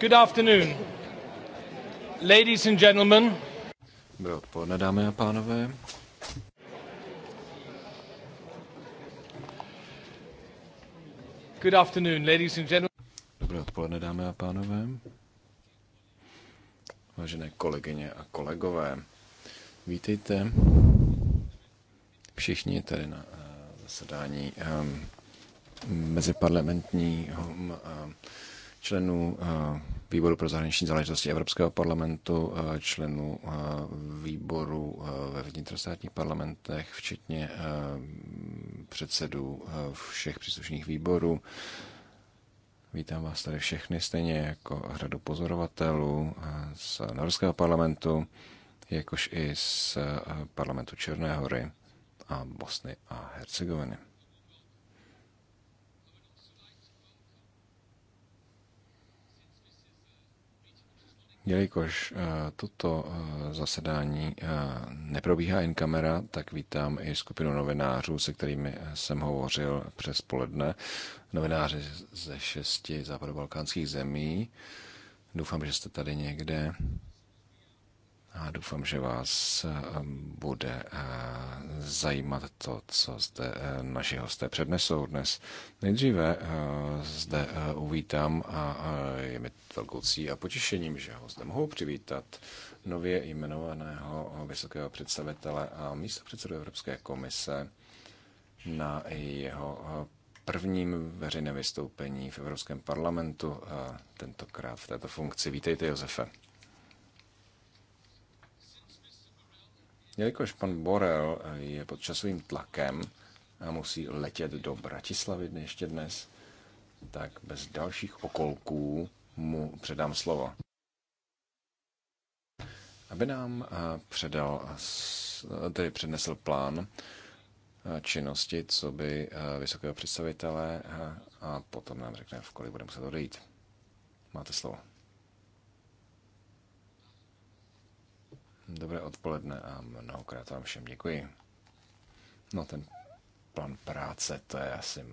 Good afternoon. Ladies and gentlemen. Dobré odpoledne, dámy a pánové. Good afternoon, ladies and gentlemen. Dobré odpoledne, dámy a pánové. Vážené kolegyně a kolegové, vítejte všichni tady na eh, zasedání eh, meziparlamentního eh, členů eh, výboru pro zahraniční záležitosti Evropského parlamentu, eh, členů eh, výboru ve vnitrostátních parlamentech, včetně předsedů všech příslušných výborů. Vítám vás tady všechny, stejně jako hradu pozorovatelů z Norského parlamentu, jakož i z parlamentu Černé hory a Bosny a Hercegoviny. Jelikož eh, toto eh, zasedání eh, neprobíhá jen kamera, tak vítám i skupinu novinářů, se kterými jsem hovořil přes poledne. Novináři ze šesti západobalkánských zemí. Doufám, že jste tady někde a doufám, že vás ehm, bude eh, zajímat to, co zde eh, naši hosté přednesou dnes. Nejdříve eh, zde uvítám a je mi velkou cí a potěšením, že ho zde mohu přivítat nově jmenovaného vysokého představitele a místo předsedu Evropské komise na jeho prvním veřejném vystoupení v Evropském parlamentu, tentokrát v této funkci. Vítejte, Josefe. Jelikož pan Borel eh, je pod časovým tlakem a musí letět do Bratislavy ještě dnes, tak bez dalších okolků mu předám slovo. Aby nám eh, předal, eh, tedy přednesl plán činnosti, co by vysokého představitele a potom nám řekne, v kolik bude muset odejít. Máte slovo. Dobré odpoledne a mnohokrát vám všem děkuji. No ten plán práce, to je asi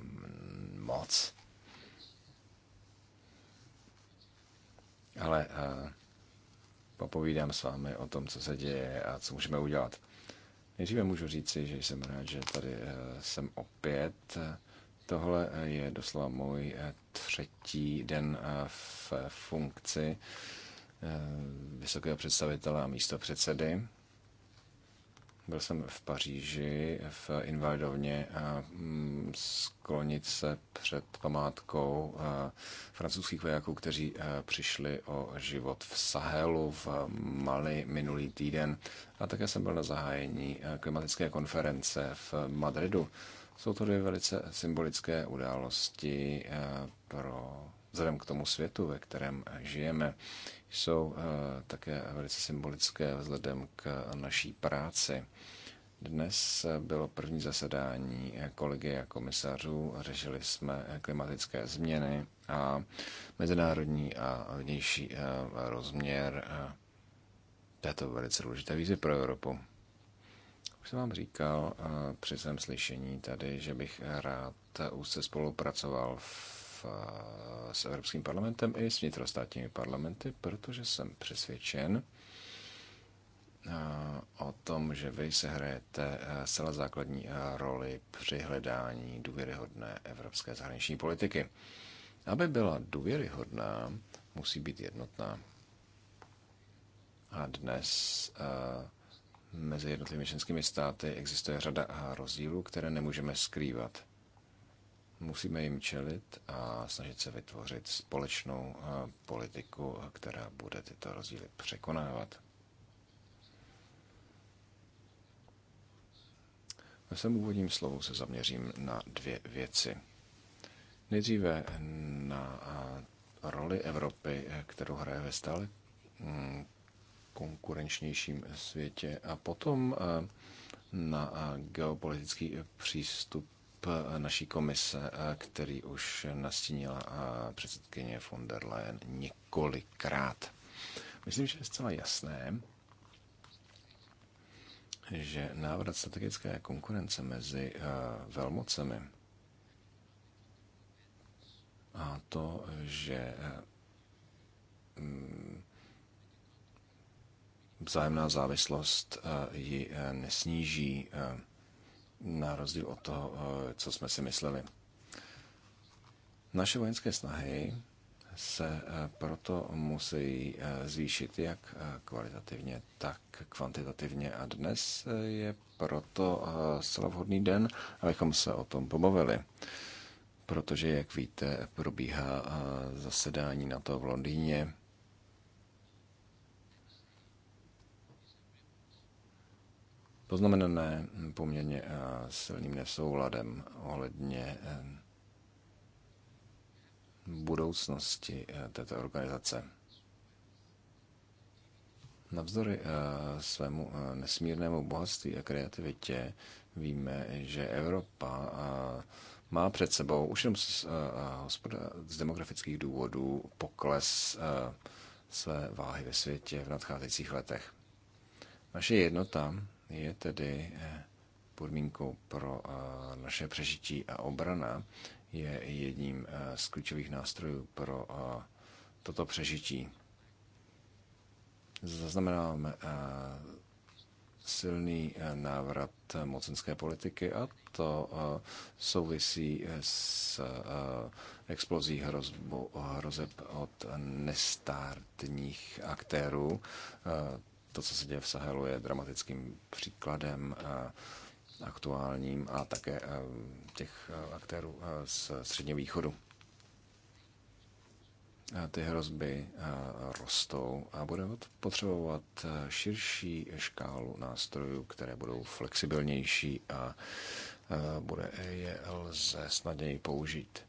moc. Ale uh, popovídám s vámi o tom, co se děje a co můžeme udělat. Nejdříve můžu říci, že jsem rád, že tady uh, jsem opět. Tohle eh, je doslova můj třetí den v funkci. Uh, Eh, vysokého představitele a místo předsedy. Byl jsem v Paříži, v Invaldovně, mm, sklonit se před památkou eh, francouzských vojáků, kteří eh, přišli o život v Sahelu, v Mali minulý týden. A také jsem byl na zahájení klimatické konference v Madridu. Jsou to dvě velice symbolické události pro vzhledem k tomu světu, ve kterém žijeme, jsou eh, také velice symbolické vzhledem k naší práci. Dnes bylo první zasedání kolegy a komisařů, řešili jsme klimatické změny a mezinárodní a vnější eh, rozměr této eh, velice důležité výzvy pro Evropu. Už jsem vám říkal při svém slyšení tady, že bych rád úzce spolupracoval v s Evropským parlamentem i s vnitrostátními parlamenty, protože jsem přesvědčen o tom, že vy se hrajete celá základní roli při hledání důvěryhodné evropské zahraniční politiky. Aby byla důvěryhodná, musí být jednotná. A dnes mezi jednotlivými členskými státy existuje řada rozdílů, které nemůžeme skrývat. Musíme jim čelit a snažit se vytvořit společnou eh, politiku, která bude tyto rozdíly překonávat. Ve svém úvodním slovu se zaměřím na dvě věci. Nejdříve na eh, roli Evropy, eh, kterou hraje ve stále hm, konkurenčnějším světě a potom na geopolitický přístup Eh, naší komise, eh, který už nastínila eh, předsedkyně von der Leyen několikrát. Myslím, že je zcela jasné, že návrat strategické konkurence mezi velmocemi a to, že mm, vzájemná závislost ji nesníží na rozdíl od toho, eh, co jsme si mysleli. Naše vojenské snahy se eh, proto musí eh, zvýšit jak kvalitativně, tak kvantitativně. A dnes je proto zcela vhodný den, abychom se o tom pobavili. Protože, jak víte, probíhá zasedání na to v Londýně poznamenané poměrně eh, silným nesouladem ohledně eh, budoucnosti eh, této organizace. Navzdory svému nesmírnému bohatství a kreativitě víme, že Evropa má před sebou už jenom z, demografických důvodů pokles své váhy ve světě v nadcházejících letech. Naše jednota je tedy eh, podmínkou pro eh, naše přežití a obrana je jedním eh, z klíčových nástrojů pro toto přežití. Zaznamenáváme silný návrat mocenské politiky a to souvisí s explozí hrozbu, hrozeb od nestátních aktérů. To, co se děje v Sahelu, je dramatickým příkladem eh, aktuálním a také eh, těch eh, aktérů z Středního východu. Ty hrozby rostou a budeme potřebovat širší škálu nástrojů, které budou flexibilnější a bude je lze snadněji použít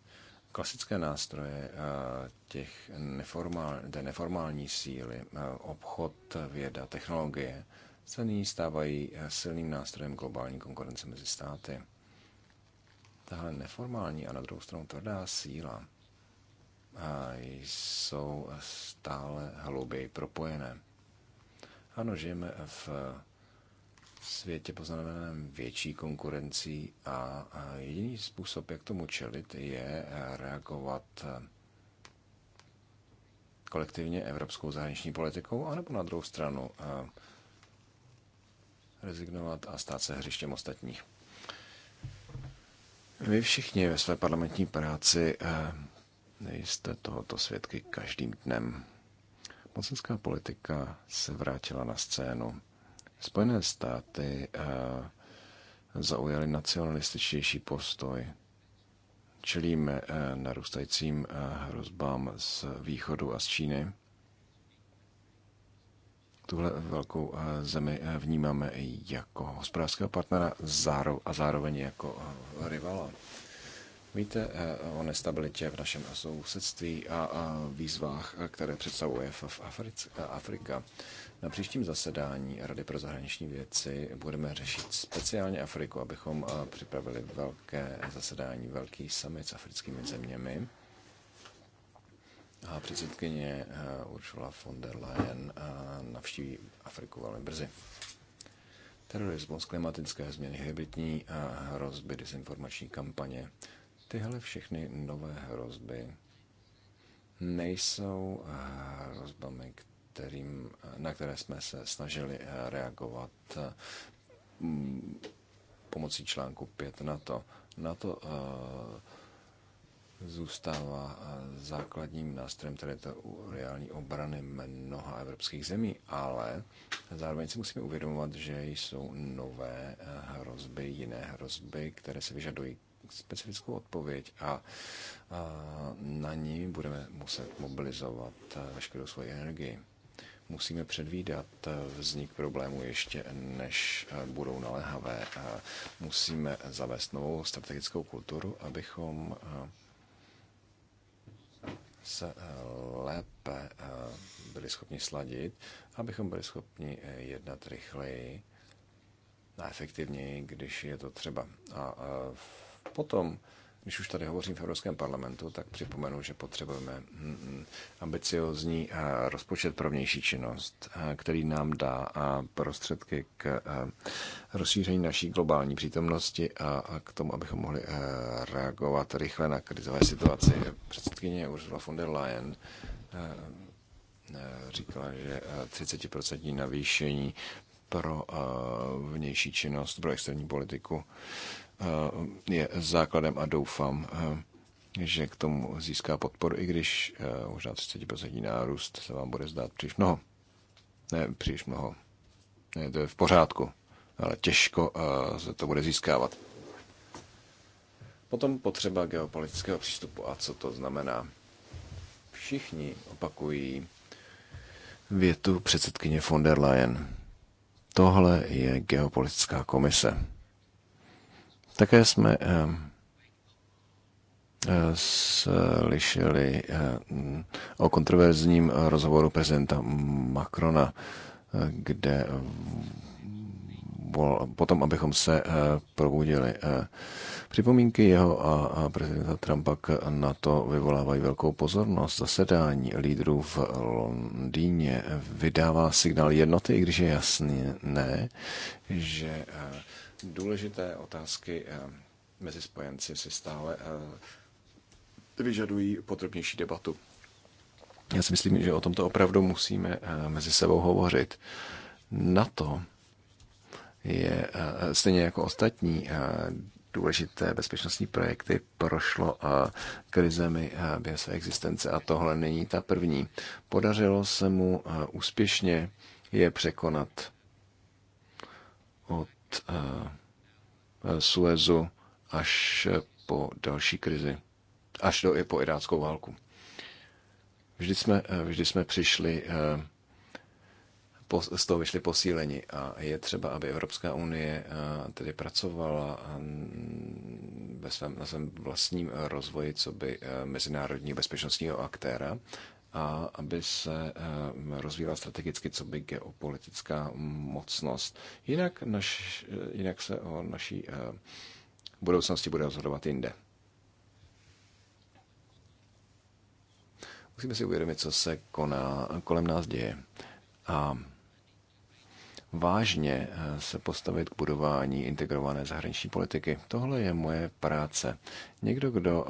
klasické nástroje eh, těch neformál, té neformální síly, eh, obchod, věda, technologie, se nyní stávají eh, silným nástrojem globální konkurence mezi státy. Tahle neformální a na druhou stranu tvrdá síla jsou stále hlouběji propojené. Ano, žijeme v světě poznamenaném větší konkurencí a jediný způsob, jak tomu čelit, je eh, reagovat eh, kolektivně evropskou zahraniční politikou, anebo na druhou stranu eh, rezignovat a stát se hřištěm ostatních. Vy všichni ve své parlamentní práci nejste tohoto svědky každým dnem. Mocenská politika se vrátila na scénu Spojené státy eh, zaujaly nacionalističtější postoj. Čelíme eh, narůstajícím eh, hrozbám z východu a z Číny. Tuhle velkou zemi vnímáme i jako hospodářského partnera a zároveň jako rivala. Víte o nestabilitě v našem sousedství a výzvách, které představuje v Africe, Afrika. Na příštím zasedání Rady pro zahraniční věci budeme řešit speciálně Afriku, abychom eh, připravili velké zasedání, velký summit s africkými zeměmi. A předsedkyně eh, Ursula von der Leyen eh, navštíví Afriku velmi brzy. Terorismus, klimatické změny, hybridní hrozby, disinformační kampaně, tyhle všechny nové hrozby nejsou hrozbami, kterým, na které jsme se snažili eh, reagovat mm, pomocí článku 5 na to. Na to eh, zůstává eh, základním nástrojem to reální obrany mnoha evropských zemí, ale zároveň si musíme uvědomovat, že jsou nové hrozby, jiné hrozby, které se vyžadují specifickou odpověď a, na ní budeme muset mobilizovat veškerou svoji energii musíme předvídat eh, vznik problému ještě než eh, budou naléhavé. Eh, musíme zavést novou strategickou kulturu, abychom se lépe byli schopni sladit, abychom byli schopni jednat rychleji a efektivněji, když je to třeba. A potom když už tady hovořím v Evropském parlamentu, tak připomenu, že potřebujeme mm, mm, ambiciozní eh, rozpočet pro vnější činnost, eh, který nám dá eh, prostředky k rozšíření naší globální přítomnosti a k tomu, abychom mohli reagovat rychle na krizové situaci. Předsedkyně Ursula von der Leyen říkala, že 30% navýšení pro vnější činnost, pro externí politiku Eh, je základem a doufám, eh, že k tomu získá podporu, i když eh, možná 30% nárůst se vám bude zdát příliš mnoho. Ne, příliš mnoho. Ne, to je v pořádku, ale těžko se to bude získávat. Potom potřeba geopolitického přístupu a co to znamená. Všichni opakují větu předsedkyně von der Leyen. Tohle je geopolitická komise. Také jsme eh, slyšeli eh, o kontroverzním rozhovoru prezidenta Macrona, eh, kde potom, abychom se probudili. Připomínky jeho a prezidenta Trumpa k NATO vyvolávají velkou pozornost. Zasedání lídrů v Londýně vydává signál jednoty, i když je jasný ne, že důležité otázky eh, mezi spojenci si stále eh, vyžadují potřebnější debatu. Já si myslím, že o tomto opravdu musíme eh, mezi sebou hovořit. Na to je stejně jako ostatní důležité bezpečnostní projekty prošlo krizemi během své existence a tohle není ta první. Podařilo se mu úspěšně je překonat od Eh, Suezu až po další krizi, až do, i po iráckou válku. Vždy jsme, eh, vždy jsme přišli, eh, z toho vyšli posíleni a je třeba, aby Evropská unie tedy pracovala ve svém, na svém vlastním rozvoji, co by mezinárodní bezpečnostního aktéra a aby se eh, rozvíjela strategicky co by geopolitická mocnost. Jinak, naš, eh, jinak se o naší eh, budoucnosti bude rozhodovat jinde. Musíme si uvědomit, co se koná, kolem nás děje. A vážně se postavit k budování integrované zahraniční politiky. Tohle je moje práce. Někdo, kdo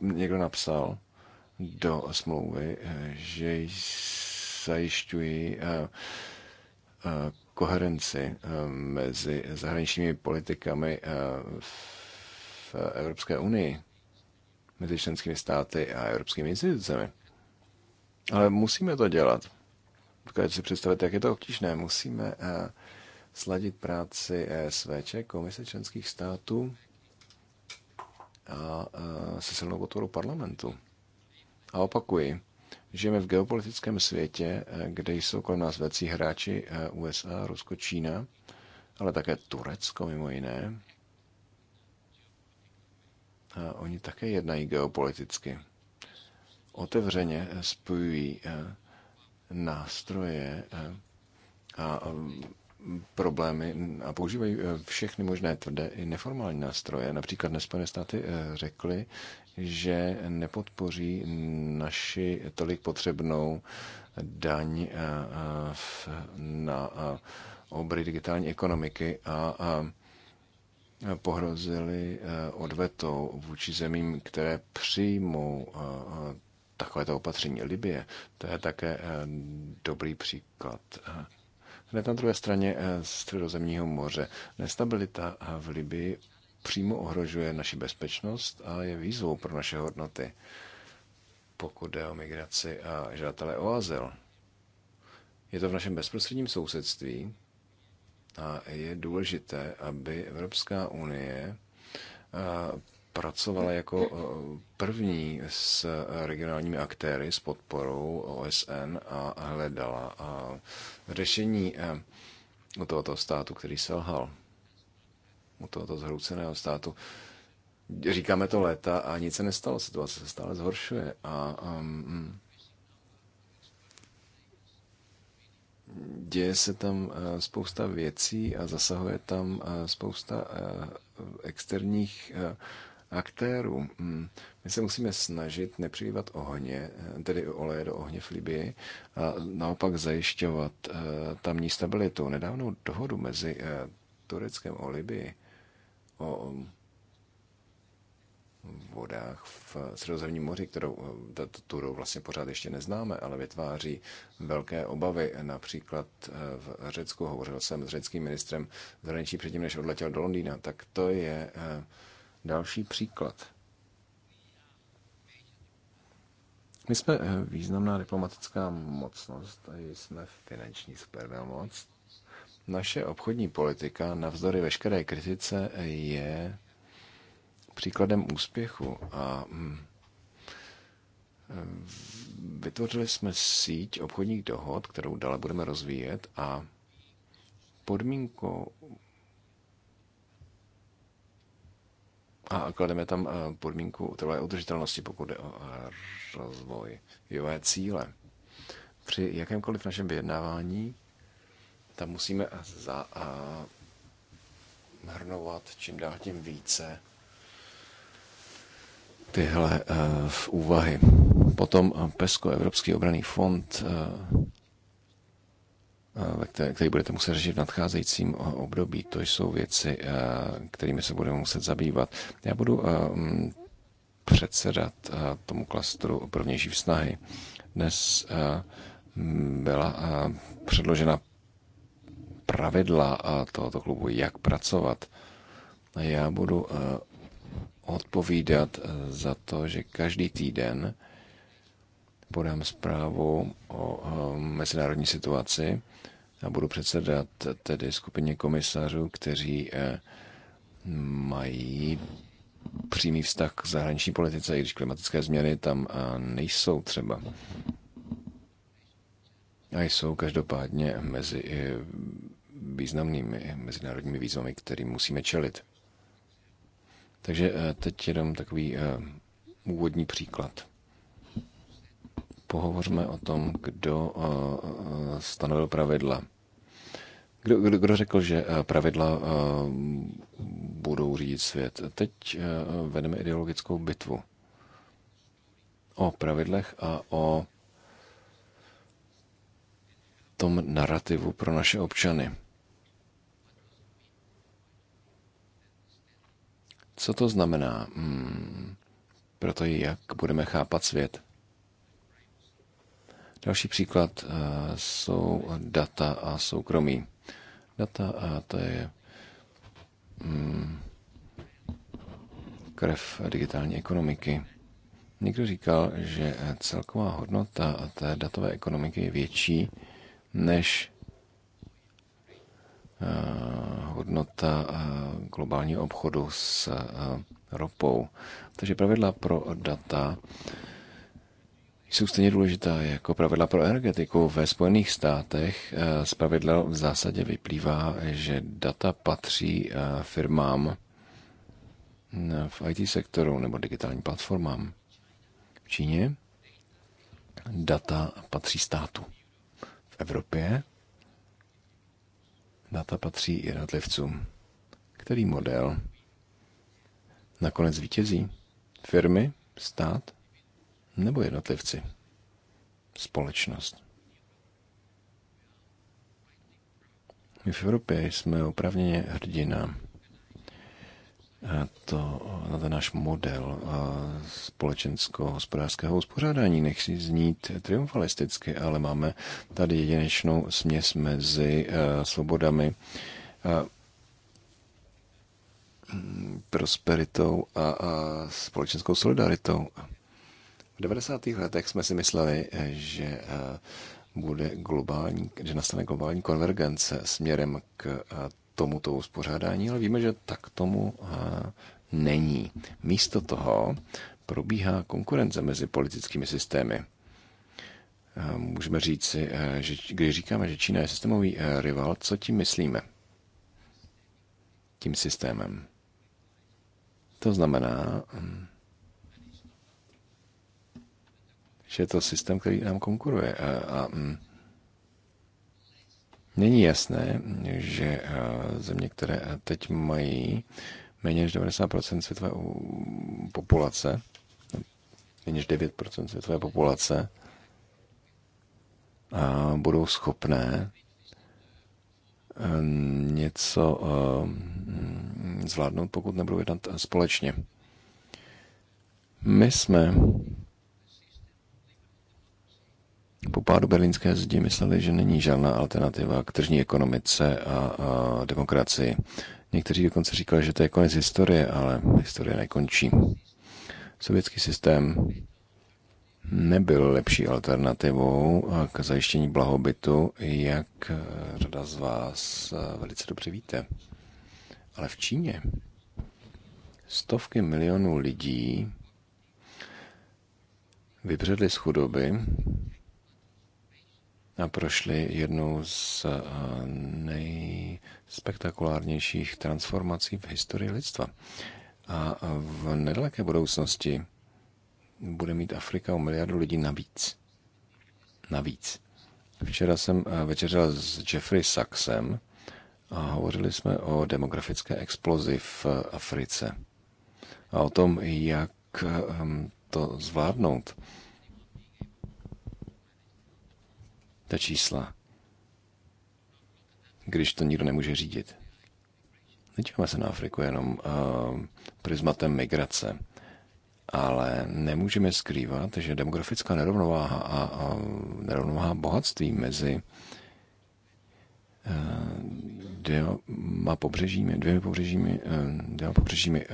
někdo napsal, do smlouvy, eh, že zajišťují eh, eh, koherenci mezi zahraničními politikami v Evropské unii, mezi členskými státy a evropskými institucemi. Ale musíme to dělat. Dokážete si představit, jak je to obtížné. Musíme sladit práci e SVČ, Komise členských států a se silnou podporou parlamentu. A opakuji, žijeme v geopolitickém světě, eh, kde jsou kolem nás velcí hráči eh, USA, Rusko, Čína, ale také Turecko mimo jiné. A oni také jednají geopoliticky. Otevřeně eh, spojují nástroje a mm, problémy a používají eh, všechny možné tvrdé i neformální nástroje. Například Nespojené státy eh, řekly, že nepodpoří naši tolik potřebnou daň eh, na obry digitální ekonomiky a pohrozili odvetou vůči zemím, které přijmou takovéto opatření Libie. To je také dobrý příklad hned na druhé straně eh, středozemního moře. Nestabilita v Libii přímo ohrožuje naši bezpečnost a je výzvou pro naše hodnoty, pokud jde o migraci a žadatele o azyl. Je to v našem bezprostředním sousedství a je důležité, aby Evropská unie eh, pracovala jako eh, první s eh, regionálními aktéry s podporou OSN a hledala eh, řešení u tohoto státu, který selhal, u tohoto zhrouceného státu. Říkáme to léta a nic se nestalo, situace se stále zhoršuje a um, mm, děje se tam spousta věcí a zasahuje tam spousta externích aktérů. Hmm. My se musíme snažit nepřilívat ohně, eh, tedy oleje do ohně v Libii, a naopak zajišťovat eh, tamní stabilitu. Nedávnou dohodu mezi eh, Tureckem o Libii, o mm, vodách v Středozemním moři, kterou, kterou vlastně pořád ještě neznáme, ale vytváří velké obavy. Například v Řecku, hovořil jsem s řeckým ministrem zahraničí předtím, než odletěl do Londýna, tak to je Další příklad. My jsme eh, významná diplomatická mocnost tady jsme finanční supervelmoc. Naše obchodní politika, navzdory veškeré kritice, je příkladem úspěchu a hm, eh, vytvořili jsme síť obchodních dohod, kterou dále budeme rozvíjet a podmínkou a klademe tam eh, podmínku trvalé udržitelnosti, pokud jde o eh, rozvoj jové cíle. Při jakémkoliv našem vyjednávání tam musíme zahrnovat eh, čím dál tím více tyhle v úvahy. Potom PESCO, Evropský obraný fond, Eh, který budete muset řešit v nadcházejícím eh, období. To jsou věci, eh, kterými se budeme muset zabývat. Já budu mm, předsedat tomu klastru prvnější snahy. Dnes mm, byla předložena pravidla tohoto klubu, jak pracovat. Já budu odpovídat za to, že každý týden podám zprávu o eh, mezinárodní situaci a budu předsedat tedy skupině komisařů, kteří eh, mají přímý vztah k zahraniční politice, i když klimatické změny tam eh, nejsou třeba. A jsou každopádně mezi významnými mezinárodními výzvami, kterým musíme čelit. Takže teď jenom takový úvodní příklad pohovořme o tom, kdo eh, eh, stanovil pravidla. Kdo, kdo, kdo řekl, že eh, pravidla budou řídit svět? Teď vedeme ideologickou bitvu o pravidlech a o tom narrativu pro naše občany. Co to znamená? Hmm, proto jak budeme chápat svět? Další příklad eh, jsou data a soukromí. Data a eh, to je mm, krev digitální ekonomiky. Někdo říkal, že eh, celková hodnota té datové ekonomiky je větší než hodnota globálního obchodu s ropou. Takže pravidla pro data jsou stejně důležitá jako pravidla pro energetiku. Ve Spojených státech eh, z pravidla v zásadě vyplývá, že data patří eh, firmám eh, v IT sektoru nebo digitálním platformám. V Číně data patří státu. V Evropě data patří jednotlivcům. Který model nakonec vítězí? Firmy? Stát? nebo jednotlivci? Společnost. My v Evropě jsme opravněně hrdina a to, na ten náš model společenského hospodářského uspořádání. Nechci znít triumfalisticky, ale máme tady jedinečnou směs mezi e, svobodami, prosperitou a společenskou solidaritou. V 90. letech jsme si mysleli, eh, že eh, bude globální, že nastane globální konvergence směrem k eh, tomuto uspořádání, ale víme, že tak tomu není. Místo toho probíhá konkurence mezi politickými systémy. Můžeme říci, že když říkáme, že Čína je systémový rival, co tím myslíme? Tím systémem. To znamená, hm, že je to systém, který nám konkuruje. A, a mm, není jasné, že země, které teď mají méně než 90% světové populace, méně než 9% světové populace, a budou schopné e, něco e, zvládnout, pokud nebudou jednat společně. My jsme po pádu berlínské zdi mysleli, že není žádná alternativa k tržní ekonomice a, a demokracii. Někteří dokonce říkali, že to je konec historie, ale historie nekončí. Sovětský systém nebyl lepší alternativou k zajištění blahobytu, jak řada z vás velice dobře víte. Ale v Číně stovky milionů lidí vybředly z chudoby prošli jednou z eh, nejspektakulárnějších transformací v historii lidstva. A v nedaleké budoucnosti bude mít Afrika o miliardu lidí navíc. Navíc. Včera jsem eh, večeřel s Jeffrey Sachsem a hovořili jsme o demografické explozi v Africe a o tom, jak eh, to zvládnout ta čísla, když to nikdo nemůže řídit. Nedíváme se na Afriku jenom uh, prismatem migrace, ale nemůžeme skrývat, že demografická nerovnováha a, a nerovnováha bohatství mezi eh, dvěma pobřežími, dvěma pobřežími, eh, dvěma pobřežími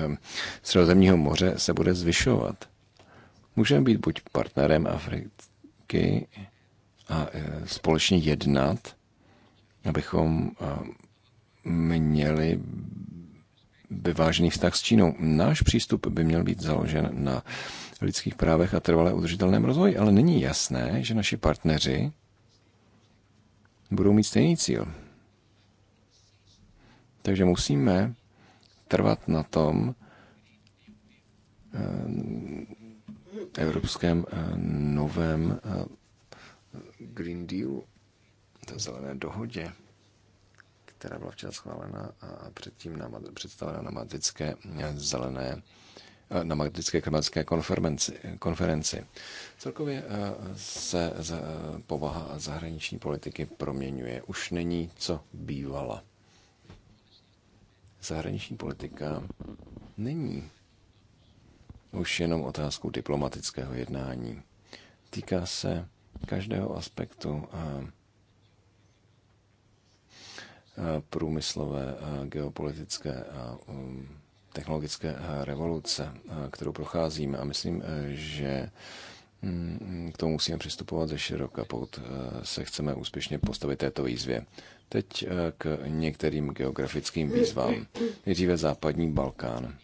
Středozemního moře se bude zvyšovat. Můžeme být buď partnerem Afriky, a e, společně jednat, abychom e, měli vyvážený vztah s Čínou. Náš přístup by měl být založen na lidských právech a trvalé udržitelném rozvoji, ale není jasné, že naši partneři budou mít stejný cíl. Takže musíme trvat na tom e, evropském novém Green Deal, té zelené dohodě, která byla včera schválena a předtím na, představena na madridské eh, zelené eh, na magnetické klimatické konferenci. konferenci. Celkově eh, se povaha zahraniční politiky proměňuje. Už není, co bývala. Zahraniční politika není už jenom otázkou diplomatického jednání. Týká se každého aspektu průmyslové, geopolitické a um, technologické revoluce, kterou procházíme. A myslím, e, že mm, k tomu musíme přistupovat ze široka, pokud e, se chceme úspěšně postavit této výzvě. Teď e, k některým geografickým výzvám. Nejdříve západní Balkán.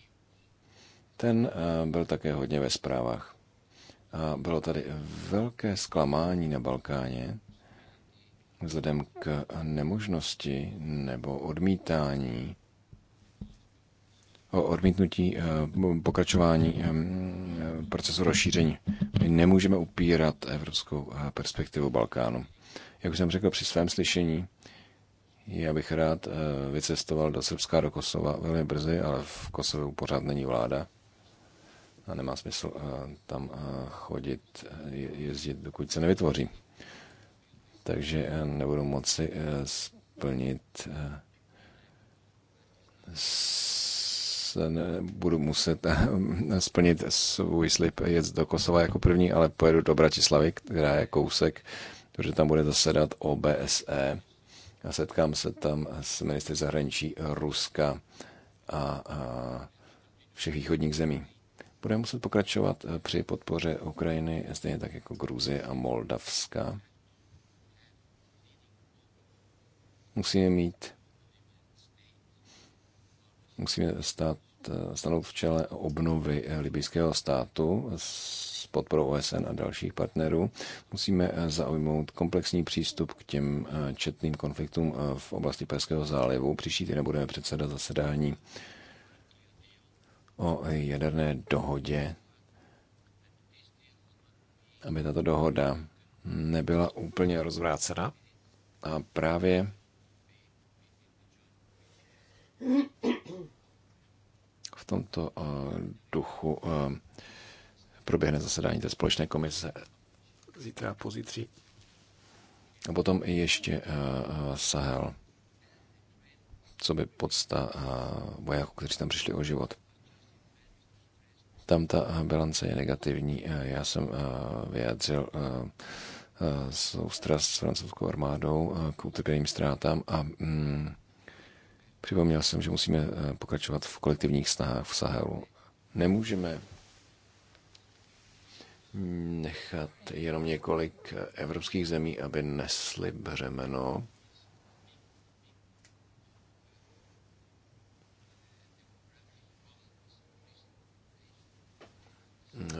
Ten byl také hodně ve zprávách. A bylo tady velké zklamání na Balkáně vzhledem k nemožnosti nebo odmítání o odmítnutí eh, pokračování eh, procesu rozšíření. My nemůžeme upírat evropskou eh, perspektivu Balkánu. Jak už jsem řekl při svém slyšení, já bych rád vycestoval do Srbska, do Kosova velmi brzy, ale v Kosovu pořád není vláda a nemá smysl eh, tam eh, chodit, eh, jezdit, dokud se nevytvoří. Takže nebudu moci splnit budu muset splnit svůj slib jet do Kosova jako první, ale pojedu do Bratislavy, která je kousek, protože tam bude zasedat OBSE a setkám se tam s ministry zahraničí Ruska a, a všech východních zemí. Bude muset pokračovat eh, při podpoře Ukrajiny, stejně tak jako Gruzie a Moldavska. Musíme mít, musíme stát, eh, stanout v čele obnovy eh, libijského státu s podporou OSN a dalších partnerů. Musíme zaujmout komplexní přístup k těm četným konfliktům v oblasti Perského zálivu. Příští týden budeme předsedat zasedání o jaderné dohodě, aby tato dohoda nebyla úplně rozvrácena. A právě v tomto eh, duchu eh, proběhne zasedání té společné komise zítra a pozítří. A potom i ještě eh, Sahel co by podsta vojáků, kteří tam přišli o život tam ta eh, bilance je negativní. Eh, já jsem eh, vyjádřil soustrast s francouzskou armádou k utrpěným ztrátám a mm, připomněl jsem, že musíme pokračovat v kolektivních snahách v Sahelu. Nemůžeme nechat jenom několik evropských zemí, aby nesli břemeno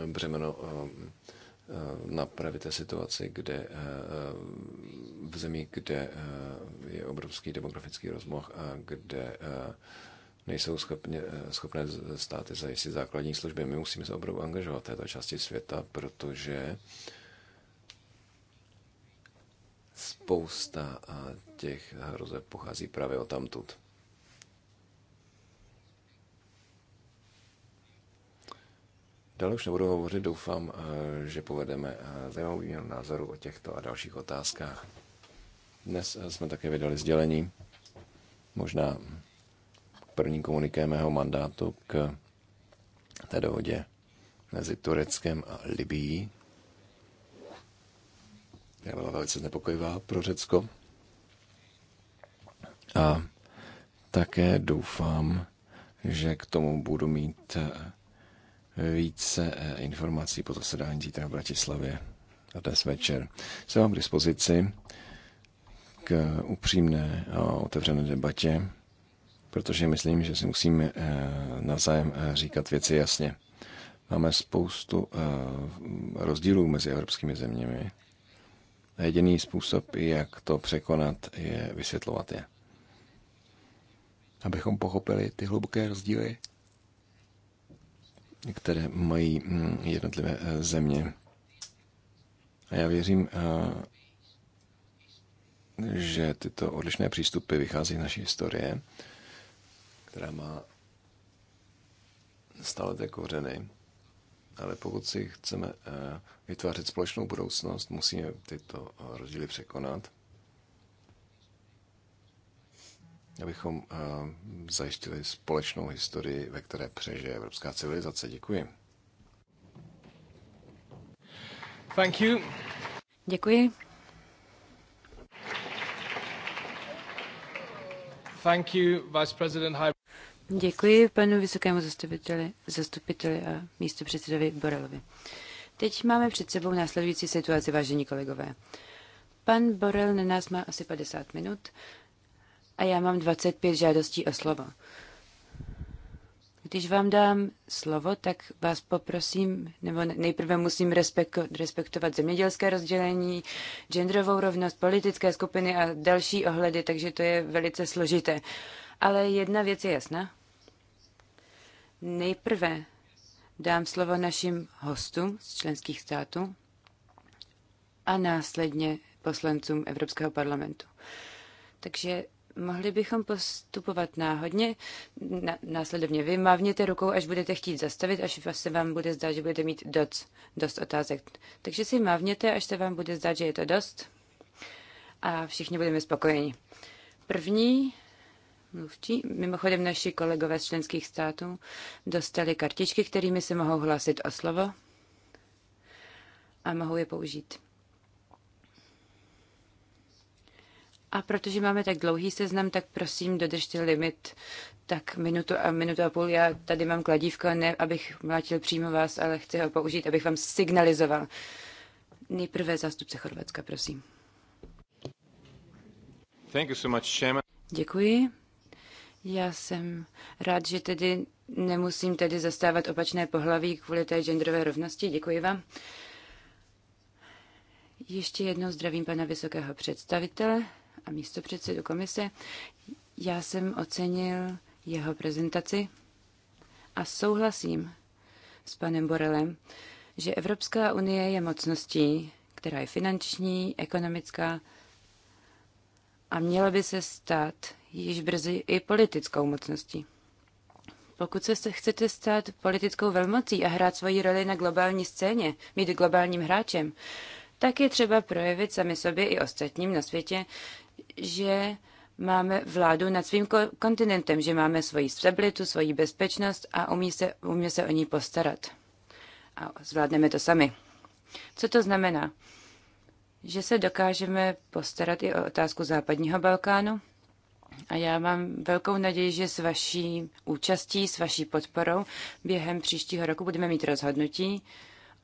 břemeno eh, eh, napravíte situaci, kde eh, v zemi, kde je obrovský demografický rozmoh a kde nejsou schopně, schopné státy zajistit základní služby. My musíme se opravdu angažovat této části světa, protože spousta těch hrozeb pochází právě od tamtud. Dále už nebudu hovořit, doufám, eh, že povedeme eh, zajímavou výměnu názoru o těchto a dalších otázkách. Dnes eh, jsme také vydali sdělení, možná první komuniké mého mandátu k té dohodě mezi Tureckem a Libií, Já byla velice znepokojivá pro Řecko. A také doufám, že k tomu budu mít více eh, informací po zasedání zítra v Bratislavě a dnes večer. Jsem vám k dispozici k upřímné a otevřené debatě, protože myslím, že si musíme eh, navzájem eh, říkat věci jasně. Máme spoustu rozdílů mezi evropskými zeměmi a jediný způsob, jak to překonat, je vysvětlovat je. Abychom pochopili ty hluboké rozdíly, které mají mm, jednotlivé eh, země. A já věřím, eh, že tyto odlišné přístupy vychází z naší historie, která má stále té kořeny. Ale pokud si chceme eh, vytvářet společnou budoucnost, musíme tyto rozdíly překonat abychom eh, zajistili společnou historii, ve které přežije evropská civilizace. Děkuji. Thank you. Děkuji. Thank you, Vice President High... Děkuji panu vysokému zastupiteli, zastupiteli a předsedovi Borelovi. Teď máme před sebou následující situaci, vážení kolegové. Pan Borel na nás má asi 50 minut a já mám 25 žádostí o slovo. Když vám dám slovo, tak vás poprosím, nebo nejprve musím respektovat zemědělské rozdělení, genderovou rovnost, politické skupiny a další ohledy, takže to je velice složité. Ale jedna věc je jasná. Nejprve dám slovo našim hostům z členských států a následně poslancům Evropského parlamentu. Takže mohli bychom postupovat náhodně, na, následovně vy mávněte rukou, až budete chtít zastavit, až se vám bude zdát, že budete mít doc, dost otázek. Takže si mávněte, až se vám bude zdát, že je to dost a všichni budeme spokojeni. První mluvčí, mimochodem naši kolegové z členských států, dostali kartičky, kterými se mohou hlásit o slovo a mohou je použít. A protože máme tak dlouhý seznam, tak prosím dodržte limit tak minutu a minutu a půl. Já tady mám kladívko, ne abych mlátil přímo vás, ale chci ho použít, abych vám signalizoval. Nejprve zástupce Chorvatska, prosím. Thank you so much, Chairman. Děkuji. Já jsem rád, že tedy nemusím tedy zastávat opačné pohlaví kvůli té genderové rovnosti. Děkuji vám. Ještě jednou zdravím pana vysokého představitele a místo předsedu komise. Já jsem ocenil jeho prezentaci a souhlasím s panem Borelem, že Evropská unie je mocností, která je finanční, ekonomická a měla by se stát již brzy i politickou mocností. Pokud se chcete stát politickou velmocí a hrát svoji roli na globální scéně, být globálním hráčem, tak je třeba projevit sami sobě i ostatním na světě, že máme vládu nad svým kontinentem, že máme svoji stabilitu, svoji bezpečnost a umí se, umí se o ní postarat. A zvládneme to sami. Co to znamená? Že se dokážeme postarat i o otázku západního Balkánu. A já mám velkou naději, že s vaší účastí, s vaší podporou během příštího roku budeme mít rozhodnutí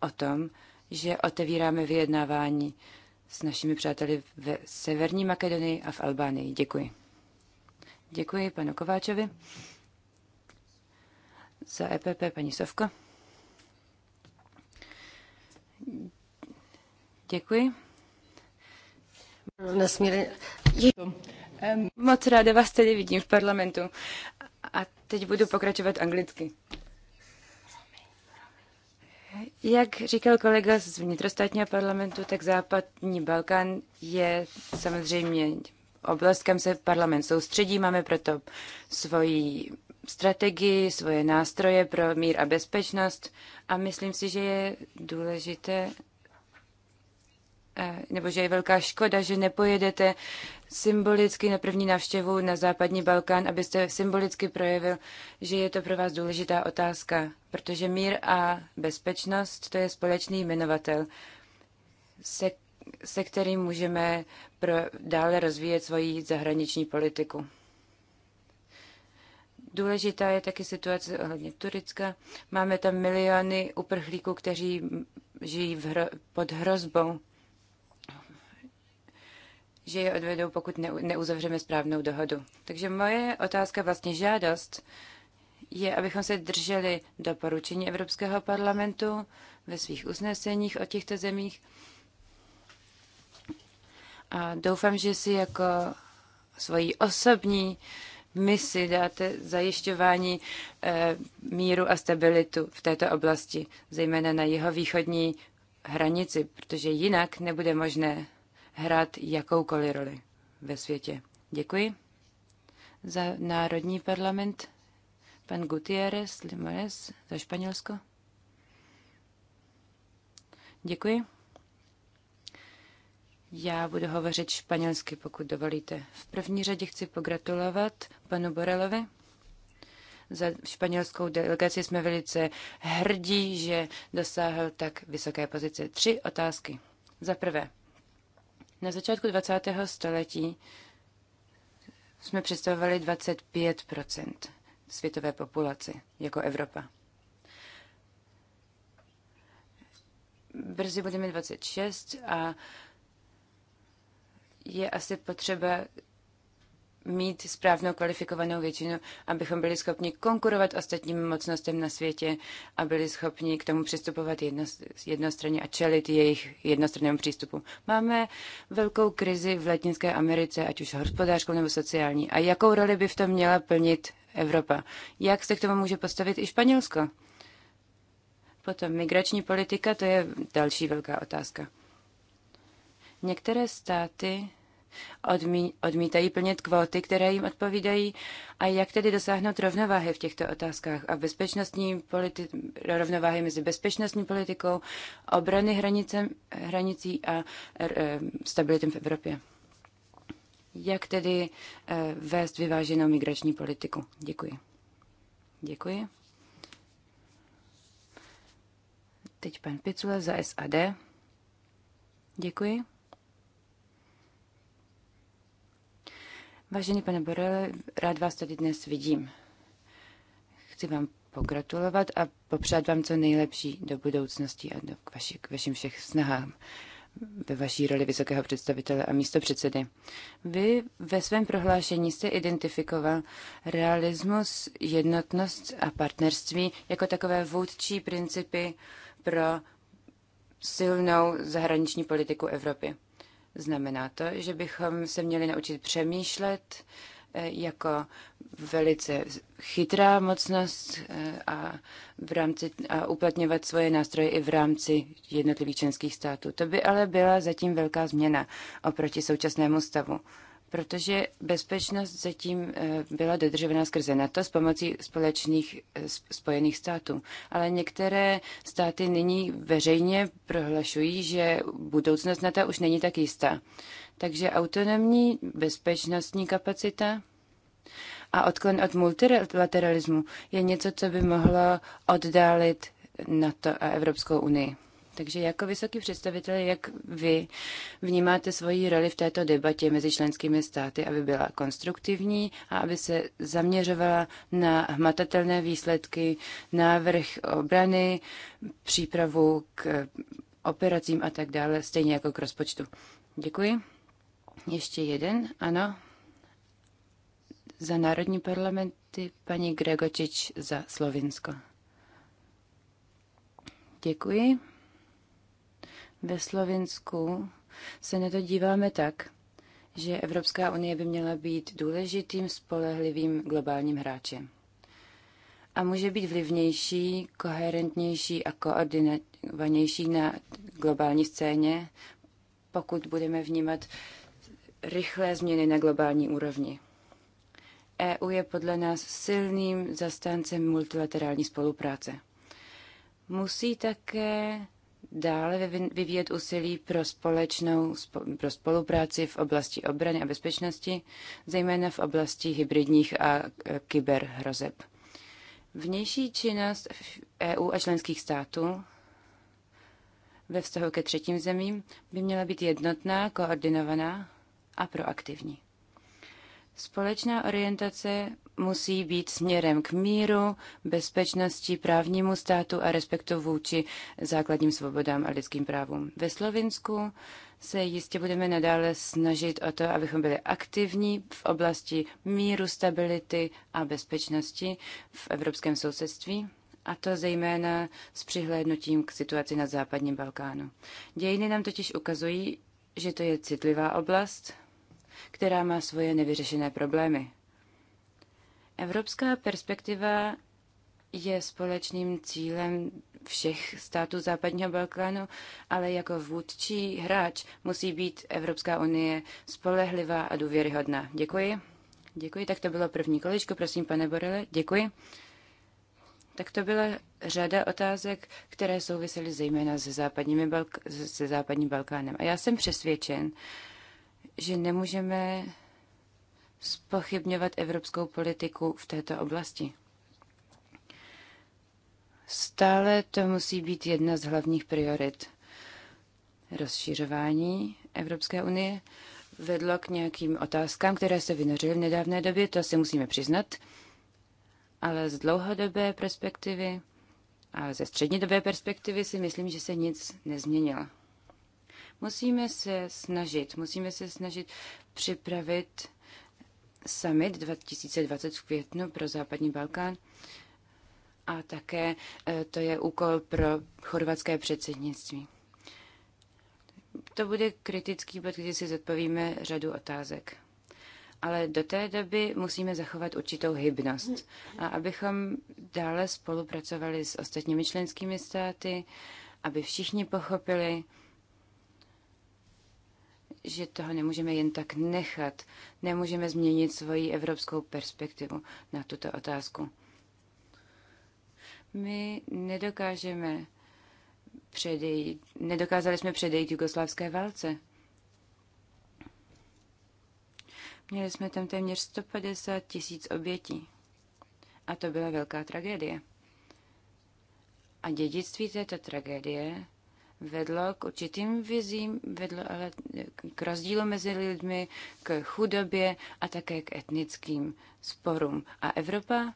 o tom, že otevíráme vyjednávání s našimi přáteli ve Severní Makedonii a v Albánii. Děkuji. Děkuji panu Kováčovi. Za EPP paní Sovko. Děkuji. Nesmírně. Moc ráda vás tady vidím v parlamentu. A teď budu pokračovat anglicky. Jak říkal kolega z vnitrostátního parlamentu, tak západní Balkán je samozřejmě oblast, kam se parlament soustředí. Máme proto svoji strategii, svoje nástroje pro mír a bezpečnost a myslím si, že je důležité eh, nebo že je velká škoda, že nepojedete symbolicky na první návštěvu na západní Balkán, abyste symbolicky projevil, že je to pro vás důležitá otázka, protože mír a bezpečnost to je společný jmenovatel, se, se kterým můžeme pro, dále rozvíjet svoji zahraniční politiku. Důležitá je taky situace ohledně Turecka. Máme tam miliony uprchlíků, kteří žijí v hro, pod hrozbou že je odvedou, pokud neuzavřeme správnou dohodu. Takže moje otázka, vlastně žádost, je, abychom se drželi doporučení Evropského parlamentu ve svých usneseních o těchto zemích. A doufám, že si jako svoji osobní misi dáte zajišťování e, míru a stabilitu v této oblasti, zejména na jeho východní hranici, protože jinak nebude možné hrát jakoukoliv roli ve světě. Děkuji. Za Národní parlament pan Gutierrez Limones za Španělsko. Děkuji. Já budu hovořit španělsky, pokud dovolíte. V první řadě chci pogratulovat panu Borelovi. Za španělskou delegaci jsme velice hrdí, že dosáhl tak vysoké pozice. Tři otázky. Za prvé, na začátku 20. století jsme představovali 25 světové populace jako Evropa. Brzy budeme 26 a je asi potřeba mít správnou kvalifikovanou většinu, abychom byli schopni konkurovat ostatním mocnostem na světě a byli schopni k tomu přistupovat jednostranně a čelit jejich jednostrannému přístupu. Máme velkou krizi v Latinské Americe, ať už hospodářskou nebo sociální. A jakou roli by v tom měla plnit Evropa? Jak se k tomu může postavit i Španělsko? Potom migrační politika, to je další velká otázka. Některé státy odmí, odmítají plnit kvóty, které jim odpovídají a jak tedy dosáhnout rovnováhy v těchto otázkách a bezpečnostní politi- rovnováhy mezi bezpečnostní politikou, obrany hranice, hranicí a e, stabilitem v Evropě. Jak tedy e, vést vyváženou migrační politiku? Děkuji. Děkuji. Teď pan Picula za SAD. Děkuji. Vážený pane Borele, rád vás tady dnes vidím. Chci vám pogratulovat a popřát vám co nejlepší do budoucnosti a do, k, vaši, k vašim všech snahám ve vaší roli vysokého představitele a místo předsedy. Vy ve svém prohlášení jste identifikoval realismus, jednotnost a partnerství jako takové vůdčí principy pro silnou zahraniční politiku Evropy. Znamená to, že bychom se měli naučit přemýšlet eh, jako velice chytrá mocnost eh, a, v rámci, a uplatňovat svoje nástroje i v rámci jednotlivých členských států. To by ale byla zatím velká změna oproti současnému stavu protože bezpečnost zatím eh, byla dodržována skrze NATO s pomocí společných eh, spojených států. Ale některé státy nyní veřejně prohlašují, že budoucnost NATO už není tak jistá. Takže autonomní bezpečnostní kapacita a odklon od multilateralismu je něco, co by mohlo oddálit NATO a Evropskou unii. Takže jako vysoký představitel, jak vy vnímáte svoji roli v této debatě mezi členskými státy, aby byla konstruktivní a aby se zaměřovala na hmatatelné výsledky, návrh obrany, přípravu k operacím a tak dále, stejně jako k rozpočtu. Děkuji. Ještě jeden, ano. Za národní parlamenty paní Gregočič za Slovinsko. Děkuji ve Slovinsku se na to díváme tak, že Evropská unie by měla být důležitým, spolehlivým globálním hráčem. A může být vlivnější, koherentnější a koordinovanější na globální scéně, pokud budeme vnímat rychlé změny na globální úrovni. EU je podle nás silným zastáncem multilaterální spolupráce. Musí také dále vyvíjet úsilí pro společnou pro spolupráci v oblasti obrany a bezpečnosti, zejména v oblasti hybridních a e, kyberhrozeb. Vnější činnost EU a členských států ve vztahu ke třetím zemím by měla být jednotná, koordinovaná a proaktivní. Společná orientace musí být směrem k míru, bezpečnosti, právnímu státu a respektu vůči základním svobodám a lidským právům. Ve Slovinsku se jistě budeme nadále snažit o to, abychom byli aktivní v oblasti míru, stability a bezpečnosti v evropském sousedství a to zejména s přihlédnutím k situaci na západním Balkánu. Dějiny nám totiž ukazují, že to je citlivá oblast, která má svoje nevyřešené problémy. Evropská perspektiva je společným cílem všech států západního Balkánu, ale jako vůdčí hráč musí být Evropská unie spolehlivá a důvěryhodná. Děkuji. Děkuji, tak to bylo první kolečko, prosím, pane Borele, děkuji. Tak to byla řada otázek, které souvisely zejména se, západními Balk- se západním Balkánem. A já jsem přesvědčen, že nemůžeme spochybňovat evropskou politiku v této oblasti. Stále to musí být jedna z hlavních priorit. Rozšířování Evropské unie vedlo k nějakým otázkám, které se vynořily v nedávné době, to si musíme přiznat, ale z dlouhodobé perspektivy a ze střednědobé perspektivy si myslím, že se nic nezměnilo. Musíme se snažit, musíme se snažit připravit summit 2020 v květnu pro západní Balkán. A také e, to je úkol pro chorvatské předsednictví. To bude kritický bod, kdy si zodpovíme řadu otázek. Ale do té doby musíme zachovat určitou hybnost. A abychom dále spolupracovali s ostatními členskými státy, aby všichni pochopili, že toho nemůžeme jen tak nechat. Nemůžeme změnit svoji evropskou perspektivu na tuto otázku. My nedokážeme předejít, nedokázali jsme předejít jugoslávské válce. Měli jsme tam téměř 150 tisíc obětí. A to byla velká tragédie. A dědictví této tragédie vedlo k určitým vizím, vedlo ale k rozdílu mezi lidmi, k chudobě a také k etnickým sporům. A Evropa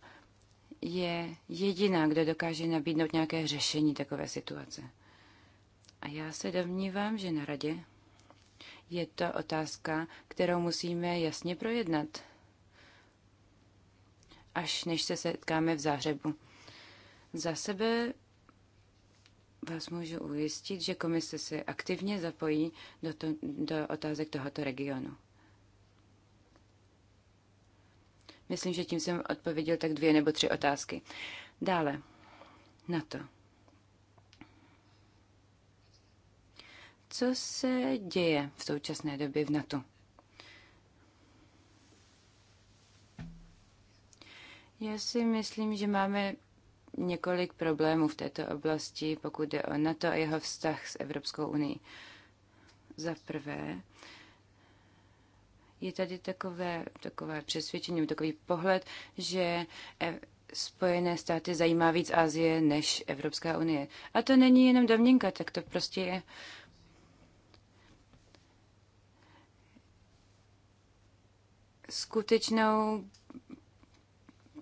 je jediná, kdo dokáže nabídnout nějaké řešení takové situace. A já se domnívám, že na radě je to otázka, kterou musíme jasně projednat, až než se setkáme v zářebu. Za sebe vás můžu ujistit, že komise se aktivně zapojí do, to, do otázek tohoto regionu. Myslím, že tím jsem odpověděl tak dvě nebo tři otázky. Dále, na to. Co se děje v současné době v NATO? Já si myslím, že máme několik problémů v této oblasti, pokud jde o NATO a jeho vztah s Evropskou unii. Za prvé, je tady takové, takové přesvědčení, takový pohled, že e- Spojené státy zajímá víc Asie než Evropská unie. A to není jenom domněnka, tak to prostě je. Skutečnou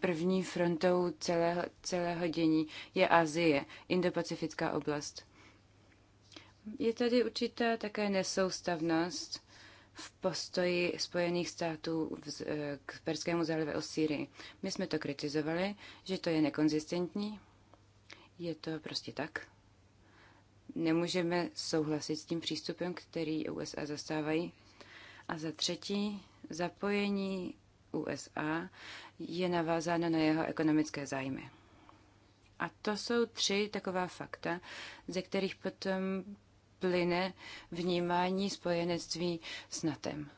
první frontou celého, celého dění je Asie, Indopacifická oblast. Je tady určitá také nesoustavnost v postoji Spojených států eh, k Perskému zálivu o Syrii. My jsme to kritizovali, že to je nekonzistentní. Je to prostě tak. Nemůžeme souhlasit s tím přístupem, který USA zastávají. A za třetí, zapojení USA je navázána na jeho ekonomické zájmy. A to jsou tři taková fakta, ze kterých potom plyne vnímání spojenectví s NATEM.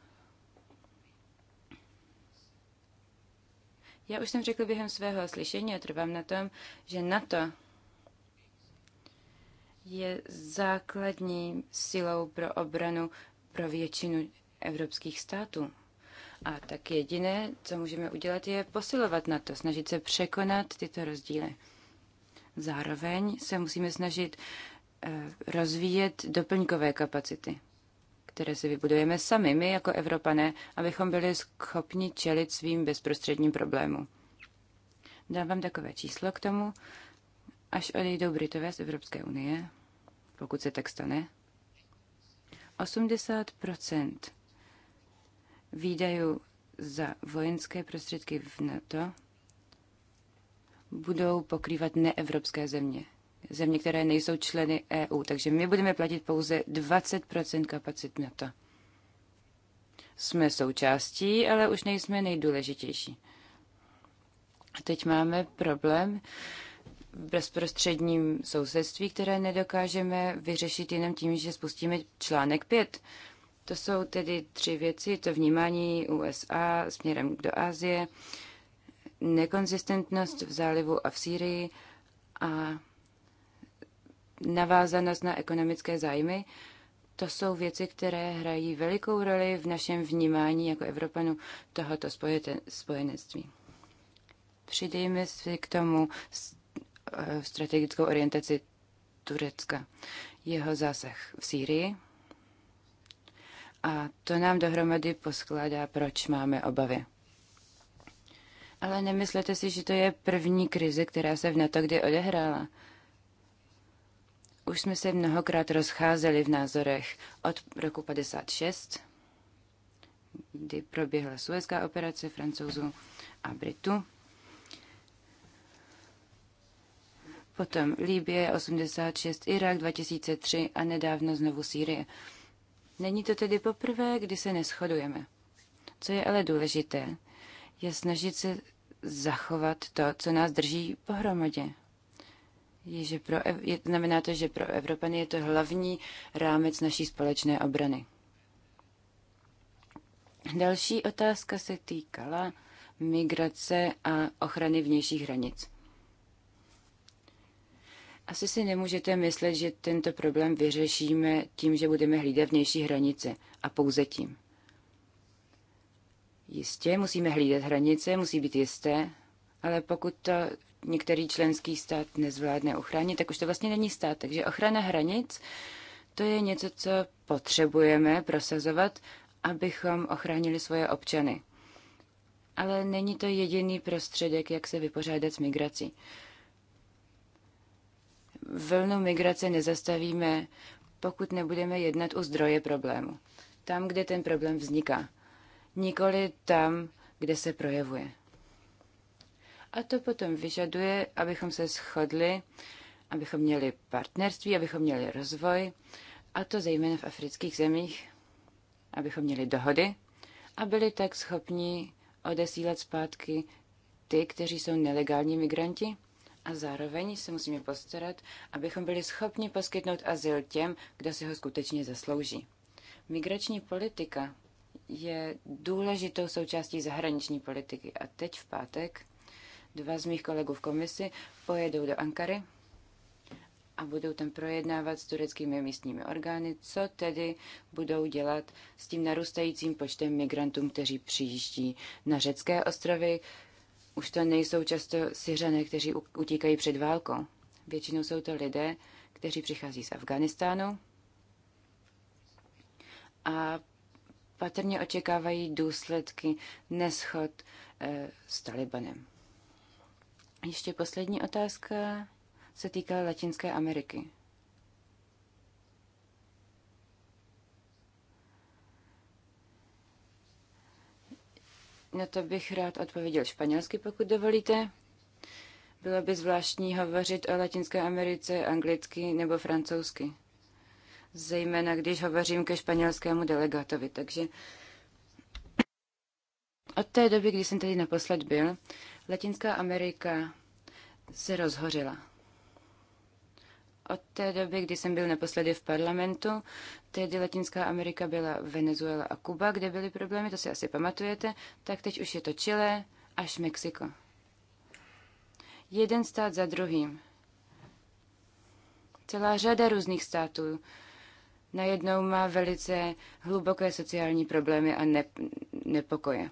Já už jsem řekl během svého slyšení a trvám na tom, že NATO je základní silou pro obranu pro většinu evropských států. A tak jediné, co můžeme udělat, je posilovat na to, snažit se překonat tyto rozdíly. Zároveň se musíme snažit eh, rozvíjet doplňkové kapacity, které si vybudujeme sami, my jako Evropané, abychom byli schopni čelit svým bezprostředním problémům. Dám vám takové číslo k tomu, až odejdou Britové z Evropské unie, pokud se tak stane. 80 výdajů za vojenské prostředky v NATO budou pokrývat neevropské země. Země, které nejsou členy EU. Takže my budeme platit pouze 20 kapacit NATO. Jsme součástí, ale už nejsme nejdůležitější. A teď máme problém v bezprostředním sousedství, které nedokážeme vyřešit jenom tím, že spustíme článek 5. To jsou tedy tři věci, to vnímání USA směrem do Asie, nekonzistentnost v zálivu a v Sýrii a navázanost na ekonomické zájmy. To jsou věci, které hrají velikou roli v našem vnímání jako Evropanů tohoto spojenectví. Přidejme si k tomu eh, strategickou orientaci Turecka, jeho zásah v Sýrii – a to nám dohromady poskládá, proč máme obavy. Ale nemyslete si, že to je první krize, která se v NATO kdy odehrála. Už jsme se mnohokrát rozcházeli v názorech od roku 56, kdy proběhla suezká operace francouzů a Britů. Potom Líbie 86, Irak 2003 a nedávno znovu Sýrie. Není to tedy poprvé, kdy se neschodujeme. Co je ale důležité, je snažit se zachovat to, co nás drží pohromadě. Je, že pro, je, znamená to, že pro Evropany je to hlavní rámec naší společné obrany. Další otázka se týkala migrace a ochrany vnějších hranic. Asi si nemůžete myslet, že tento problém vyřešíme tím, že budeme hlídat vnější hranice a pouze tím. Jistě, musíme hlídat hranice, musí být jisté, ale pokud to některý členský stát nezvládne ochránit, tak už to vlastně není stát. Takže ochrana hranic, to je něco, co potřebujeme prosazovat, abychom ochránili svoje občany. Ale není to jediný prostředek, jak se vypořádat s migrací vlnu migrace nezastavíme, pokud nebudeme jednat u zdroje problému. Tam, kde ten problém vzniká. Nikoli tam, kde se projevuje. A to potom vyžaduje, abychom se shodli, abychom měli partnerství, abychom měli rozvoj, a to zejména v afrických zemích, abychom měli dohody a byli tak schopni odesílat zpátky ty, kteří jsou nelegální migranti a zároveň se musíme postarat, abychom byli schopni poskytnout azyl těm, kdo si ho skutečně zaslouží. Migrační politika je důležitou součástí zahraniční politiky. A teď v pátek dva z mých kolegů v komisi pojedou do Ankary a budou tam projednávat s tureckými místními orgány, co tedy budou dělat s tím narůstajícím počtem migrantům, kteří přijíždí na řecké ostrovy, už to nejsou často Syřané, kteří utíkají před válkou. Většinou jsou to lidé, kteří přichází z Afganistánu a patrně očekávají důsledky neschod eh, s Talibanem. Ještě poslední otázka se týká Latinské Ameriky. Na to bych rád odpověděl španělsky, pokud dovolíte. Bylo by zvláštní hovořit o Latinské Americe anglicky nebo francouzsky. Zejména, když hovořím ke španělskému delegátovi. Takže od té doby, kdy jsem tady naposled byl, Latinská Amerika se rozhořila. Od té doby, kdy jsem byl naposledy v parlamentu, tedy Latinská Amerika byla Venezuela a Kuba, kde byly problémy, to si asi pamatujete, tak teď už je to Chile až Mexiko. Jeden stát za druhým. Celá řada různých států najednou má velice hluboké sociální problémy a ne, nepokoje.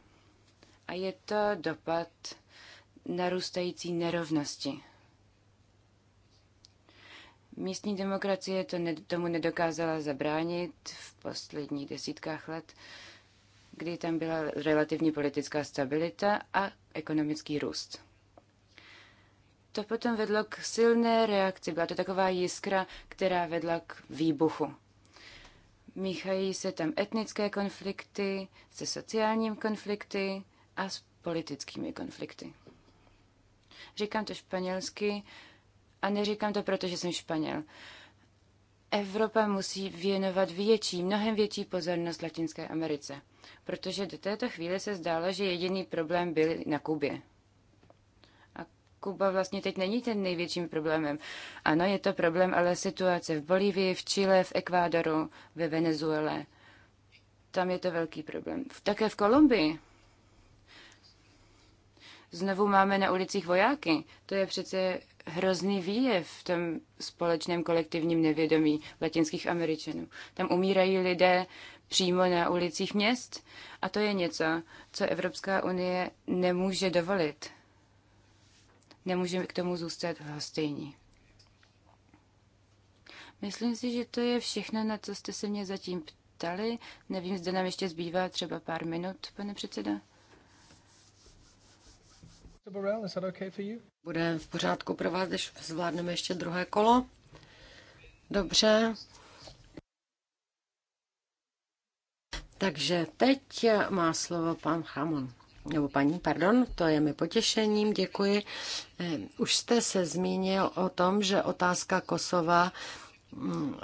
A je to dopad narůstající nerovnosti. Místní demokracie to ne, tomu nedokázala zabránit v posledních desítkách let, kdy tam byla relativní politická stabilita a ekonomický růst. To potom vedlo k silné reakci. Byla to taková jiskra, která vedla k výbuchu. Míchají se tam etnické konflikty se sociálními konflikty a s politickými konflikty. Říkám to španělsky, a neříkám to proto, že jsem Španěl. Evropa musí věnovat větší, mnohem větší pozornost Latinské Americe, protože do této chvíle se zdálo, že jediný problém byl na Kubě. A Kuba vlastně teď není ten největším problémem. Ano, je to problém, ale situace v Bolívii, v Chile, v Ekvádoru, ve Venezuele, tam je to velký problém. Také v Kolumbii. Znovu máme na ulicích vojáky. To je přece hrozný výjev v tom společném kolektivním nevědomí latinských Američanů. Tam umírají lidé přímo na ulicích měst a to je něco, co Evropská unie nemůže dovolit. nemůže k tomu zůstat hostejní. Myslím si, že to je všechno, na co jste se mě zatím ptali. Nevím, zda nám ještě zbývá třeba pár minut, pane předseda. Bude v pořádku pro vás, když zvládneme ještě druhé kolo? Dobře. Takže teď má slovo pan Chamon. Nebo paní, pardon, to je mi potěšením, děkuji. Už jste se zmínil o tom, že otázka Kosova mm,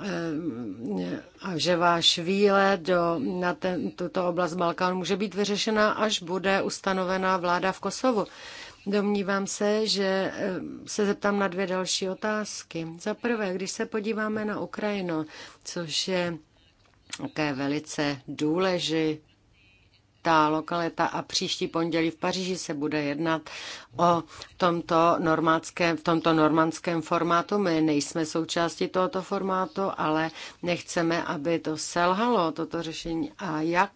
a že váš výlet do, na ten, tuto oblast Balkánu může být vyřešena, až bude ustanovena vláda v Kosovu. Domnívám se, že eh, se zeptám na dvě další otázky. Za prvé, když se podíváme na Ukrajinu, což je také velice důležité, lokalita a příští pondělí v Paříži se bude jednat o tomto normandském, v tomto normandském formátu. My nejsme součástí tohoto formátu, ale nechceme, aby to selhalo, toto řešení. A jak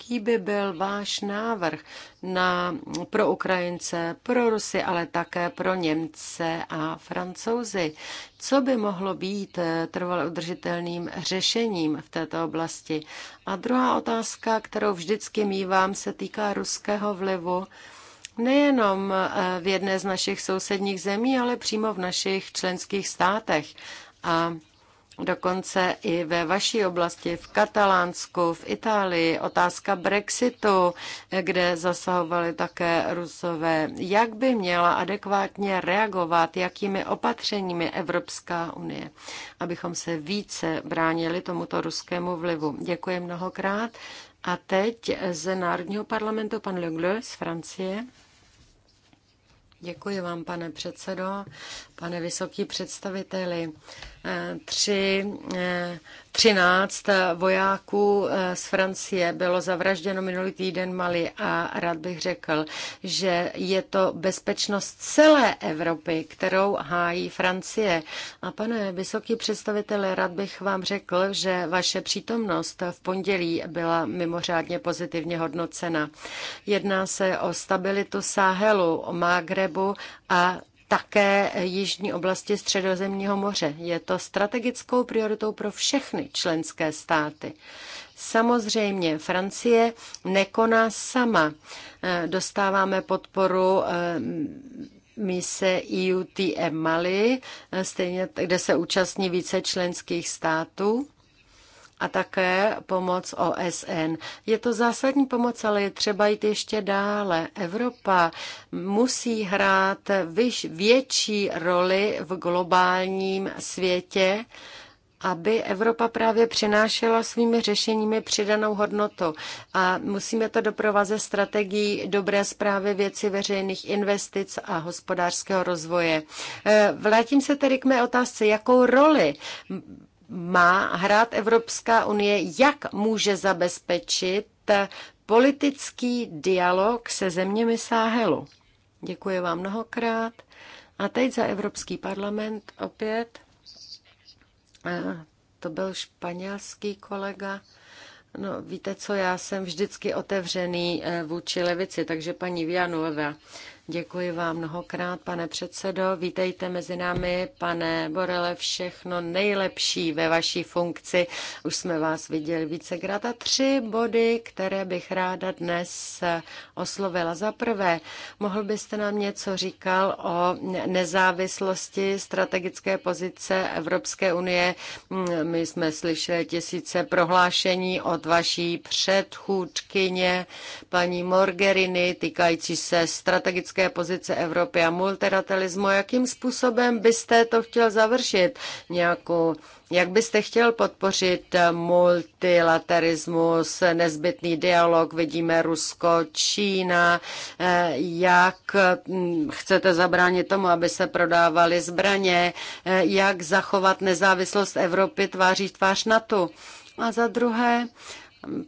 jaký by byl váš návrh na, pro Ukrajince, pro Rusy, ale také pro Němce a Francouzi. Co by mohlo být eh, trvalo udržitelným řešením v této oblasti? A druhá otázka, kterou vždycky mývám, se týká ruského vlivu nejenom eh, v jedné z našich sousedních zemí, ale přímo v našich členských státech. A Dokonce i ve vaší oblasti, v Katalánsku, v Itálii, otázka Brexitu, kde zasahovali také Rusové. Jak by měla adekvátně reagovat, jakými opatřeními Evropská unie, abychom se více bránili tomuto ruskému vlivu? Děkuji mnohokrát. A teď ze Národního parlamentu pan Gleu z Francie. Děkuji vám, pane předsedo. Pane vysoký představiteli, eh, tři, eh, třináct vojáků eh, z Francie bylo zavražděno minulý týden Mali a rád bych řekl, že je to bezpečnost celé Evropy, kterou hájí Francie. A pane vysoký představitele, rád bych vám řekl, že vaše přítomnost v pondělí byla mimořádně pozitivně hodnocena. Jedná se o stabilitu Sahelu, o Magrebu a také jižní oblasti Středozemního moře. Je to strategickou prioritou pro všechny členské státy. Samozřejmě Francie nekoná sama. Eh, dostáváme podporu eh, mise EUTM e Mali, eh, stejně, kde se účastní více členských států a také pomoc OSN. Je to zásadní pomoc, ale je třeba jít ještě dále. Evropa musí hrát větší roli v globálním světě, aby Evropa právě přinášela svými řešeními přidanou hodnotu. A musíme to doprovázet strategií dobré zprávy věci veřejných investic a hospodářského rozvoje. E, vrátím se tedy k mé otázce, jakou roli má hrát Evropská unie, jak může zabezpečit politický dialog se zeměmi Sáhelu. Děkuji vám mnohokrát. A teď za Evropský parlament opět. To byl španělský kolega. No, víte co, já jsem vždycky otevřený eh, vůči levici, takže paní Vianueva. Děkuji vám mnohokrát, pane předsedo. Vítejte mezi námi, pane Borele, všechno nejlepší ve vaší funkci. Už jsme vás viděli vícekrát. A tři body, které bych ráda dnes oslovila. Za prvé, mohl byste nám něco říkal o nezávislosti strategické pozice Evropské unie? Mm, my jsme slyšeli tisíce prohlášení od vaší předchůdkyně, paní Morgerini, týkající se strategické strategické pozice Evropy a multilateralismu. Jakým způsobem byste to chtěl završit? Nějakou, jak byste chtěl podpořit multilaterismus, nezbytný dialog? Vidíme Rusko, Čína. Eh, jak hm, chcete zabránit tomu, aby se prodávaly zbraně? Eh, jak zachovat nezávislost Evropy tváří tvář NATO? A za druhé,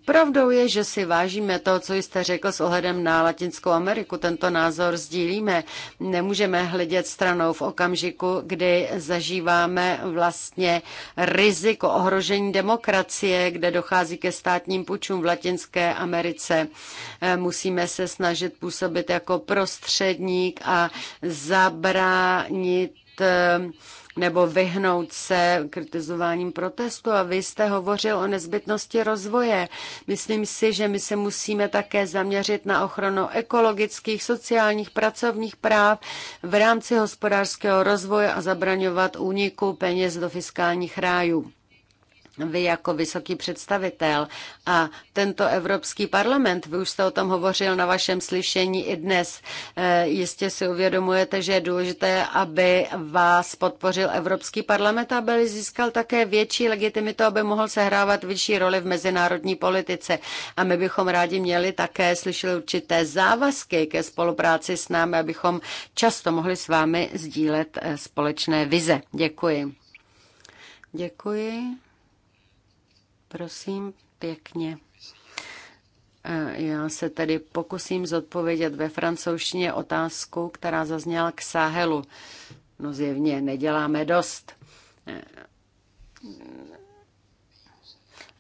Pravdou je, že si vážíme to, co jste řekl s ohledem na Latinskou Ameriku. Tento názor sdílíme. Nemůžeme hledět stranou v okamžiku, kdy zažíváme vlastně riziko ohrožení demokracie, kde dochází ke státním pučům v Latinské Americe. Eh, musíme se snažit působit jako prostředník a zabránit eh, nebo vyhnout se kritizováním protestu. A vy jste hovořil o nezbytnosti rozvoje. Myslím si, že my se musíme také zaměřit na ochranu ekologických, sociálních, pracovních práv v rámci hospodářského rozvoje a zabraňovat úniku peněz do fiskálních rájů vy jako vysoký představitel a tento Evropský parlament, vy už jste o tom hovořil na vašem slyšení i dnes, eh, jistě si uvědomujete, že je důležité, aby vás podpořil Evropský parlament, aby získal také větší legitimitu, aby mohl sehrávat vyšší roli v mezinárodní politice. A my bychom rádi měli také slyšet určité závazky ke spolupráci s námi, abychom často mohli s vámi sdílet eh, společné vize. Děkuji. Děkuji. Prosím, pěkně. E, já se tedy pokusím zodpovědět ve francouzštině otázku, která zazněla k Sahelu. No zjevně neděláme dost. E,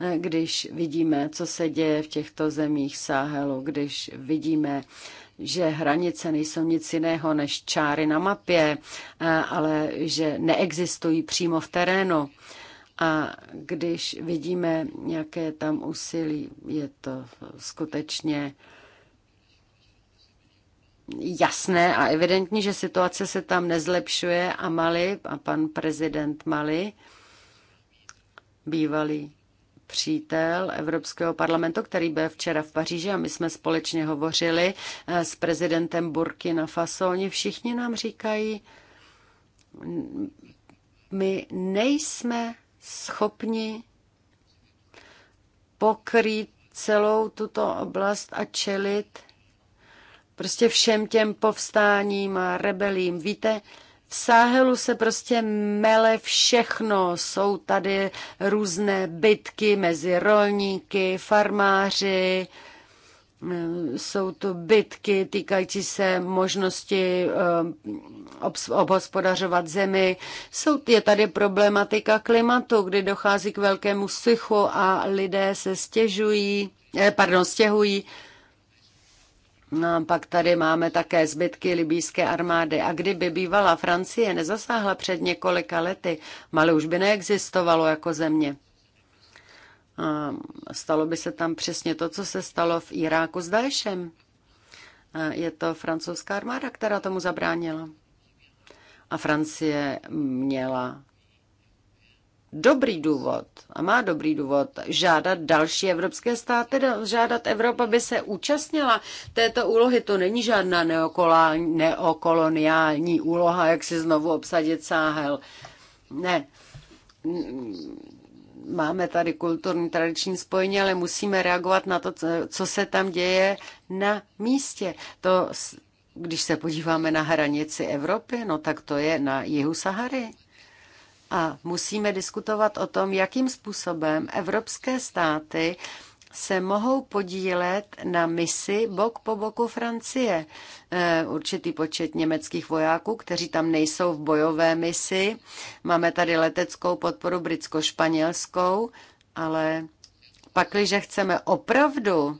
e, když vidíme, co se děje v těchto zemích Sahelu, když vidíme, že hranice nejsou nic jiného než čáry na mapě, ale že neexistují přímo v terénu a když vidíme, nějaké tam úsilí, je to skutečně jasné a evidentní, že situace se tam nezlepšuje a Mali a pan prezident Mali, bývalý přítel Evropského parlamentu, který byl včera v Paříži a my jsme společně hovořili eh, s prezidentem Burkina Faso. Oni všichni nám říkají, my nejsme schopni pokrýt celou tuto oblast a čelit prostě všem těm povstáním a rebelím. Víte, v Sáhelu se prostě mele všechno. Jsou tady různé bytky mezi rolníky, farmáři, jsou to bytky týkající se možnosti eh, obhospodařovat zemi. Jsou, je tady problematika klimatu, kdy dochází k velkému suchu a lidé se stěžují, eh, pardon, stěhují. No, pak tady máme také zbytky libýské armády. A kdyby bývala Francie nezasáhla před několika lety, Mali už by neexistovalo jako země. Ehm, stalo by se tam přesně to, co se stalo v Iráku s Daešem. Ehm, je to francouzská armáda, která tomu zabránila. A Francie měla dobrý důvod a má dobrý důvod žádat další evropské státy, žádat Evropa, aby se účastnila této úlohy. To není žádná neokoloniální úloha, jak si znovu obsadit sáhel. Ne máme tady kulturní tradiční spojení, ale musíme reagovat na to, co se tam děje na místě. To, když se podíváme na hranici Evropy, no tak to je na jihu Sahary. A musíme diskutovat o tom, jakým způsobem evropské státy se mohou podílet na misi bok po boku Francie. E, určitý počet německých vojáků, kteří tam nejsou v bojové misi. Máme tady leteckou podporu britsko-španělskou, ale pakliže chceme opravdu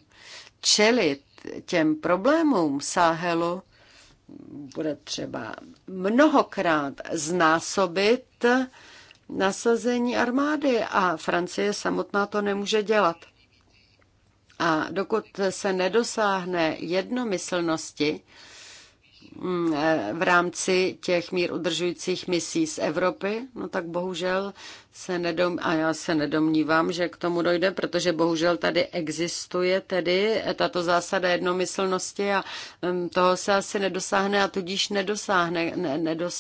čelit těm problémům Sáhelu, bude třeba mnohokrát znásobit nasazení armády a Francie samotná to nemůže dělat. A dokud se nedosáhne jednomyslnosti mm, eh, v rámci těch mír udržujících misí z Evropy, no tak bohužel se nedom, a já se nedomnívám, že k tomu dojde, protože bohužel tady existuje tedy tato zásada jednomyslnosti a mm, toho se asi nedosáhne a tudíž nedosáhne, ne, nedos,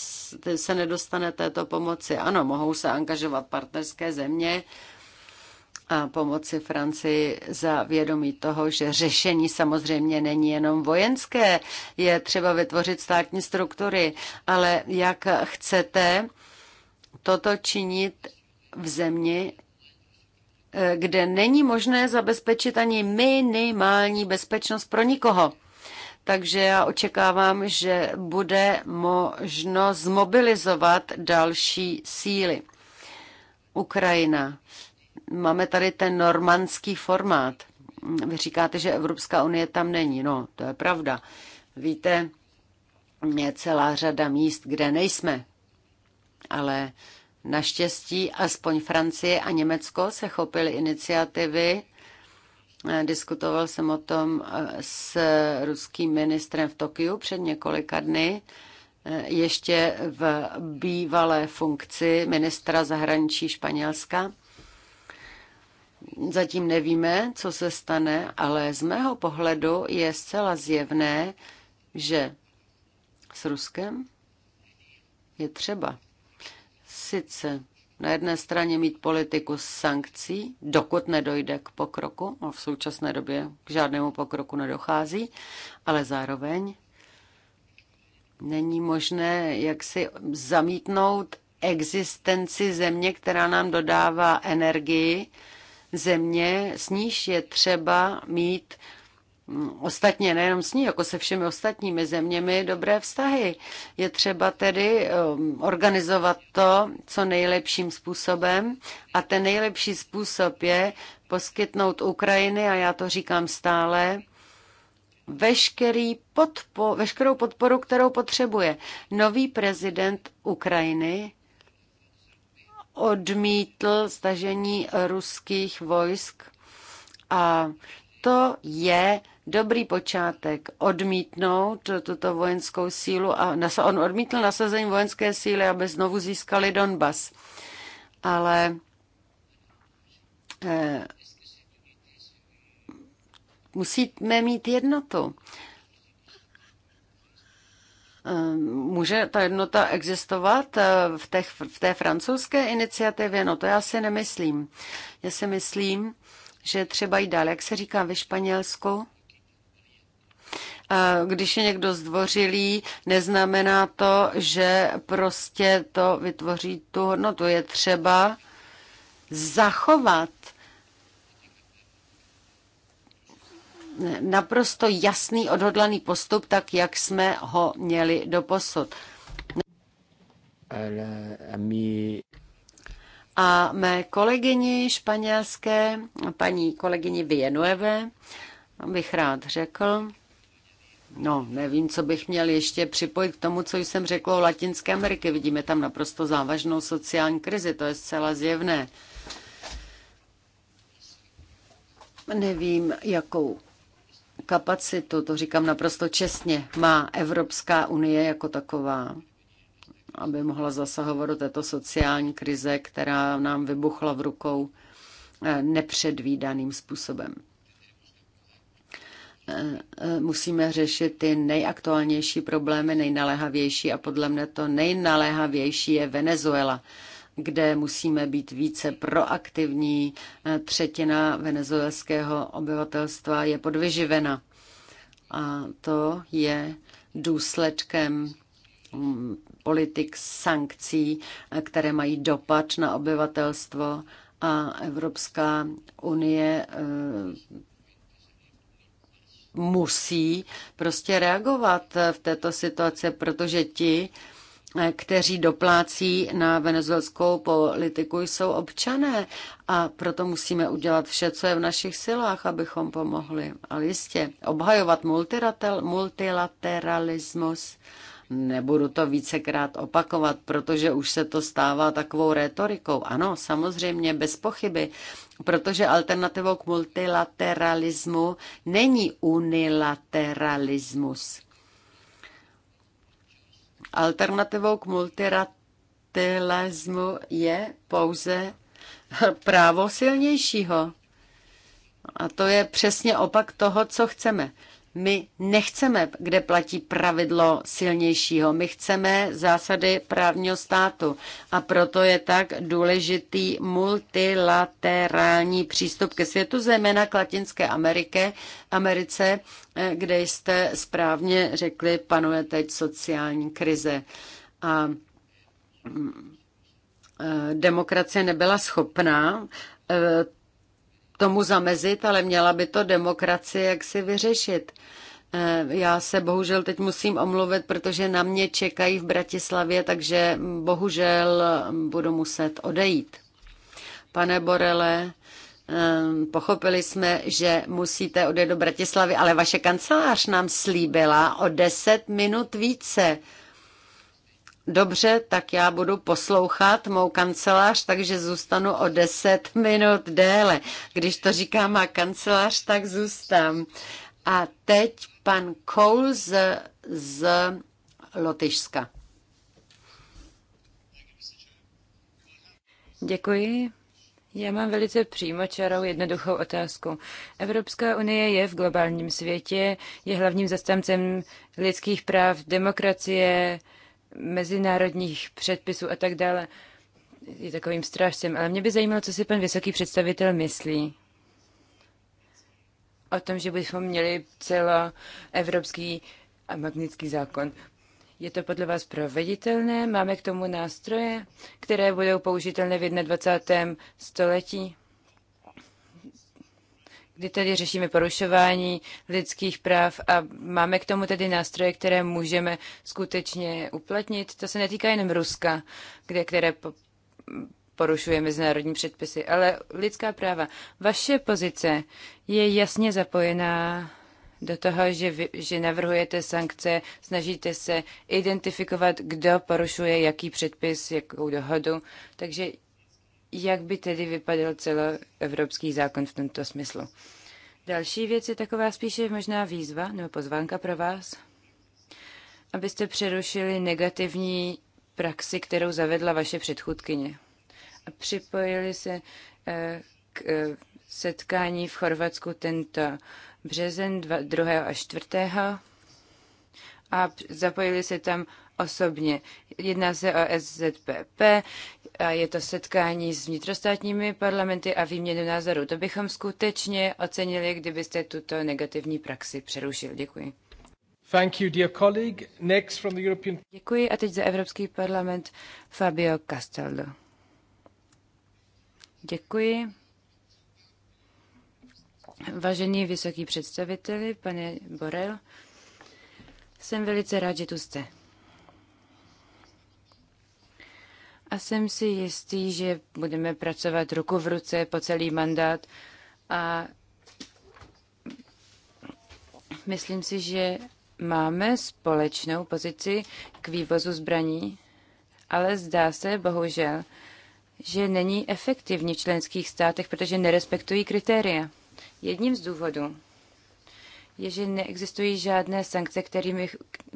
se nedostane této pomoci. Ano, mohou se angažovat partnerské země, a pomoci Francii za vědomí toho, že řešení samozřejmě není jenom vojenské, je třeba vytvořit státní struktury, ale jak chcete toto činit v zemi, kde není možné zabezpečit ani minimální bezpečnost pro nikoho. Takže já očekávám, že bude možno zmobilizovat další síly. Ukrajina Máme tady ten normandský formát. Vy říkáte, že Evropská unie tam není. No, to je pravda. Víte, je celá řada míst, kde nejsme. Ale naštěstí aspoň Francie a Německo se chopily iniciativy Diskutoval jsem o tom eh, s ruským ministrem v Tokiu před několika dny, eh, ještě v bývalé funkci ministra zahraničí Španělska. Zatím nevíme, co se stane, ale z mého pohledu je zcela zjevné, že s Ruskem je třeba sice na jedné straně mít politiku sankcí, dokud nedojde k pokroku, a v současné době k žádnému pokroku nedochází, ale zároveň není možné jak si zamítnout existenci země, která nám dodává energii, země, s níž je třeba mít mm, ostatně nejenom s ní, jako se všemi ostatními zeměmi, dobré vztahy. Je třeba tedy um, organizovat to co nejlepším způsobem a ten nejlepší způsob je poskytnout Ukrajiny, a já to říkám stále, veškerý podpo, veškerou podporu, kterou potřebuje. Nový prezident Ukrajiny odmítl stažení ruských vojsk a to je dobrý počátek odmítnout tuto vojenskou sílu a on odmítl nasazení vojenské síly, aby znovu získali Donbas. Ale eh, musíme mít jednotu. Ehm, může ta jednota existovat eh, v, té, v té francouzské iniciativě? No to já si nemyslím. Já si myslím, že třeba i dál, jak se říká ve Španělsku, eh, když je někdo zdvořilý, neznamená to, že prostě to vytvoří tu hodnotu. Je třeba zachovat naprosto jasný odhodlaný postup, tak jak jsme ho měli do posud. A mé kolegyni španělské, paní kolegyni Villanueve, bych rád řekl, No, nevím, co bych měl ještě připojit k tomu, co jsem řekl o Latinské Ameriky. Vidíme tam naprosto závažnou sociální krizi, to je zcela zjevné. Nevím, jakou kapacitu, to říkám naprosto čestně, má Evropská unie jako taková, aby mohla zasahovat do této sociální krize, která nám vybuchla v rukou eh, nepředvídaným způsobem. Eh, eh, musíme řešit ty nejaktuálnější problémy, nejnaléhavější a podle mne to nejnaléhavější je Venezuela kde musíme být více proaktivní. Eh, třetina venezuelského obyvatelstva je podvyživena. A to je důsledkem mm, politik sankcí, eh, které mají dopad na obyvatelstvo a Evropská unie eh, musí prostě reagovat v této situaci, protože ti, Eh, kteří doplácí na venezuelskou politiku, jsou občané a proto musíme udělat vše, co je v našich silách, abychom pomohli. Ale jistě, obhajovat multilateralismus, nebudu to vícekrát opakovat, protože už se to stává takovou retorikou. Ano, samozřejmě, bez pochyby, protože alternativou k multilateralismu není unilateralismus. Alternativou k multilateralismu je pouze právo silnějšího. A to je přesně opak toho, co chceme. My nechceme, kde platí pravidlo silnějšího. My chceme zásady právního státu. A proto je tak důležitý multilaterální přístup ke světu, zejména k Latinské Amerike, Americe, eh, kde jste správně řekli, panuje teď sociální krize. A mm, eh, demokracie nebyla schopná eh, tomu zamezit, ale měla by to demokracie jaksi vyřešit. Eh, já se bohužel teď musím omluvit, protože na mě čekají v Bratislavě, takže bohužel mm, budu muset odejít. Pane Borele, eh, pochopili jsme, že musíte odejít do Bratislavy, ale vaše kancelář nám slíbila o 10 minut více. Dobře, tak já budu poslouchat mou kancelář, takže zůstanu o 10 minut déle. Když to říká má kancelář, tak zůstám. A teď pan Koul z, z Lotyšska. Děkuji. Já mám velice přímočarou jednoduchou otázku. Evropská unie je v globálním světě, je hlavním zastáncem lidských práv, demokracie, mezinárodních předpisů a tak dále, je takovým strážcem. Ale mě by zajímalo, co si pan vysoký představitel myslí o tom, že bychom měli celoevropský a magnický zákon. Je to podle vás proveditelné? Máme k tomu nástroje, které budou použitelné v 21. století? kdy tedy řešíme porušování lidských práv a máme k tomu tedy nástroje, které můžeme skutečně uplatnit. To se netýká jenom Ruska, kde, které porušuje mezinárodní předpisy, ale lidská práva. Vaše pozice je jasně zapojená do toho, že, vy, že navrhujete sankce, snažíte se identifikovat, kdo porušuje jaký předpis, jakou dohodu. Takže jak by tedy vypadal celoevropský zákon v tomto smyslu. Další věc je taková spíše možná výzva nebo pozvánka pro vás, abyste přerušili negativní praxi, kterou zavedla vaše předchůdkyně. A připojili se eh, k eh, setkání v Chorvatsku tento březen 2. a 4. a zapojili se tam osobně. Jedná se o SZPP, a je to setkání s vnitrostátními parlamenty a výměnu názorů. To bychom skutečně ocenili, kdybyste tuto negativní praxi přerušil. Děkuji. Thank you, dear colleague. Next from the European... Děkuji a teď za Evropský parlament Fabio Castaldo. Děkuji. Vážený vysoký představiteli, pane Borel, jsem velice rád, že tu jste. a jsem si jistý, že budeme pracovat ruku v ruce po celý mandát a myslím si, že máme společnou pozici k vývozu zbraní, ale zdá se, bohužel, že není efektivní v členských státech, protože nerespektují kritéria. Jedním z důvodů je, že neexistují žádné sankce, kterými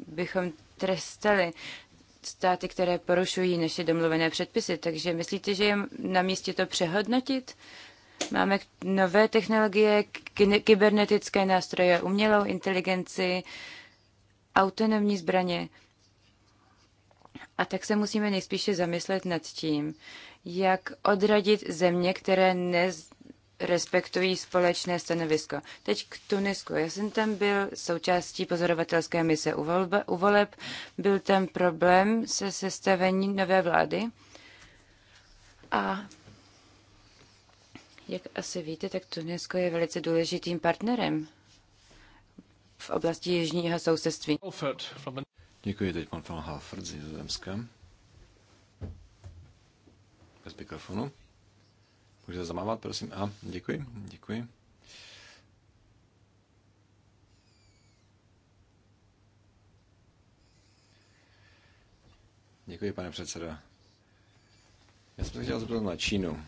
bychom trestali státy, které porušují naše domluvené předpisy. Takže myslíte, že je na místě to přehodnotit? Máme nové technologie, kybernetické nástroje, umělou inteligenci, autonomní zbraně. A tak se musíme nejspíše zamyslet nad tím, jak odradit země, které nez, respektují společné stanovisko. Teď k Tunisku. Já jsem tam byl součástí pozorovatelské mise u, volba, u voleb. Byl tam problém se sestavením nové vlády. A jak asi víte, tak Tunisko je velice důležitým partnerem v oblasti jižního sousedství. Děkuji, teď pan Halford z Nizozemska. Bez mikrofonu. Můžete zamávat, prosím. A, děkuji, děkuji. Děkuji, pane předsedo. Já jsem se chtěl zeptat na Čínu.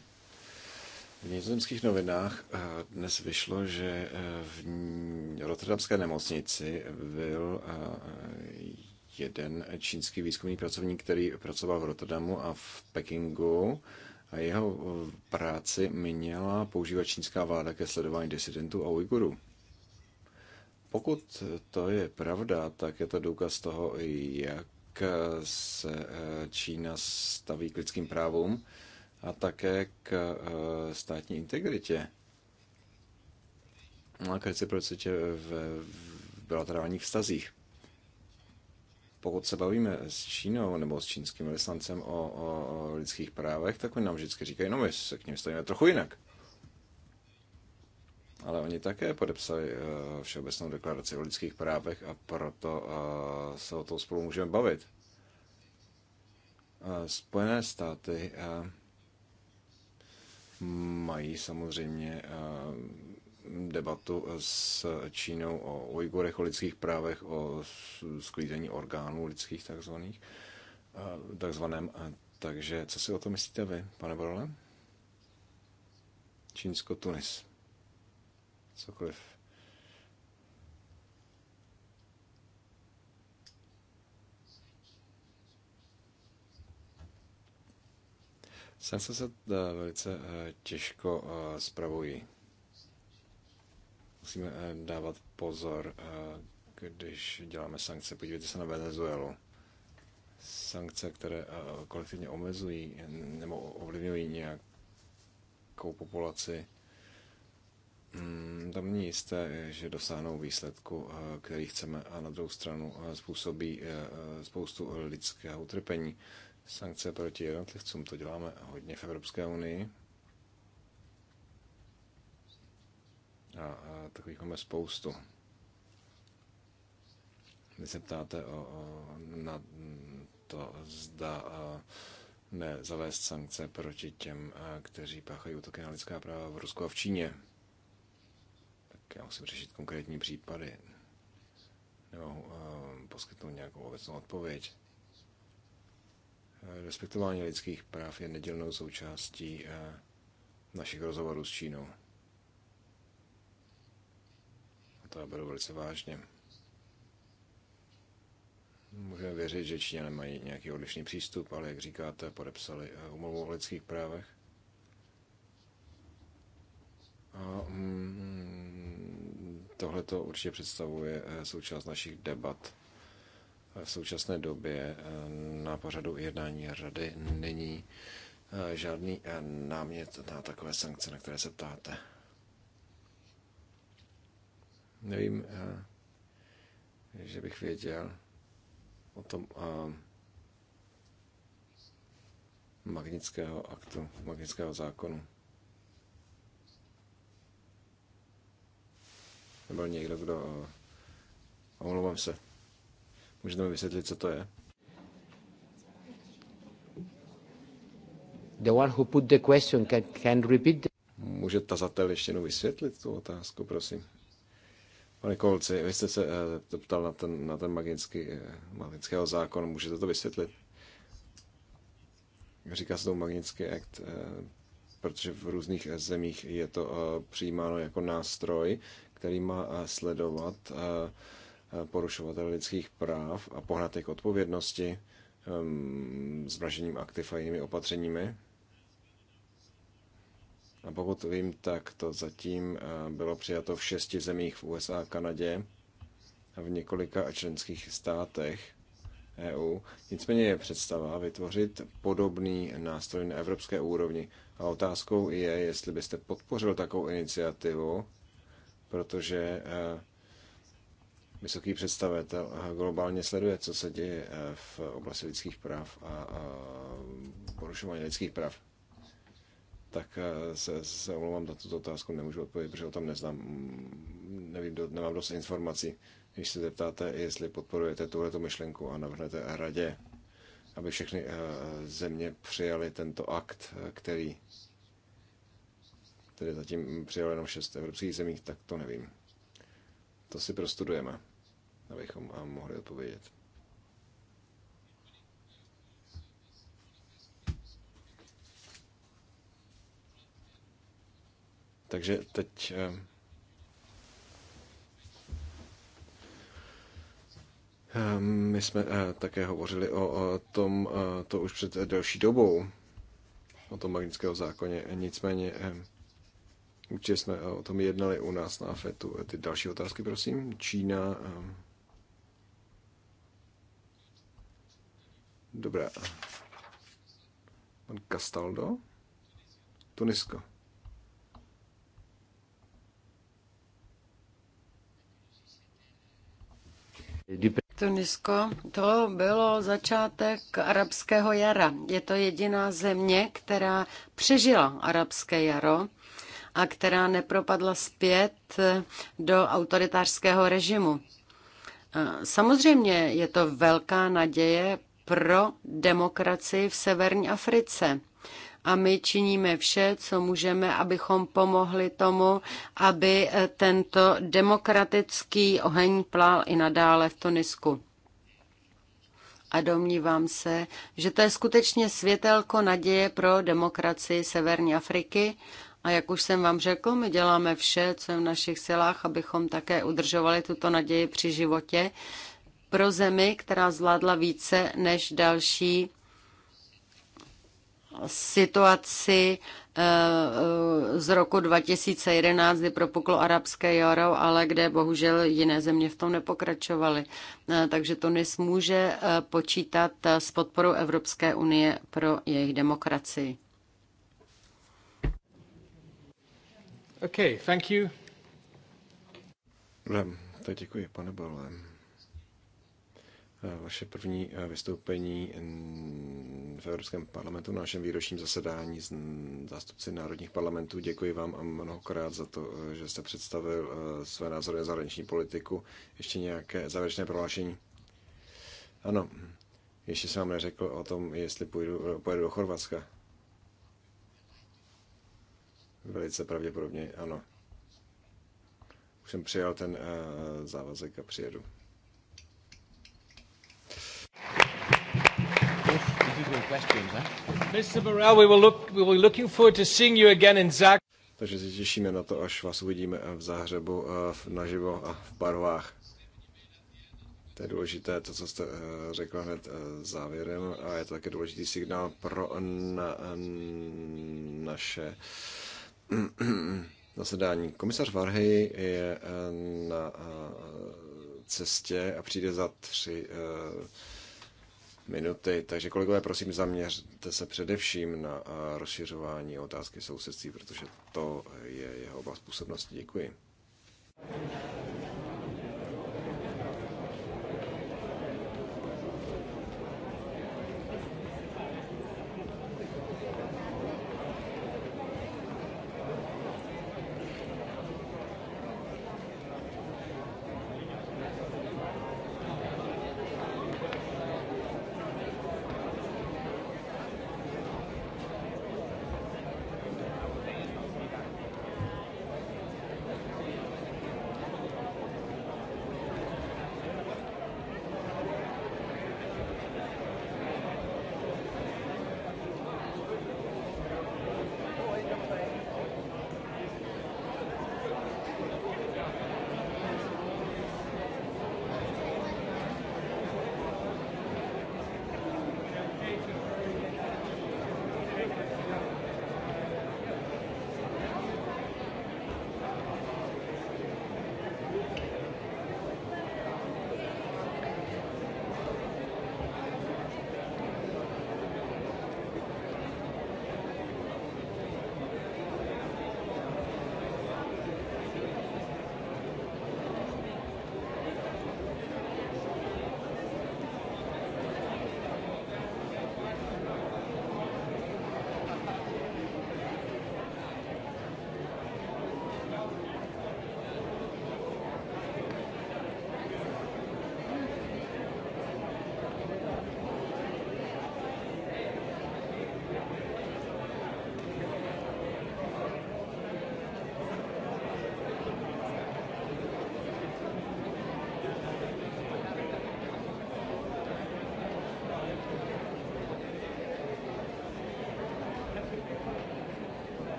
V nizozemských novinách eh, dnes vyšlo, že eh, v Rotterdamské nemocnici byl eh, jeden čínský výzkumný pracovník, který pracoval v Rotterdamu a v Pekingu a jeho eh, práci měla používat čínská vláda ke sledování disidentů a Ujgurů. Pokud to je pravda, tak je to důkaz toho, jak se eh, Čína staví k lidským právům a také k eh, státní integritě a k reciprocitě v bilaterálních vztazích pokud se bavíme s Čínou nebo s čínským vyslancem o, o, o lidských právech, tak oni nám vždycky říkají, no my se k ním stojíme trochu jinak. Ale oni také podepsali uh, Všeobecnou deklaraci o lidských právech a proto uh, se o tom spolu můžeme bavit. Uh, Spojené státy uh, mají samozřejmě uh, debatu s Čínou o Ujgurech, o lidských právech, o sklízení orgánů lidských takzvaných, takzvaném. Takže co si o to myslíte vy, pane Borole? Čínsko-Tunis. Cokoliv. Sense se eh, velice eh, těžko eh, spravují musíme eh, dávat pozor, eh, když děláme sankce. Podívejte se na Venezuelu. Sankce, které eh, kolektivně omezují nebo ovlivňují nějakou populaci, hmm, tam není jisté, že dosáhnou výsledku, který chceme a na druhou stranu způsobí spoustu lidského utrpení. Sankce proti jednotlivcům, to děláme hodně v Evropské unii. A takových máme spoustu. Vy se ptáte o, o, na to, zda a, nezavést sankce proti těm, a, kteří páchají útoky na lidská práva v Rusku a v Číně. Tak já musím řešit konkrétní případy. Nemohu a, poskytnout nějakou obecnou odpověď. Respektování lidských práv je nedělnou součástí našich rozhovorů s Čínou. to já beru velice vážně. Můžeme věřit, že Číňané mají nějaký odlišný přístup, ale jak říkáte, podepsali eh, umluvu o lidských právech. A mm, tohle to určitě představuje eh, součást našich debat. Eh, v současné době na pořadu jednání řady není žádný námět na takové sankce, na které se ptáte. Nevím, eh, že bych věděl o tom eh, magnického aktu, magnického zákonu. Nebyl někdo, kdo... Eh, omlouvám se. Můžete mi vysvětlit, co to je? The one who put the question can, can repeat the... Může tazatel ještě jednou vysvětlit tu otázku, prosím? Pane Kolci, vy jste se to eh, ptal na ten, na ten magický, eh, magického zákon, můžete to vysvětlit? Říká se to Magnitsky akt, eh, protože v různých zemích je to přijímáno jako nástroj, který má sledovat porušovatel lidských práv a pohnat k odpovědnosti vražením ehm, aktiv a jinými opatřeními. A pokud vím, tak to zatím eh, bylo přijato v šesti zemích v USA a Kanadě a v několika členských státech EU. Nicméně je představa vytvořit podobný nástroj na evropské úrovni. A otázkou je, jestli byste podpořil takovou iniciativu, protože eh, vysoký představitel eh, globálně sleduje, co se děje v oblasti lidských práv a porušování lidských práv tak eh, se, se omlouvám na tuto otázku, nemůžu odpovědět, protože ho tam neznám, mm, nevím, nemám dost informací. Když se zeptáte, jestli podporujete tuhletu myšlenku a navrhnete radě, aby všechny eh, země přijali tento akt, eh, který tedy zatím přijal jenom šest evropských zemí, tak to nevím. To si prostudujeme, abychom mohli odpovědět. Takže teď eh, eh, my jsme eh, také hovořili o tom, to už před delší dobou, o tom magnického zákoně. Nicméně určitě jsme o tom jednali u nás na FETu. Ty další otázky, prosím. Čína. Dobrá. Pan Castaldo? Tunisko. Tunisko, to bylo začátek arabského jara. Je to jediná země, která přežila arabské jaro a která nepropadla zpět do autoritářského režimu. Samozřejmě je to velká naděje pro demokracii v severní Africe a my činíme vše, co můžeme, abychom pomohli tomu, aby eh, tento demokratický oheň plál i nadále v Tunisku. A domnívám se, že to je skutečně světelko naděje pro demokracii Severní Afriky. A jak už jsem vám řekl, my děláme vše, co je v našich silách, abychom také udržovali tuto naději při životě pro zemi, která zvládla více než další situaci eh, eh, z roku 2011, kdy propuklo arabské jaro, ale kde bohužel jiné země v tom nepokračovaly. Eh, takže Tunis může počítat s podporou Evropské unie pro jejich demokracii. Okay, thank you. Teď děkuji, pane Bolem. Eh, vaše první eh, vystoupení v Evropském parlamentu na našem výročním zasedání s zástupci národních parlamentů. Děkuji vám a mnohokrát za to, eh, že jste představil své názory na zahraniční politiku. Ještě nějaké závěrečné prohlášení? Ano, ještě jsem vám neřekl o tom, jestli půjdu, pojedu do Chorvatska. Velice pravděpodobně ano. Už jsem přijal ten závazek a přijedu. questions. Mr. Burrell, we will look, we will looking forward to seeing you again in Takže se těšíme na to, až vás uvidíme eh, v Záhřebu eh, naživo a v barvách. To je důležité, to, co jste eh, řekl hned závěrem, a je to také důležitý signál pro na, naše zasedání. Komisař Varhy je na cestě a přijde za tři minuty. Takže kolegové, prosím, zaměřte se především na eh, rozšiřování otázky sousedství, protože to je jeho oblast působnosti. Děkuji.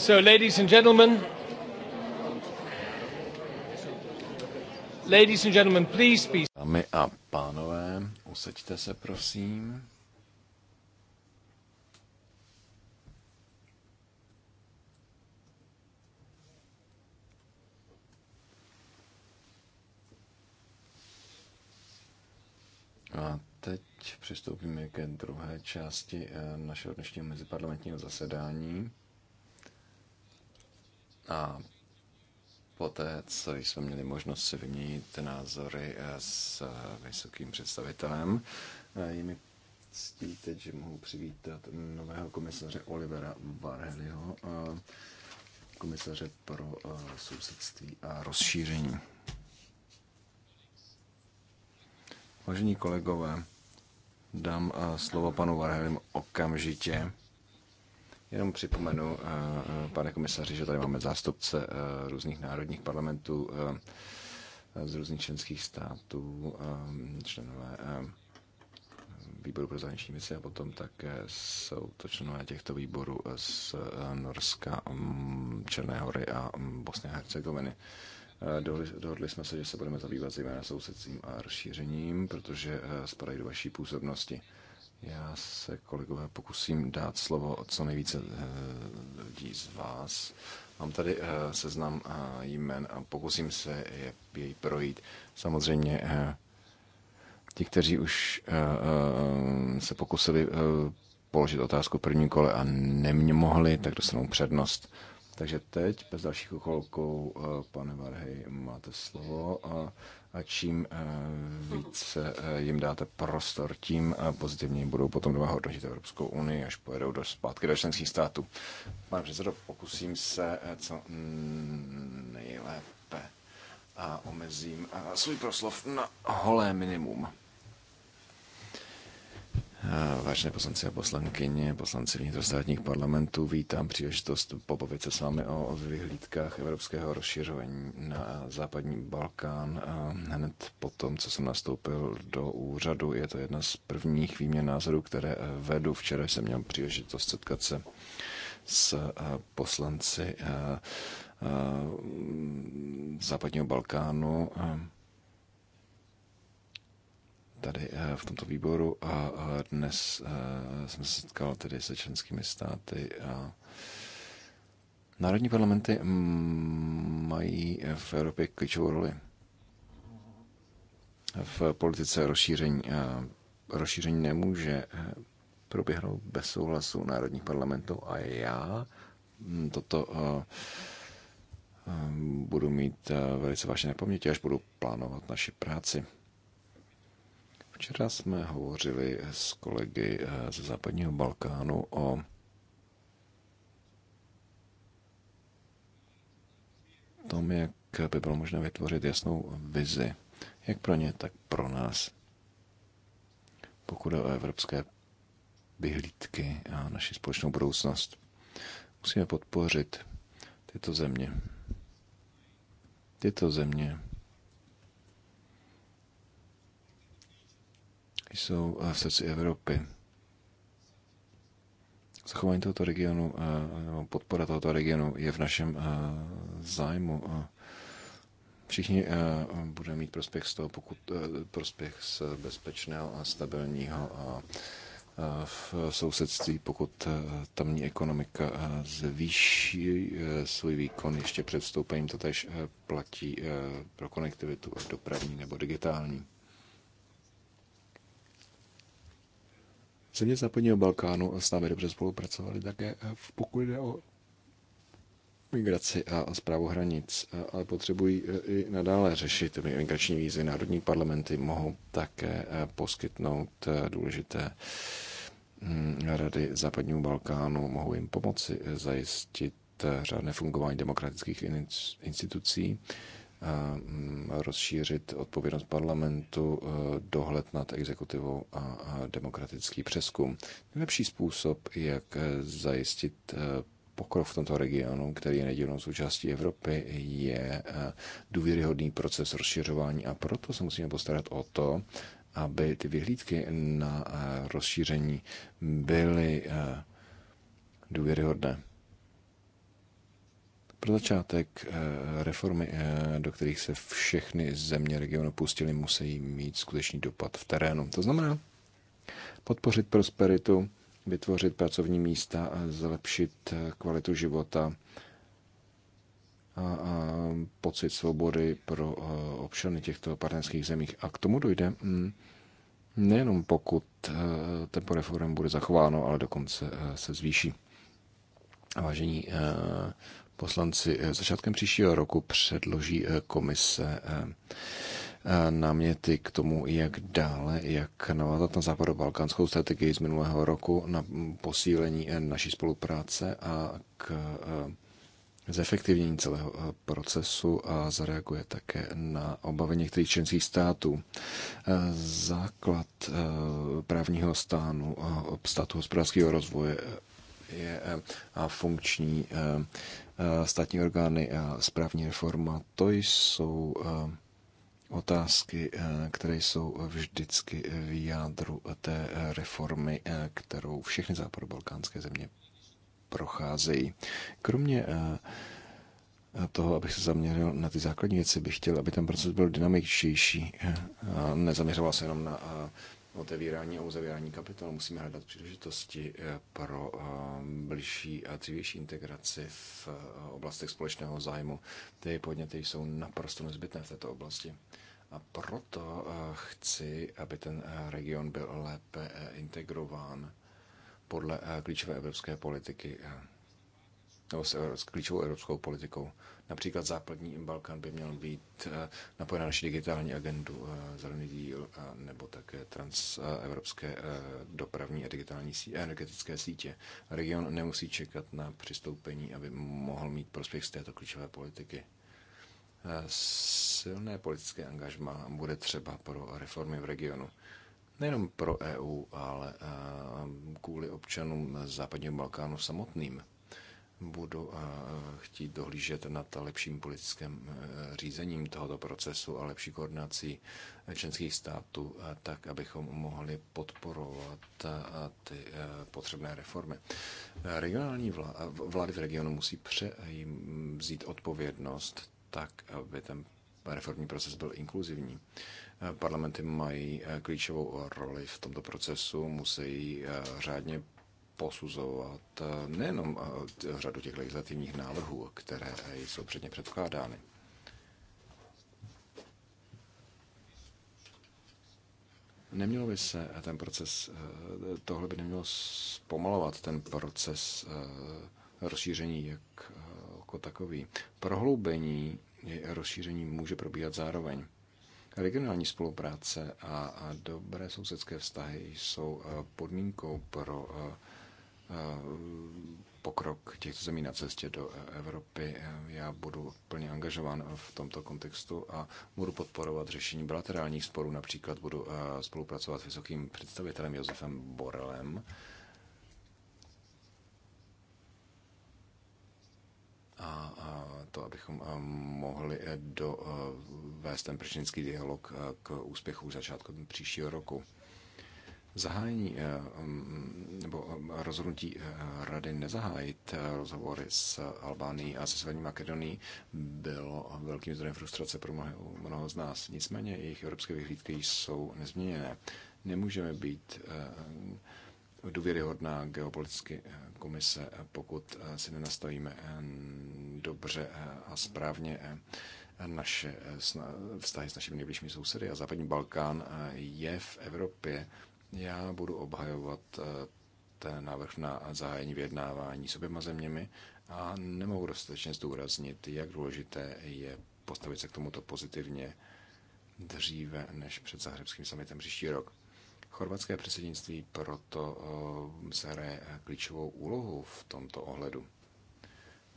So, ladies and gentlemen, ladies and gentlemen, please be... Dámy a pánové, usaďte se, prosím. A teď přistoupíme ke druhé části eh, našeho dnešního meziparlamentního zasedání. A poté, co jsme měli možnost si vyměnit názory eh, s eh, vysokým představitelem, eh, je mi ctí teď, že mohu přivítat nového komisaře Olivera Varheliho, komisaře pro sousedství a rozšíření. Vážení kolegové, dám slovo panu Varhelim okamžitě Jenom připomenu, eh, eh, pane komisaři, že tady máme zástupce eh, různých národních parlamentů z různých členských států, členové výboru pro zahraniční věci a potom také jsou to členové těchto výborů z Norska, mm, Černé hory a mm, Bosny a Hercegoviny. Dohodli, dohodli jsme se, že se budeme zabývat zejména sousedcím a rozšířením, protože spadají do vaší působnosti. Já se, kolegové, pokusím dát slovo co nejvíce eh, lidí z vás. Mám tady eh, seznam eh, jmen a pokusím se je, jej projít. Samozřejmě ti, kteří už se pokusili položit otázku první kole a nemohli, tak dostanou přednost. Takže teď, bez dalších okolků, eh, pane Varhej, máte slovo a, a čím eh, více eh, jim dáte prostor, tím pozitivněji budou potom doma hodnotit Evropskou unii, až pojedou do zpátky do členských států. Pane předsedo, pokusím se co nejlépe a omezím svůj proslov na holé minimum. Eh, Vážené poslanci a poslankyně, poslanci vnitrostátních parlamentů, vítám příležitost popovit se s vámi o vyhlídkách evropského rozšiřování na západní Balkán eh, hned po tom, co jsem nastoupil do úřadu. Je to jedna z prvních výměn názorů, které eh, vedu. Včera jsem měl příležitost setkat se s poslanci západního Balkánu tady eh, v tomto výboru a dnes eh, jsem se setkal tedy se členskými státy a Národní parlamenty mají v Evropě klíčovou roli v politice rozšíření. Eh, rozšíření nemůže proběhnout bez souhlasu národních parlamentů a já hm, toto budu mít velice vážně na paměti, až budu plánovat naši práci. Včera jsme hovořili s kolegy eh, ze západního Balkánu o tom, jak by bylo možné vytvořit jasnou vizi, jak pro ně, tak pro nás. Pokud je o evropské vyhlídky a naši společnou budoucnost, musíme podpořit tyto země. Tyto země jsou eh, v srdci Evropy. Zachování tohoto regionu, eh, nebo podpora tohoto regionu je v našem eh, zájmu. Všichni budeme mít prospěch z toho, pokud prospěch z bezpečného a stabilního v sousedství, pokud tamní ekonomika zvýší svůj výkon ještě před vstoupením, to tež platí pro konektivitu dopravní nebo digitální. Země západního Balkánu s námi dobře spolupracovali také, eh, pokud jde o migraci a zprávu hranic, eh, ale potřebují eh, i nadále řešit migrační vízy. Národní parlamenty mohou také poskytnout důležité mm, rady západního Balkánu, mohou jim pomoci zajistit řádné fungování demokratických institucí Eh, rozšířit odpovědnost parlamentu, eh, dohled nad exekutivou a demokratický přeskum. Nejlepší způsob, jak eh, zajistit pokrok v tomto regionu, který je nedílnou součástí Evropy, je důvěryhodný proces rozšiřování a proto se musíme postarat o to, aby ty vyhlídky na rozšíření byly důvěryhodné. Pro začátek eh, reformy, eh, do kterých se všechny země regionu pustily, musí mít skutečný dopad v terénu. To znamená podpořit prosperitu, vytvořit pracovní místa, zlepšit eh, kvalitu života a, pocit svobody pro občany těchto partnerských zemích. A k tomu dojde mm, nejenom pokud tempo reform bude zachováno, ale dokonce se zvýší. Vážení Poslanci eh, začátkem příštího roku předloží eh, komise eh, náměty k tomu, jak dále, jak navázat na západobalkánskou strategii z minulého roku, na mm, posílení naší spolupráce a k zefektivnění celého procesu a zareaguje také na obavy některých členských států. Základ právního stánu, státu hospodářského rozvoje je a funkční Eh, státní orgány a správní reforma, to jsou eh, otázky, eh, které jsou vždycky v jádru té reformy, kterou všechny západobalkánské země procházejí. Kromě toho, abych se zaměřil na ty základní věci, bych chtěl, aby ten proces byl dynamičtější. Nezaměřoval se jenom na otevírání a uzavírání kapitol. Musíme hledat příležitosti eh, pro eh, blížší a dřívější integraci v eh, oblastech společného zájmu. Ty podněty jsou naprosto nezbytné v této oblasti. A proto chci, aby ten region byl lépe integrován podle klíčové evropské politiky, nebo s klíčovou evropskou politikou. Například západní Balkán by měl být eh, napojen na naši digitální agendu, eh, zelený díl, nebo také transevropské eh, dopravní a digitální sí, energetické sítě. Region nemusí čekat na přistoupení, aby mohl mít prospěch z této klíčové politiky. Silné politické angažma bude třeba pro reformy v regionu nejenom pro EU, ale kvůli občanům západního Balkánu samotným budu eh, chtít dohlížet nad lepším politickým eh, řízením tohoto procesu a lepší koordinací eh, členských států, tak abychom mohli podporovat ty potřebné reformy. Regionální vlády v regionu musí převzít odpovědnost tak, aby ten reformní proces byl inkluzivní. Parlamenty mají klíčovou roli v tomto procesu, musí řádně posuzovat eh, nejenom eh, řadu těch legislativních návrhů, které jsou předně předkládány. Nemělo by se eh, ten proces, tohle by nemělo zpomalovat ten proces rozšíření jak jako takový. Prohloubení rozšíření může probíhat zároveň. Regionální spolupráce a dobré sousedské vztahy jsou podmínkou pro Eh, pokrok těchto zemí na cestě do e- Evropy. Eh, já budu plně angažován v tomto kontextu a budu podporovat řešení bilaterálních sporů. Například budu eh, spolupracovat s vysokým představitelem Josefem Borelem. A to, abychom mohli dovést ten prčinský dialog k úspěchu začátku příštího roku zahájení eh, mm, nebo eh, rozhodnutí eh, rady nezahájit rozhovory s Albánií a se Severní Makedonií bylo velkým zdrojem frustrace pro mnoho, mnoho z nás. Nicméně jejich evropské vyhlídky jsou nezměněné. Nemůžeme být důvěryhodná geopolitické komise, pokud si nenastavíme dobře a správně naše vztahy s našimi nejbližšími sousedy. A západní Balkán je v Evropě já budu obhajovat eh, ten návrh na zahájení vyjednávání s oběma zeměmi a nemohu dostatečně zdůraznit, jak důležité je postavit se k tomuto pozitivně dříve než před zahřebským summitem příští rok. Chorvatské předsednictví proto eh, se hraje eh, klíčovou úlohu v tomto ohledu.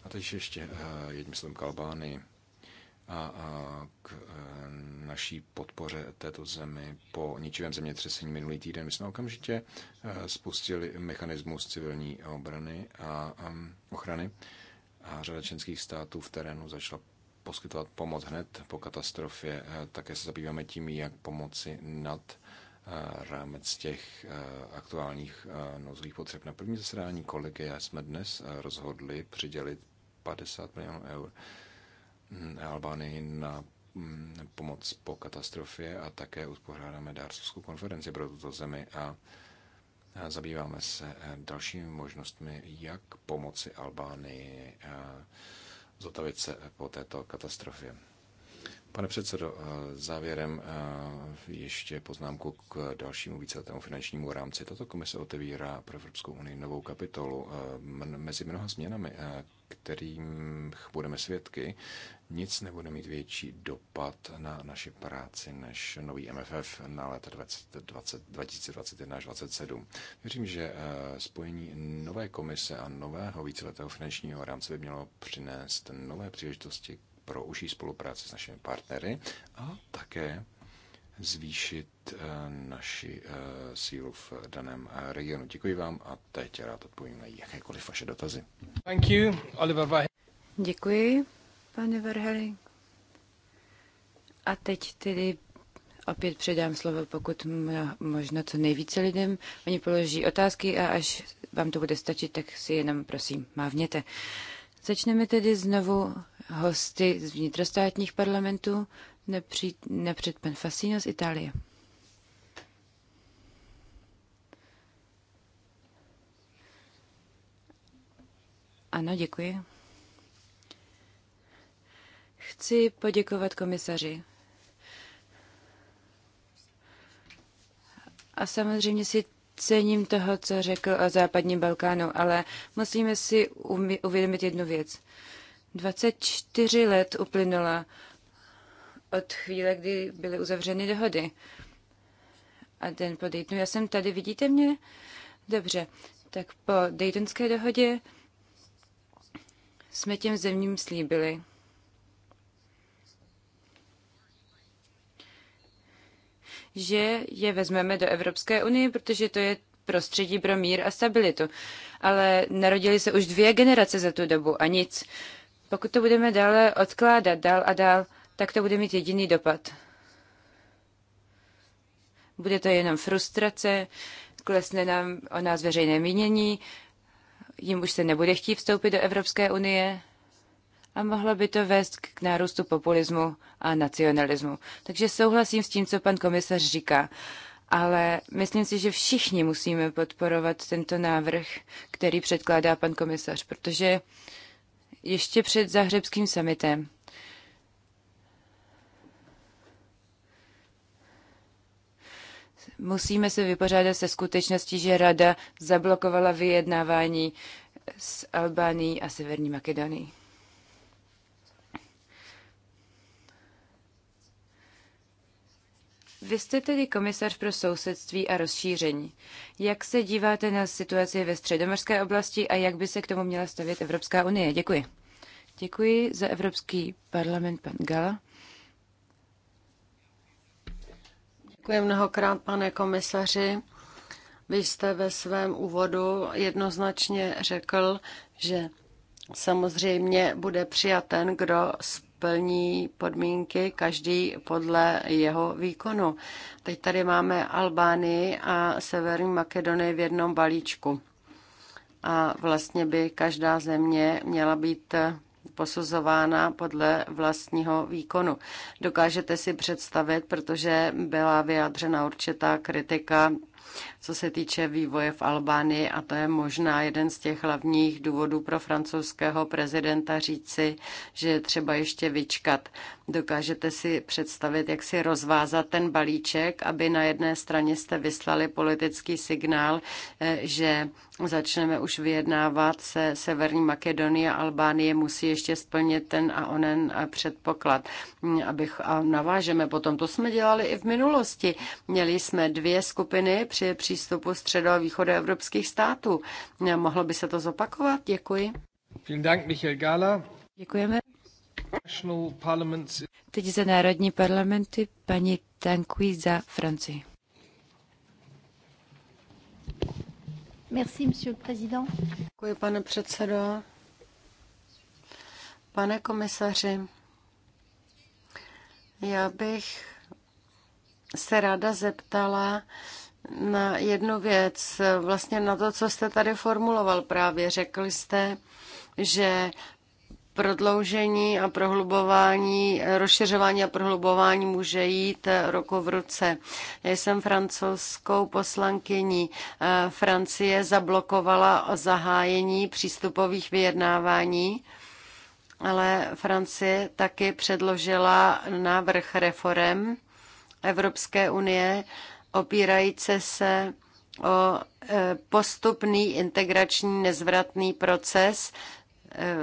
A teď ještě jedním slovem k Albánii a, a k e, naší podpoře této zemi po ničivém zemětřesení minulý týden. My jsme okamžitě e, spustili mechanismus civilní obrany a ochrany a řada členských států v terénu začala poskytovat pomoc hned po katastrofě. E, také se zabýváme tím, jak pomoci nad rámec těch aktuálních nouzových potřeb. Na první zasedání kolegy jsme dnes rozhodli přidělit 50 milionů eur Mm, Albánii na mm, pomoc po katastrofě a také uspořádáme dárcovskou konferenci pro tuto zemi a zabýváme se eh, dalšími možnostmi, jak pomoci Albánii eh, zotavit se eh, po této katastrofě. Pane předsedo, závěrem ještě poznámku k dalšímu víceletému finančnímu rámci. Tato komise otevírá pro Evropskou unii novou kapitolu mezi mnoha změnami, kterým budeme svědky, nic nebude mít větší dopad na naši práci než nový MFF na let 2021 až 2027. Věřím, že eh, spojení nové komise a nového víceletého finančního rámce by mělo přinést nové příležitosti pro užší spolupráci s našimi partnery a také zvýšit eh, naši eh, sílu v daném eh, regionu. Děkuji vám a teď rád odpovím na jakékoliv vaše dotazy. Thank you, Oliver Děkuji, pane Verhering. A teď tedy opět předám slovo, pokud možno co nejvíce lidem. Oni položí otázky a až vám to bude stačit, tak si jenom prosím mávněte. Začneme tedy znovu hosty z vnitrostátních parlamentů. Nepřijít Penfasino z Itálie. Ano, děkuji. Chci poděkovat komisaři. A samozřejmě si cením toho, co řekl o západním Balkánu, ale musíme si uvědomit jednu věc. 24 let uplynula od chvíle, kdy byly uzavřeny dohody. A den po Daytonu, já jsem tady, vidíte mě? Dobře, tak po Daytonské dohodě jsme těm zemím slíbili. že je vezmeme do Evropské unie, protože to je prostředí pro mír a stabilitu. Ale narodili se už dvě generace za tu dobu a nic. Pokud to budeme dále odkládat dál a dál, tak to bude mít jediný dopad. Bude to jenom frustrace, klesne nám o nás veřejné mínění, jim už se nebude chtít vstoupit do Evropské unie a mohlo by to vést k nárůstu populismu a nacionalismu. Takže souhlasím s tím, co pan komisař říká, ale myslím si, že všichni musíme podporovat tento návrh, který předkládá pan komisař, protože ještě před zahřebským summitem musíme se vypořádat se skutečností, že Rada zablokovala vyjednávání s Albánií a Severní Makedonií. Vy jste tedy komisař pro sousedství a rozšíření. Jak se díváte na situaci ve středomorské oblasti a jak by se k tomu měla stavět Evropská unie? Děkuji. Děkuji za Evropský parlament, pan Gala. Děkuji mnohokrát, pane komisaři. Vy jste ve svém úvodu jednoznačně řekl, že samozřejmě bude přijat ten, kdo splní podmínky, každý podle jeho výkonu. Teď tady máme Albánii a Severní Makedonii v jednom balíčku. A vlastně by každá země měla být posuzována podle vlastního výkonu. Dokážete si představit, protože byla vyjádřena určitá kritika co se týče vývoje v Albánii a to je možná jeden z těch hlavních důvodů pro francouzského prezidenta říci, že je třeba ještě vyčkat. Dokážete si představit, jak si rozvázat ten balíček, aby na jedné straně jste vyslali politický signál, eh, že začneme už vyjednávat se Severní Makedonie a Albánie musí ještě splnit ten a onen eh, předpoklad. Hm, abych, a navážeme potom, to jsme dělali i v minulosti. Měli jsme dvě skupiny při přístupu středo- a evropských států. Mohlo by se to zopakovat? Děkuji. Vielen Dank, Michael Gala. Děkujeme. Teď za národní parlamenty paní Tankuy za Francii. Merci, monsieur le président. Děkuji, pane předsedo. Pane komisaři, já bych se ráda zeptala na jednu věc, vlastně na to, co jste tady formuloval právě. Řekl jste, že prodloužení a prohlubování, rozšiřování a prohlubování může jít roku v ruce. Já jsem francouzskou poslankyní. Eh, Francie zablokovala o zahájení přístupových vyjednávání, ale Francie taky předložila návrh reform Evropské unie, opírající se o eh, postupný integrační nezvratný proces eh,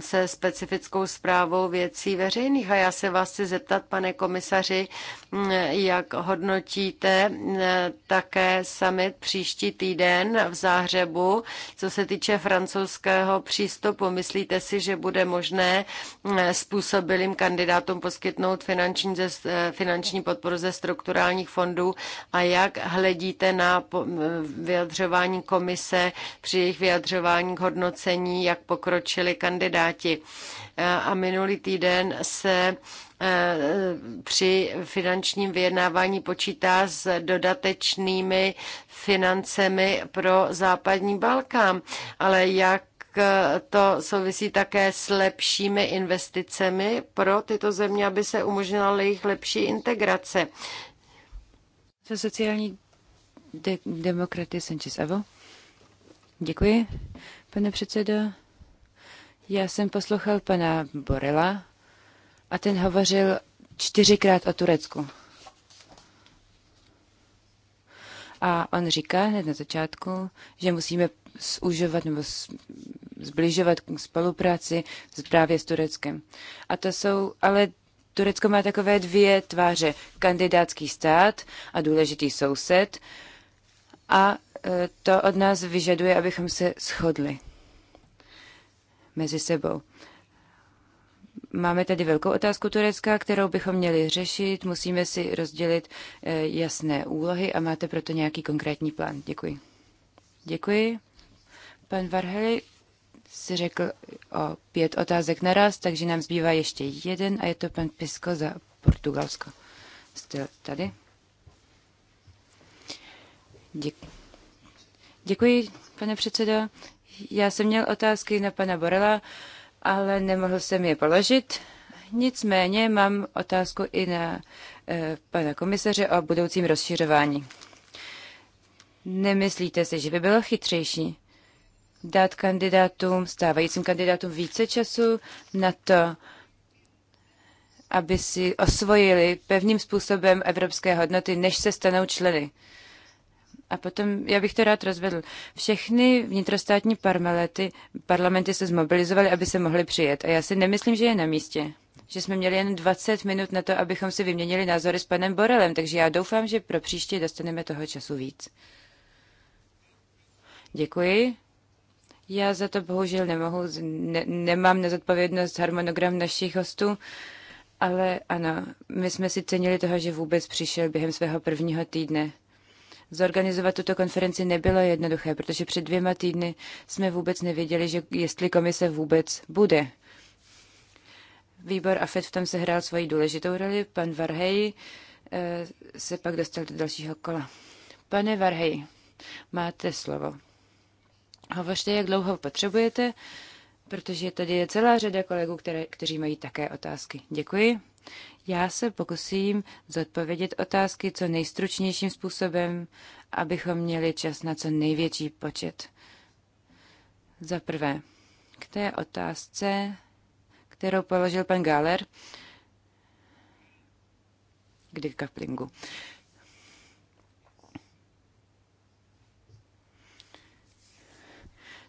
se specifickou zprávou věcí veřejných. A já se vás chci zeptat, pane komisaři, jak hodnotíte eh, také summit příští týden v Záhřebu, co se týče francouzského přístupu. Myslíte si, že bude možné eh, způsobilým kandidátům poskytnout finanční, eh, finanční podporu ze strukturálních fondů a jak hledíte na vyjadřování komise při jejich vyjadřování k hodnocení, jak pokročili kandidáti. Eh, a minulý týden se eh, při finančním vyjednávání počítá s dodatečnými financemi pro západní Balkán. Ale jak eh, to souvisí také s lepšími investicemi pro tyto země, aby se umožnila jejich lepší integrace. Se sociální de- demokraty Sanchez Evo. Děkuji, pane předsedo. Já jsem poslouchal pana Borela a ten hovořil čtyřikrát o Turecku. A on říká hned na začátku, že musíme zúžovat nebo zbližovat k spolupráci právě s Tureckem. A to jsou, ale Turecko má takové dvě tváře. Kandidátský stát a důležitý soused. A e, to od nás vyžaduje, abychom se shodli mezi sebou. Máme tady velkou otázku Turecka, kterou bychom měli řešit. Musíme si rozdělit eh, jasné úlohy a máte proto nějaký konkrétní plán. Děkuji. Děkuji. Pan Varheli si řekl o pět otázek naraz, takže nám zbývá ještě jeden a je to pan Pisko za Portugalsko. Jste tady? Děkuji. Děkuji, pane předsedo. Já jsem měl otázky na pana Borela, ale nemohl jsem je položit. Nicméně mám otázku i na e, pana komisaře o budoucím rozšiřování. Nemyslíte si, že by bylo chytřejší dát kandidátům, stávajícím kandidátům více času na to, aby si osvojili pevným způsobem evropské hodnoty, než se stanou členy? A potom, já bych to rád rozvedl. Všechny vnitrostátní parlamenty, parlamenty se zmobilizovaly, aby se mohly přijet. A já si nemyslím, že je na místě. Že jsme měli jen 20 minut na to, abychom si vyměnili názory s panem Borelem, takže já doufám, že pro příště dostaneme toho času víc. Děkuji. Já za to bohužel nemohu, ne, nemám na zodpovědnost harmonogram našich hostů, ale ano, my jsme si cenili toho, že vůbec přišel během svého prvního týdne. Zorganizovat tuto konferenci nebylo jednoduché, protože před dvěma týdny jsme vůbec nevěděli, že jestli komise vůbec bude. Výbor AFED v tom sehrál svoji důležitou roli. Pan Varhej eh, se pak dostal do dalšího kola. Pane Varhej, máte slovo. Hovořte, jak dlouho potřebujete, protože tady je celá řada kolegů, které, kteří mají také otázky. Děkuji. Já se pokusím zodpovědět otázky co nejstručnějším způsobem, abychom měli čas na co největší počet. Za prvé, k té otázce, kterou položil pan Galer, kdy v kaplingu.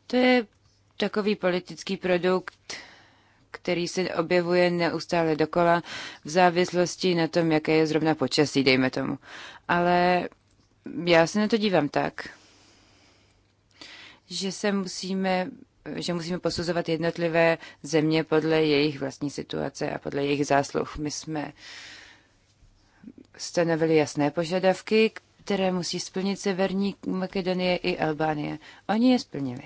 To je takový politický produkt, který se objevuje neustále dokola v závislosti na tom, jaké je zrovna počasí, dejme tomu. Ale já se na to dívám tak, že se musíme že musíme posuzovat jednotlivé země podle jejich vlastní situace a podle jejich zásluh. My jsme stanovili jasné požadavky, které musí splnit Severní Makedonie i Albánie. Oni je splnili.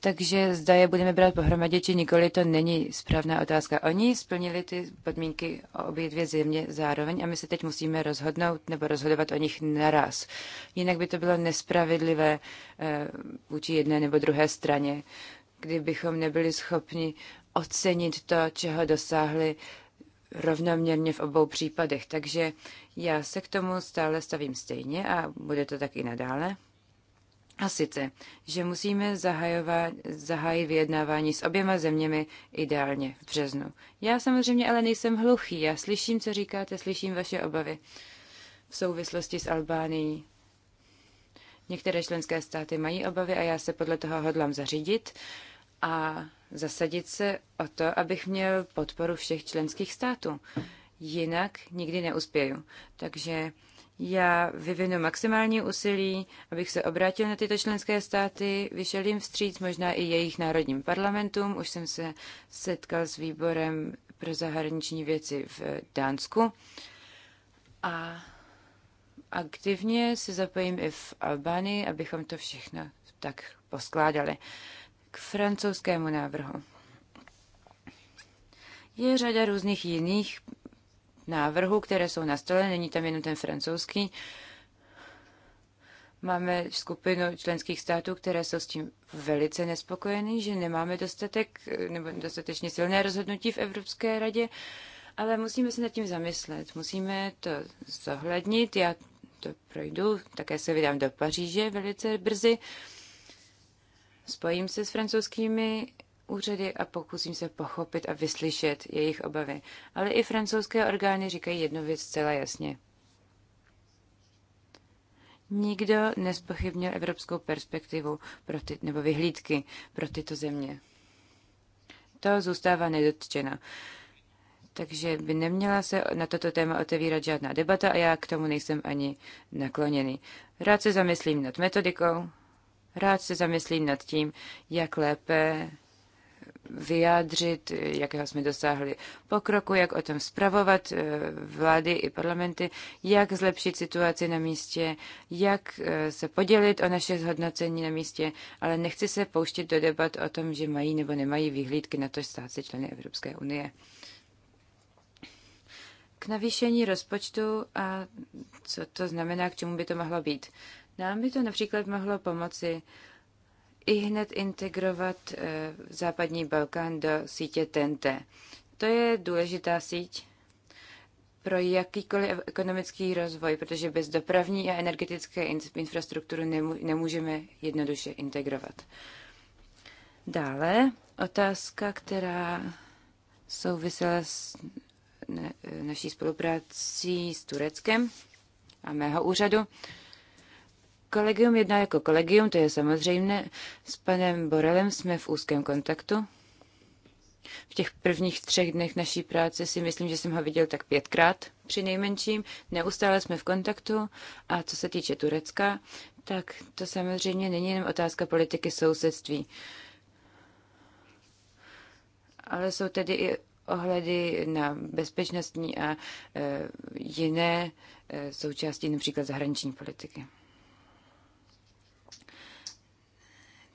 Takže zda je budeme brát pohromadě, či nikoli, to není správná otázka. Oni splnili ty podmínky obě dvě země zároveň a my se teď musíme rozhodnout nebo rozhodovat o nich naraz. Jinak by to bylo nespravedlivé eh, vůči jedné nebo druhé straně, kdybychom nebyli schopni ocenit to, čeho dosáhli rovnoměrně v obou případech. Takže já se k tomu stále stavím stejně a bude to tak i nadále. A sice, že musíme zahajovat, zahájit vyjednávání s oběma zeměmi ideálně v březnu. Já samozřejmě ale nejsem hluchý, já slyším, co říkáte, slyším vaše obavy v souvislosti s Albánií. Některé členské státy mají obavy a já se podle toho hodlám zařídit a zasadit se o to, abych měl podporu všech členských států. Jinak nikdy neuspěju. Takže já vyvinu maximální úsilí, abych se obrátil na tyto členské státy, vyšel jim vstříc možná i jejich národním parlamentům. Už jsem se setkal s výborem pro zahraniční věci v Dánsku a aktivně se zapojím i v Albánii, abychom to všechno tak poskládali. K francouzskému návrhu. Je řada různých jiných návrhů, které jsou na stole, není tam jenom ten francouzský. Máme skupinu členských států, které jsou s tím velice nespokojený, že nemáme dostatek nebo dostatečně silné rozhodnutí v Evropské radě, ale musíme se nad tím zamyslet, musíme to zohlednit. Já to projdu, také se vydám do Paříže velice brzy. Spojím se s francouzskými úřady a pokusím se pochopit a vyslyšet jejich obavy. Ale i francouzské orgány říkají jednu věc zcela jasně. Nikdo nespochybnil evropskou perspektivu pro ty, nebo vyhlídky pro tyto země. To zůstává nedotčeno. Takže by neměla se na toto téma otevírat žádná debata a já k tomu nejsem ani nakloněný. Rád se zamyslím nad metodikou, rád se zamyslím nad tím, jak lépe vyjádřit, jakého jsme dosáhli pokroku, jak o tom zpravovat eh, vlády i parlamenty, jak zlepšit situaci na místě, jak eh, se podělit o naše zhodnocení na místě, ale nechci se pouštět do debat o tom, že mají nebo nemají výhlídky na to stát se členy Evropské unie. K navýšení rozpočtu a co to znamená, k čemu by to mohlo být. Nám by to například mohlo pomoci uh, i hned integrovat eh, západní Balkán do sítě TNT. To je důležitá síť pro jakýkoliv ekonomický rozvoj, protože bez dopravní a energetické infrastruktury nemůžeme jednoduše integrovat. Dále otázka, která souvisela s naší spoluprácí s Tureckem a mého úřadu. Kolegium jedná jako kolegium, to je samozřejmé. S panem Borelem jsme v úzkém kontaktu. V těch prvních třech dnech naší práce si myslím, že jsem ho viděl tak pětkrát při nejmenším. Neustále jsme v kontaktu a co se týče Turecka, tak to samozřejmě není jenom otázka politiky sousedství. Ale jsou tedy i ohledy na bezpečnostní a e, jiné e, součásti například zahraniční politiky.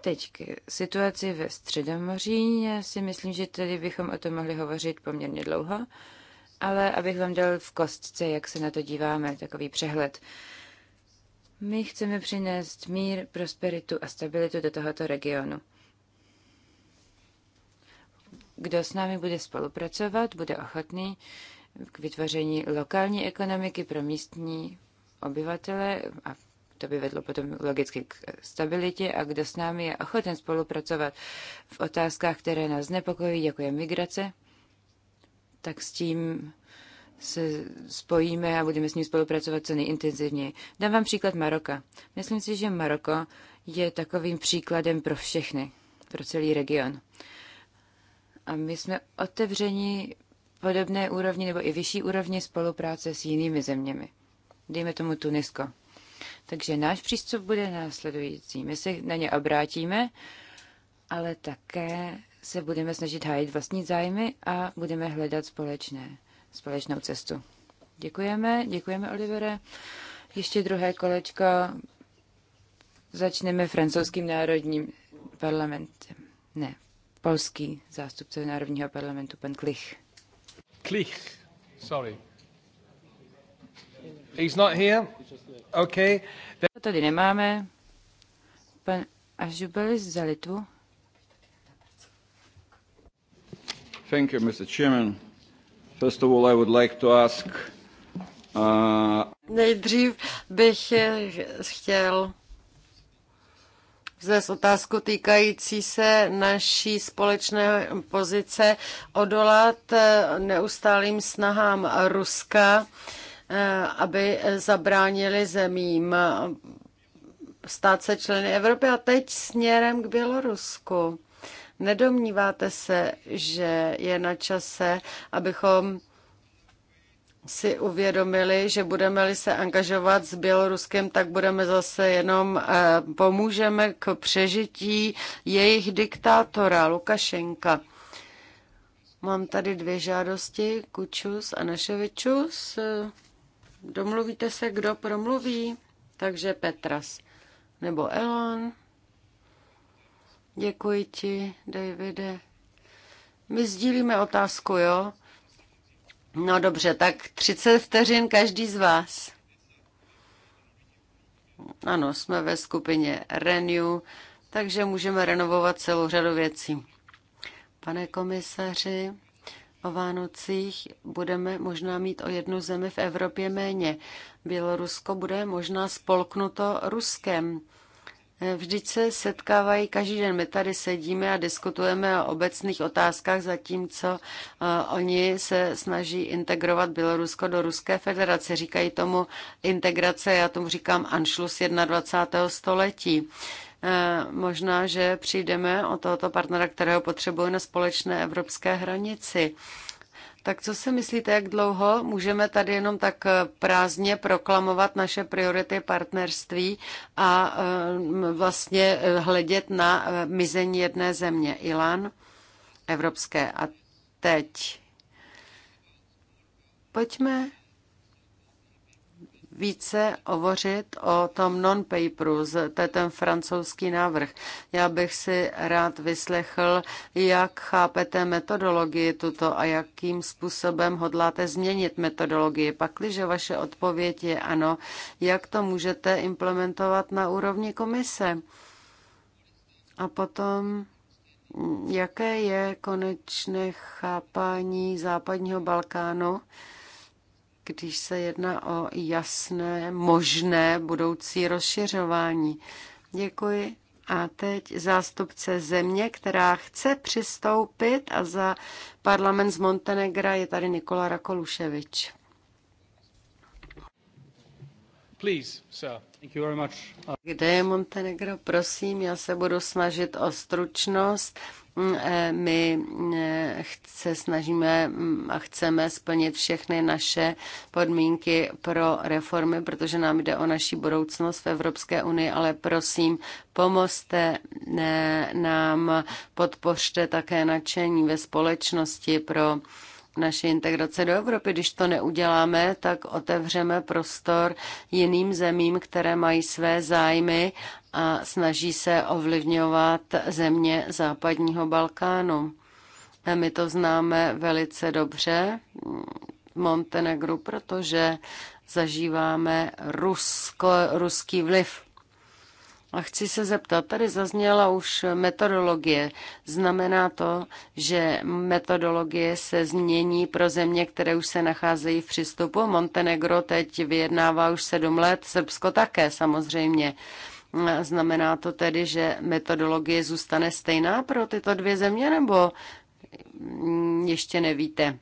Teď k situaci ve Středomoří. Já si myslím, že tady bychom o tom mohli hovořit poměrně dlouho, ale abych vám dal v kostce, jak se na to díváme, takový přehled. My chceme přinést mír, prosperitu a stabilitu do tohoto regionu. Kdo s námi bude spolupracovat, bude ochotný k vytvoření lokální ekonomiky pro místní obyvatele a to by vedlo potom logicky k stabilitě a kdo s námi je ochoten spolupracovat v otázkách, které nás nepokojí, jako je migrace, tak s tím se spojíme a budeme s ním spolupracovat co nejintenzivněji. Dám vám příklad Maroka. Myslím si, že Maroko je takovým příkladem pro všechny, pro celý region. A my jsme otevřeni podobné úrovni nebo i vyšší úrovni spolupráce s jinými zeměmi. Dejme tomu Tunisko. Takže náš přístup bude následující. My se na ně obrátíme, ale také se budeme snažit hájit vlastní zájmy a budeme hledat společné, společnou cestu. Děkujeme, děkujeme, Olivere. Ještě druhé kolečko. Začneme francouzským národním parlamentem. Ne, polský zástupce Národního parlamentu, pan Klich. Klich, sorry. He's not here. To tady nemáme. Pan Ažubelis za Litvu. Thank you, Mr. Chairman. First of all, I would like to ask... Uh... Nejdřív bych eh, chtěl vznes otázku týkající se naší společné pozice odolat eh, neustálým snahám Ruska uh, Eh, aby zabránili zemím stát se členy Evropy a teď směrem k Bělorusku. Nedomníváte se, že je na čase, abychom si uvědomili, že budeme-li se angažovat s Běloruskem, tak budeme zase jenom eh, pomůžeme k přežití jejich diktátora Lukašenka. Mám tady dvě žádosti, Kučus a Naševičus. Domluvíte se, kdo promluví? Takže Petras nebo Elon. Děkuji ti, Davide. My sdílíme otázku, jo? No dobře, tak 30 vteřin každý z vás. Ano, jsme ve skupině Renew, takže můžeme renovovat celou řadu věcí. Pane komisaři, o Vánocích budeme možná mít o jednu zemi v Evropě méně. Bělorusko bude možná spolknuto Ruskem. Eh, vždyť se setkávají každý den. My tady sedíme a diskutujeme o obecných otázkách, zatímco eh, oni se snaží integrovat Bělorusko do Ruské federace. Říkají tomu integrace, já tomu říkám Anšlus 21. století. Eh, možná, že přijdeme o tohoto partnera, kterého potřebuje na společné evropské hranici. Tak co si myslíte, jak dlouho můžeme tady jenom tak eh, prázdně proklamovat naše priority partnerství a eh, vlastně hledět na mizení jedné země, Ilan, evropské. A teď pojďme více hovořit o tom non-paperu, to je ten francouzský návrh. Já bych si rád vyslechl, jak chápete metodologii tuto a jakým způsobem hodláte změnit metodologii. Pakliže vaše odpověď je ano, jak to můžete implementovat na úrovni komise? A potom jaké je konečné chápání západního Balkánu když se jedná o jasné, možné budoucí rozšiřování. Děkuji. A teď zástupce země, která chce přistoupit a za parlament z Montenegra je tady Nikola Rakoluševič. Please, sir. Thank you very much. Kde je Montenegro? Prosím, já se budu snažit o stručnost. Mm, eh, my se eh, snažíme mm, a chceme splnit všechny naše podmínky pro reformy, protože nám jde o naši budoucnost v Evropské unii, ale prosím, pomozte nám, podpořte také nadšení ve společnosti pro naše integrace do Evropy. Když to neuděláme, tak otevřeme prostor jiným zemím, které mají své zájmy a snaží se ovlivňovat země západního Balkánu. A my to známe velice dobře v Montenegru, protože zažíváme rusko, ruský vliv. A chci se zeptat, tady zazněla už metodologie. Znamená to, že metodologie se změní pro země, které už se nacházejí v přístupu. Montenegro teď vyjednává už sedm let, Srbsko také samozřejmě. Znamená to tedy, že metodologie zůstane stejná pro tyto dvě země, nebo mm, ještě nevíte?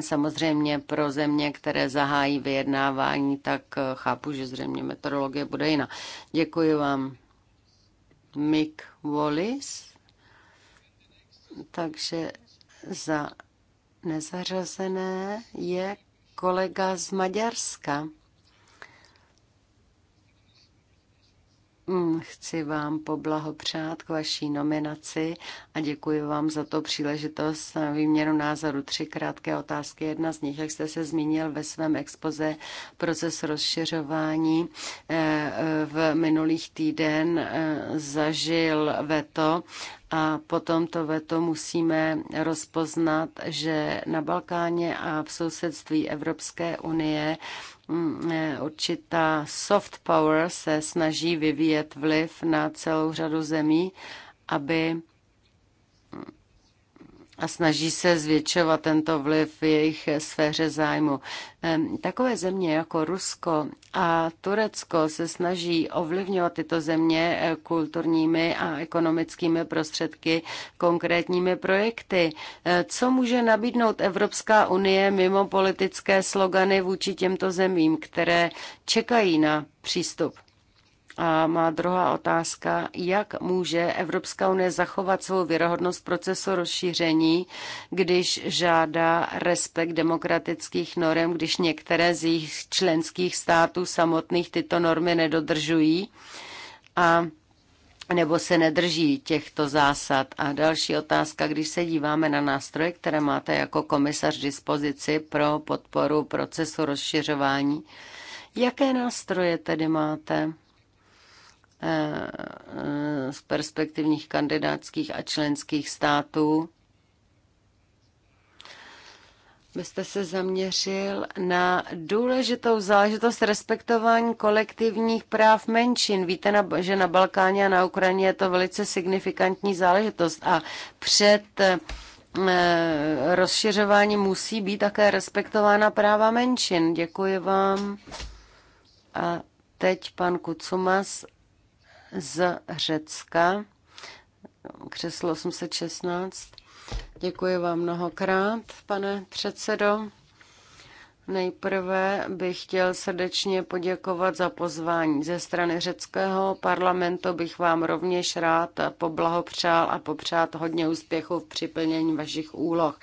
Samozřejmě pro země, které zahájí vyjednávání, tak eh, chápu, že zřejmě metodologie bude jiná. Děkuji vám. Mick Wallis. Takže za nezařazené je kolega z Maďarska. Mm, chci vám poblahopřát k vaší nominaci a děkuji vám za to příležitost výměnu názoru. Tři krátké otázky. Jedna z nich, jak jste se zmínil ve svém expoze, proces rozšiřování eh, v minulých týden eh, zažil veto a potom to veto musíme rozpoznat, že na Balkáně a v sousedství Evropské unie Mm, eh, určitá soft power se snaží vyvíjet vliv na celou řadu zemí, aby a snaží se zvětšovat tento vliv v jejich sféře zájmu. Takové země jako Rusko a Turecko se snaží ovlivňovat tyto země eh, kulturními a ekonomickými prostředky, konkrétními projekty. Eh, co může nabídnout Evropská unie mimo politické slogany vůči těmto zemím, které čekají na přístup? A má druhá otázka, jak může Evropská unie zachovat svou věrohodnost procesu rozšíření, když žádá respekt demokratických norm, když některé z jejich členských států samotných tyto normy nedodržují a nebo se nedrží těchto zásad. A další otázka, když se díváme na nástroje, které máte jako komisař dispozici pro podporu procesu rozšiřování, jaké nástroje tedy máte? Eh, z perspektivních kandidátských a členských států byste se zaměřil na důležitou záležitost respektování kolektivních práv menšin. Víte, že na Balkáně a na Ukrajině je to velice signifikantní záležitost a před eh, rozšiřování musí být také respektována práva menšin. Děkuji vám. A teď pan Kucumas z Řecka, křeslo 816. Děkuji vám mnohokrát, pane předsedo. Nejprve bych chtěl srdečně poděkovat za pozvání. Ze strany řeckého parlamentu bych vám rovněž rád poblahopřál a popřát hodně úspěchů v připlnění vašich úloh.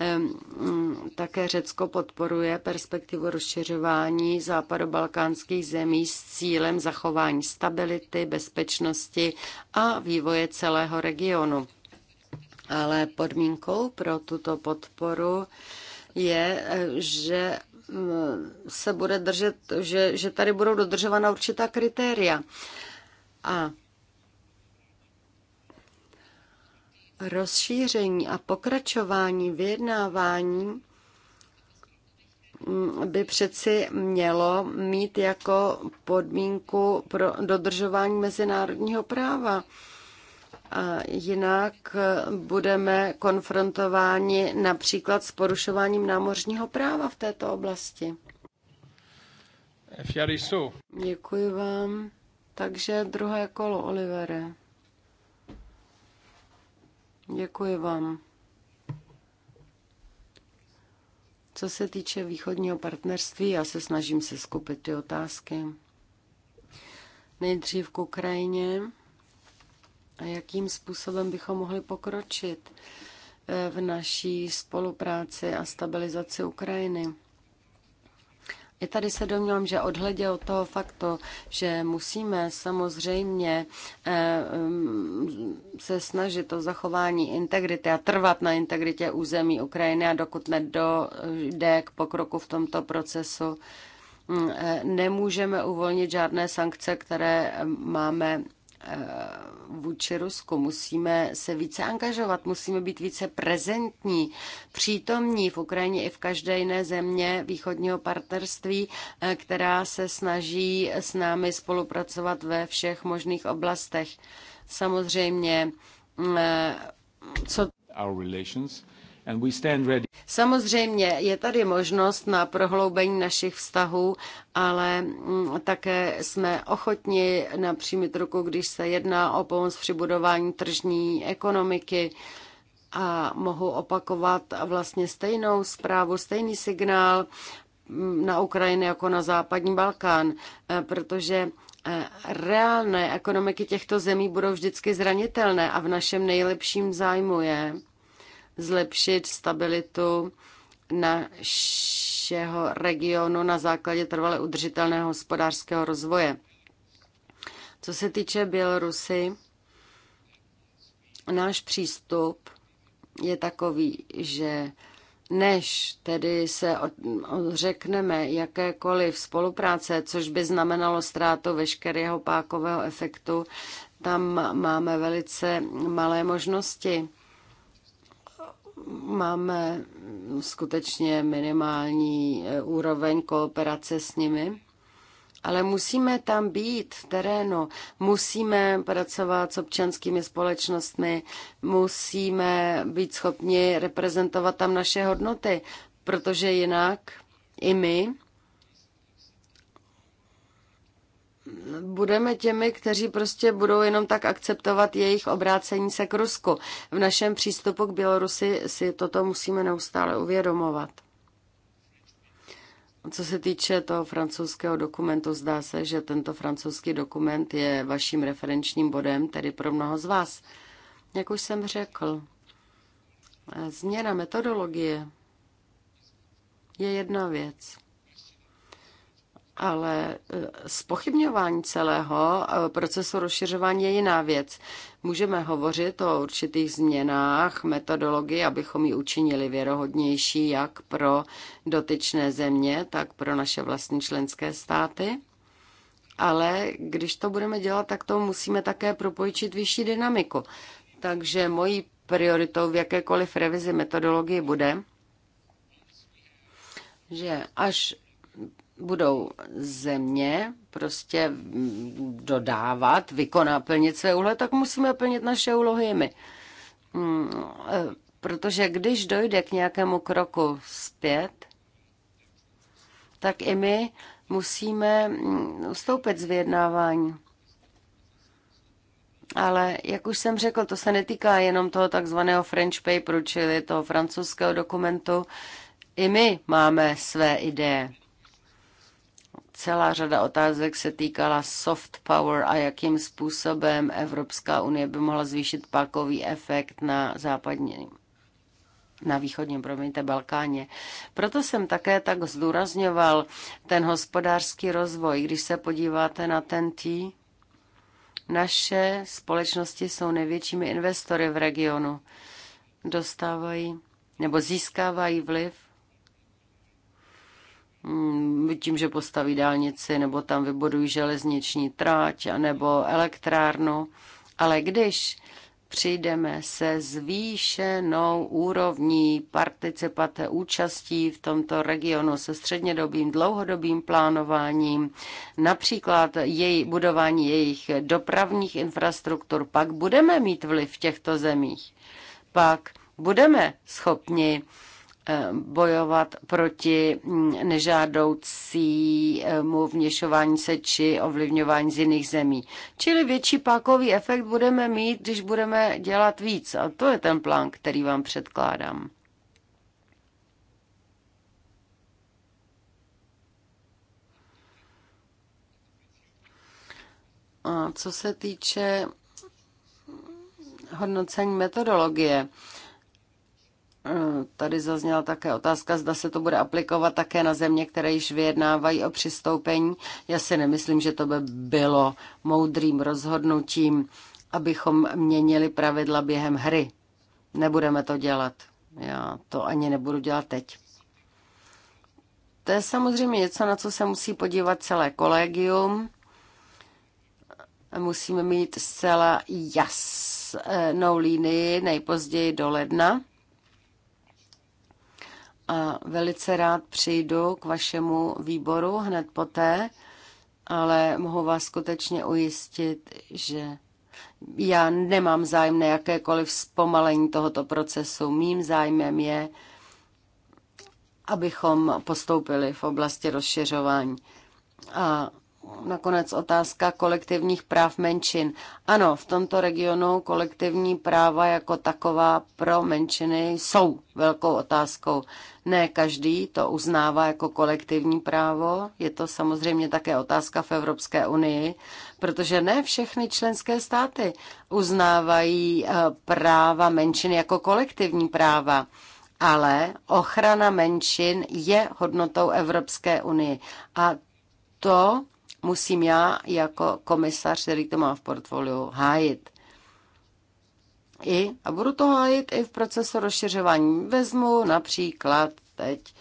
Mm, také Řecko podporuje perspektivu rozšiřování západobalkánských zemí s cílem zachování stability, bezpečnosti a vývoje celého regionu. Ale podmínkou pro tuto podporu je, že mm, se bude držet, že, že tady budou dodržována určitá kritéria. A rozšíření a pokračování vyjednávání by přeci mělo mít jako podmínku pro dodržování mezinárodního práva. A jinak budeme konfrontováni například s porušováním námořního práva v této oblasti. Děkuji vám. Takže druhé kolo, Olivere. Děkuji vám. Co se týče východního partnerství, já se snažím se skupit ty otázky. Nejdřív k Ukrajině a jakým způsobem bychom mohli pokročit eh, v naší spolupráci a stabilizaci Ukrajiny. I tady se domnívám, že odhledě od toho faktu, že musíme samozřejmě eh, mm, se snažit o zachování integrity a trvat na integritě území Ukrajiny a dokud nedojde k pokroku v tomto procesu, mm, eh, nemůžeme uvolnit žádné sankce, které máme Eh, vůči Rusku. Musíme se více angažovat, musíme být více prezentní, přítomní v Ukrajině i v každé jiné země východního partnerství, eh, která se snaží s námi spolupracovat ve všech možných oblastech. Samozřejmě, eh, co... Our relations Samozřejmě je tady možnost na prohloubení našich vztahů, ale mm, také jsme ochotni napřímit ruku, když se jedná o pomoc při budování tržní ekonomiky. A mohu opakovat vlastně stejnou zprávu, stejný signál mm, na Ukrajinu jako na západní Balkán, e, protože e, reálné ekonomiky těchto zemí budou vždycky zranitelné a v našem nejlepším zájmu je, zlepšit stabilitu našeho regionu na základě trvale udržitelného hospodářského rozvoje. Co se týče Bělorusy, náš přístup je takový, že než tedy se řekneme jakékoliv spolupráce, což by znamenalo ztrátu veškerého pákového efektu, tam máme velice malé možnosti máme skutečně minimální eh, úroveň kooperace s nimi. Ale musíme tam být v terénu, musíme pracovat s občanskými společnostmi, musíme být schopni reprezentovat tam naše hodnoty, protože jinak i my budeme těmi, kteří prostě budou jenom tak akceptovat jejich obrácení se k Rusku. V našem přístupu k Bělorusi si toto musíme neustále uvědomovat. Co se týče toho francouzského dokumentu, zdá se, že tento francouzský dokument je vaším referenčním bodem, tedy pro mnoho z vás. Jak už jsem řekl, změna metodologie je jedna věc. Ale eh, spochybňování celého eh, procesu rozšiřování je jiná věc. Můžeme hovořit o určitých změnách metodologii, abychom ji učinili věrohodnější jak pro dotyčné země, tak pro naše vlastní členské státy. Ale když to budeme dělat, tak to musíme také propojit vyšší dynamiku. Takže mojí prioritou v jakékoliv revizi metodologii bude, že až budou země prostě dodávat, vykoná plnit své úlohy, tak musíme plnit naše úlohy my. Hmm, eh, protože když dojde k nějakému kroku zpět, tak i my musíme hmm, ustoupit z vyjednávání. Ale jak už jsem řekl, to se netýká jenom toho takzvaného French paperu, čili toho francouzského dokumentu. I my máme své ideje. Celá řada otázek se týkala soft power a jakým způsobem Evropská unie by mohla zvýšit pakový efekt na západní na východním, promiňte, Balkáně. Proto jsem také tak zdůrazňoval ten hospodářský rozvoj. Když se podíváte na ten tý, naše společnosti jsou největšími investory v regionu. Dostávají nebo získávají vliv Mm, tím, že postaví dálnici, nebo tam vybudují železniční tráť, nebo elektrárnu. Ale když přijdeme se zvýšenou úrovní participace účastí v tomto regionu se střednědobým dlouhodobým plánováním, například její, budování jejich dopravních infrastruktur, pak budeme mít vliv v těchto zemích. Pak budeme schopni bojovat proti nežádoucímu vněšování se či ovlivňování z jiných zemí. Čili větší pákový efekt budeme mít, když budeme dělat víc. A to je ten plán, který vám předkládám. A co se týče hodnocení metodologie, Tady zazněla také otázka, zda se to bude aplikovat také na země, které již vyjednávají o přistoupení. Já si nemyslím, že to by bylo moudrým rozhodnutím, abychom měnili pravidla během hry. Nebudeme to dělat. Já to ani nebudu dělat teď. To je samozřejmě něco, na co se musí podívat celé kolegium. Musíme mít zcela jasnou línii nejpozději do ledna a velice rád přijdu k vašemu výboru hned poté, ale mohu vás skutečně ujistit, že já nemám zájem na jakékoliv zpomalení tohoto procesu. Mým zájmem je, abychom postoupili v oblasti rozšiřování. A nakonec otázka kolektivních práv menšin. Ano, v tomto regionu kolektivní práva jako taková pro menšiny jsou velkou otázkou. Ne každý to uznává jako kolektivní právo. Je to samozřejmě také otázka v Evropské unii, protože ne všechny členské státy uznávají eh, práva menšin jako kolektivní práva. Ale ochrana menšin je hodnotou Evropské unie. A to musím já jako komisař, který to má v portfoliu, hájit. I, a budu to hájit i v procesu rozšiřování. Vezmu například teď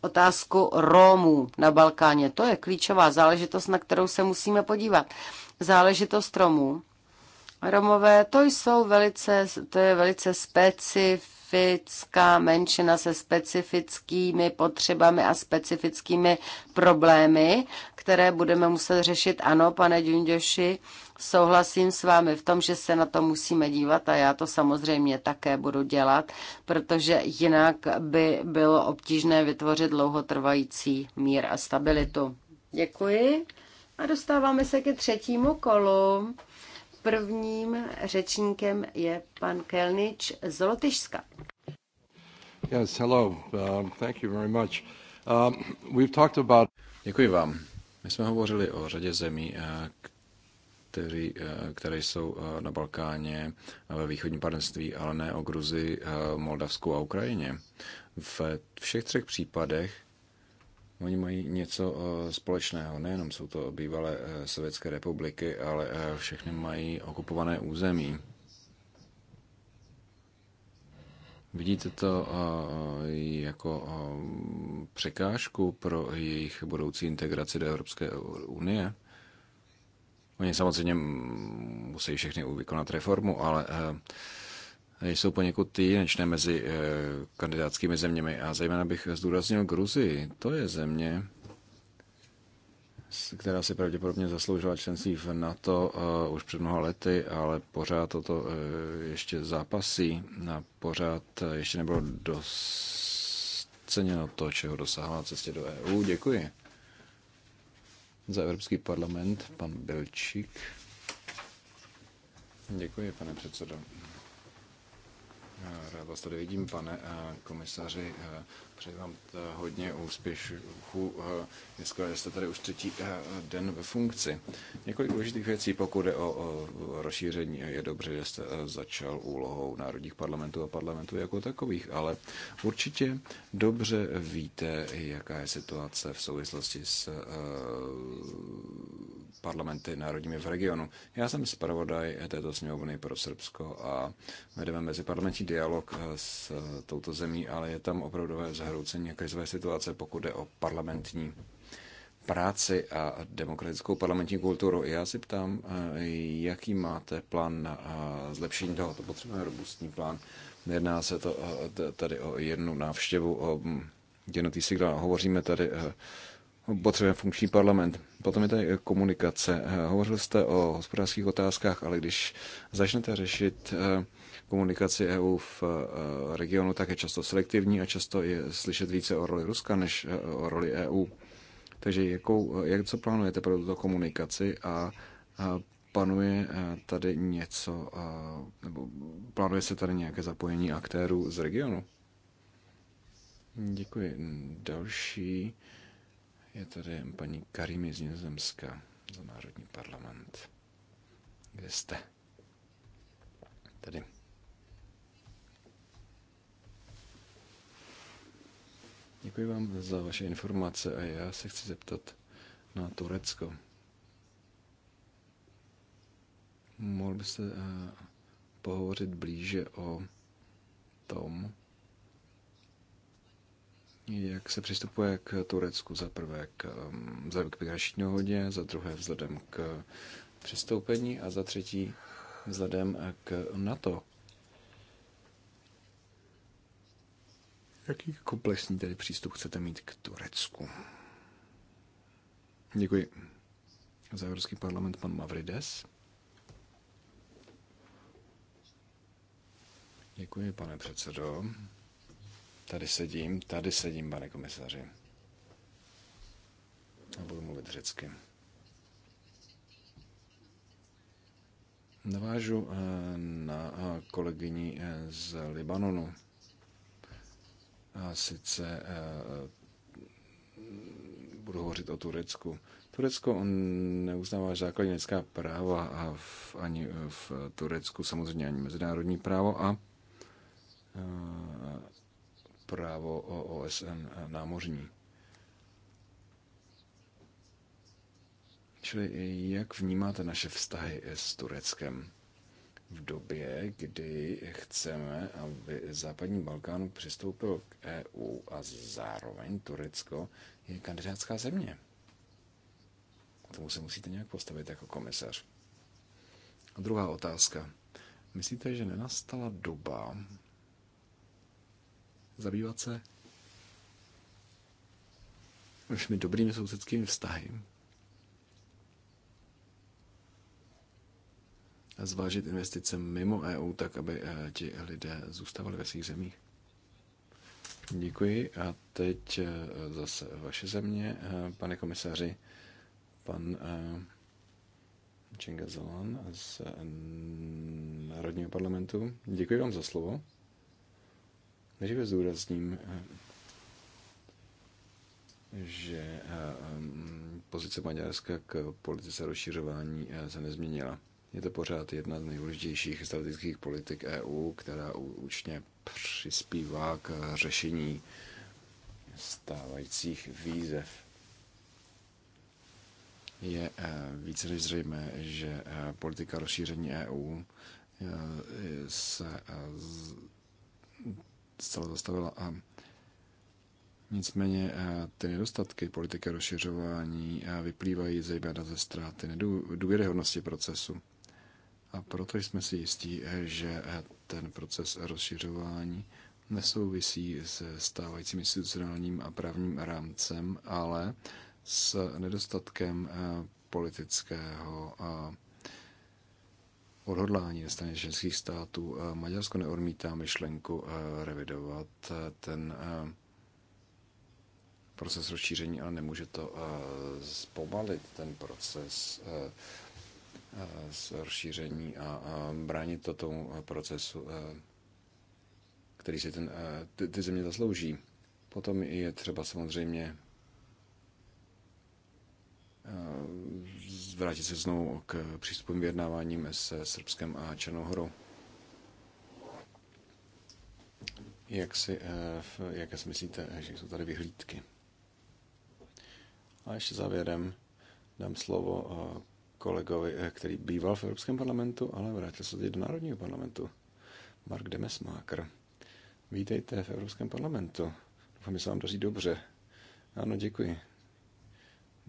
otázku Rómů na Balkáně. To je klíčová záležitost, na kterou se musíme podívat. Záležitost Romů. Romové, to jsou velice, to je velice specif specifická menšina se specifickými potřebami a specifickými problémy, které budeme muset řešit. Ano, pane Džunďoši, souhlasím s vámi v tom, že se na to musíme dívat a já to samozřejmě také budu dělat, protože jinak by bylo obtížné vytvořit dlouhotrvající mír a stabilitu. Děkuji. A dostáváme se ke třetímu kolu. Prvním řečníkem je pan Kelnič z Lotyšska. Yes, hello. Uh, thank you very much. Uh, we've talked about... Děkuji vám. My jsme hovořili o řadě zemí, eh, který, eh, které jsou eh, na Balkáně, ve východním partnerství, ale ne o Gruzi, Moldavsku a Ukrajině. V všech třech případech Oni mají něco eh, společného. Nejenom jsou to bývalé eh, sovětské republiky, ale eh, všechny mají okupované území. Vidíte to jako překážku pro jejich budoucí integraci do Evropské unie? Oni samozřejmě musí všechny vykonat reformu, ale jsou poněkud jedinečné mezi eh, kandidátskými zeměmi a zejména bych zdůraznil Gruzii. To je země, která si pravděpodobně zasloužila členství v NATO eh, už před mnoha lety, ale pořád toto eh, ještě zápasí a pořád ještě nebylo doceněno to, čeho dosáhla na cestě do EU. Děkuji. Za Evropský parlament pan Belčík. Děkuji, pane předsedo. Eh, rád vás tady vidím, pane eh, komisaři. Eh, Přeji vám eh, hodně úspěchů. Eh, dneska jste tady už třetí eh, den ve funkci. Několik důležitých věcí, pokud je o rozšíření, je dobře, že jste začal úlohou národních parlamentů a parlamentů jako takových, ale určitě dobře víte, jaká je situace v souvislosti s parlamenty národními v regionu. Já jsem zpravodaj této sněmovny pro Srbsko a vedeme meziparlamentní dialog s touto zemí, ale je tam opravdové zhrnutí zhroucení krizové situace, pokud jde o parlamentní práci a demokratickou parlamentní kulturu. Já si ptám, eh, jaký máte plán na eh, zlepšení toho? To potřebujeme robustní plán. Jedná se to eh, tady o jednu návštěvu, o mm, jednotý signál. Hovoříme tady, potřebujeme funkční parlament. Potom je tady komunikace. Hovořil jste o hospodářských otázkách, ale když začnete řešit komunikaci EU v eh, regionu tak je často selektivní a často je slyšet více o roli Ruska než eh, o roli EU. Takže jakou, eh, jak co plánujete pro tuto komunikaci a, a panuje tady něco, a, nebo plánuje se tady nějaké zapojení aktérů z regionu? Děkuji. Další je tady paní Karimi z Nizozemska za Národní parlament. Kde jste? Tady. Děkuji vám za vaše informace a já se chci zeptat na Turecko. Mohl byste eh, pohovořit blíže o tom, jak se přistupuje k Turecku za prvé k, ehm, za k migrační hodě, za druhé vzhledem k přistoupení a za třetí vzhledem k NATO. Jaký komplexní jako tedy přístup chcete mít k Turecku? Děkuji. Za Evropský parlament pan Mavrides. Děkuji, pane předsedo. Tady sedím, tady sedím, pane komisaři. A budu mluvit řecky. Navážu eh, na eh, kolegyni eh, z Libanonu. A sice eh, budu hovořit o Turecku. Turecko on neuznává základní lidská práva a v, ani v Turecku samozřejmě ani mezinárodní právo a eh, právo o OSN námořní. Čili jak vnímáte naše vztahy s Tureckem? v době, kdy chceme, aby západní Balkán přistoupil k EU a zároveň Turecko je kandidátská země. K tomu se musíte nějak postavit jako komisař. A druhá otázka. Myslíte, že nenastala doba zabývat se všemi dobrými sousedskými vztahy zvážit investice mimo EU, tak aby eh, ti lidé zůstávali ve svých zemích. Děkuji a teď eh, zase vaše země, eh, pane komisaři, pan Čenga Zelan z Národního parlamentu. Děkuji vám za slovo. Nejdříve zúrazním, že pozice Maďarska k politice rozšiřování se nezměnila. Je to pořád jedna z nejdůležitějších strategických politik EU, která účně přispívá k řešení stávajících výzev. Je eh, více než zřejmé, že eh, politika rozšíření EU eh, se zcela zastavila a Nicméně ty nedostatky politiky rozšiřování vyplývají zejména ze ztráty důvěryhodnosti procesu. A proto jsme si jistí, eh, že eh, ten proces rozšiřování nesouvisí se stávajícím institucionálním a právním rámcem, ale s nedostatkem eh, politického odhodlání ze strany členských států. Maďarsko neodmítá myšlenku revidovat ten proces rozšíření, ale nemůže to zpomalit ten proces z eh, rozšíření a bránit to tomu eh, procesu, eh, který si ten, ty, ty země zaslouží. Potom je třeba samozřejmě vrátit se znovu k přístupovým vyjednáváním se Srbskem a Černou Jak si, jaké si myslíte, že jsou tady vyhlídky? A ještě závěrem dám slovo kolegovi, eh, který býval v Evropském parlamentu, ale vrátil se teď do Národního parlamentu. Mark Demesmaker. Vítejte v Evropském parlamentu. Doufám, že se vám daří dobře. Ano, děkuji.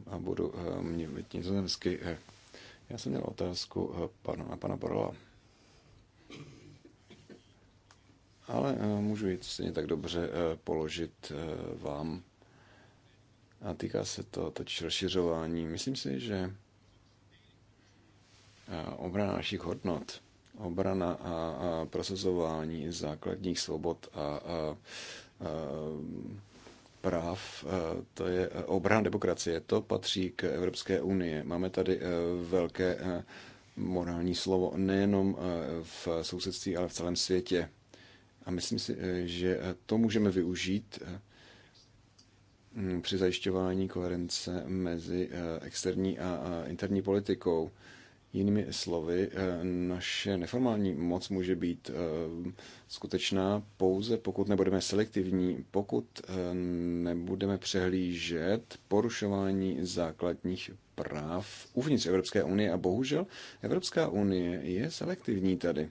A budu mě eh, mluvit nizozemsky. Eh, já jsem měl otázku pana, na pana Borla. Ale můžu ji stejně tak dobře položit vám. A týká se to totiž rozšiřování. Myslím si, že obrana našich hodnot, obrana a, a prosazování základních svobod a, a, a práv, to je obrana demokracie, to patří k Evropské unii. Máme tady e, velké e, morální slovo nejenom e, v sousedství, ale v celém světě. A myslím si, že to můžeme využít při zajišťování koherence mezi externí a interní politikou. Jinými slovy, eh, naše neformální moc může být eh, skutečná pouze, pokud nebudeme selektivní, pokud eh, nebudeme přehlížet porušování základních práv uvnitř Evropské unie. A bohužel Evropská unie je selektivní tady.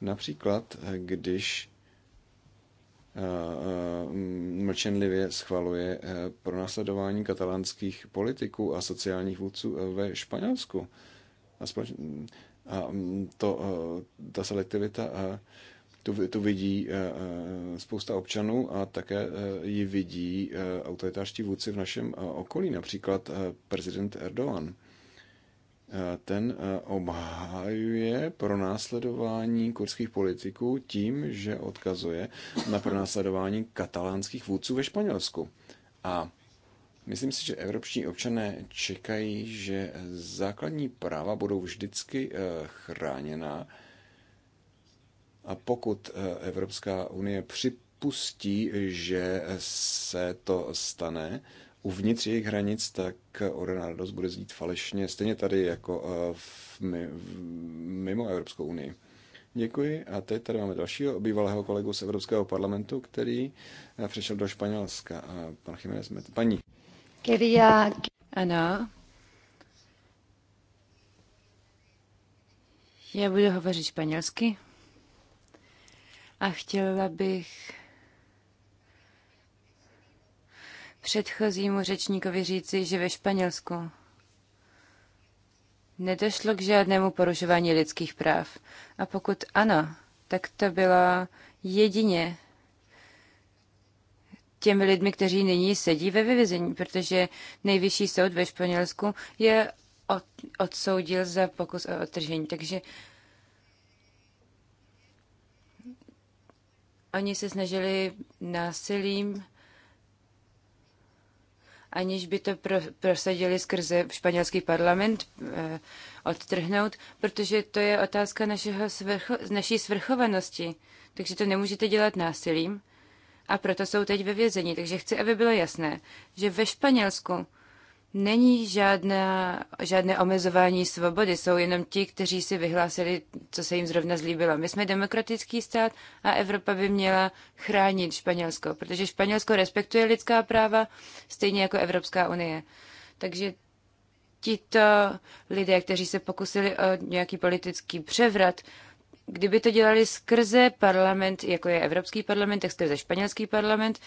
Například, když mlčenlivě schvaluje pronásledování katalánských politiků a sociálních vůdců ve Španělsku Mm, a mm, to, eh, ta selektivita a eh, tu, tu vidí eh, spousta občanů a také ji vidí autoritářští vůdci v našem okolí, například prezident Erdogan. Ten obhájuje pronásledování kurdských politiků tím, že odkazuje na pronásledování katalánských vůdců ve Španělsku. A Myslím si, že evropští občané čekají, že základní práva budou vždycky eh, chráněna a pokud eh, Evropská unie připustí, že se to stane uvnitř jejich hranic, tak odnárodnost bude znít falešně, stejně tady jako eh, v, mimo Evropskou unii. Děkuji. A teď tady máme dalšího bývalého kolegu z Evropského parlamentu, který přešel do Španělska. Pan Jiménez, paní Quería... Ano. Já budu hovořit španělsky a chtěla bych předchozímu řečníkovi říci, že ve Španělsku nedošlo k žádnému porušování lidských práv. A pokud ano, tak to bylo jedině těmi lidmi, kteří nyní sedí ve vyvězení, protože nejvyšší soud ve Španělsku je od, odsoudil za pokus o odtržení. Takže oni se snažili násilím, aniž by to pro, prosadili skrze španělský parlament, eh, odtrhnout, protože to je otázka našeho svrcho, naší svrchovanosti. Takže to nemůžete dělat násilím a proto jsou teď ve vězení. Takže chci, aby bylo jasné, že ve Španělsku není žádná, žádné omezování svobody, jsou jenom ti, kteří si vyhlásili, co se jim zrovna zlíbilo. My jsme demokratický stát a Evropa by měla chránit Španělsko, protože Španělsko respektuje lidská práva, stejně jako Evropská unie. Takže tito lidé, kteří se pokusili o nějaký politický převrat, kdyby to dělali skrze parlament, jako je Evropský parlament, tak skrze španělský parlament,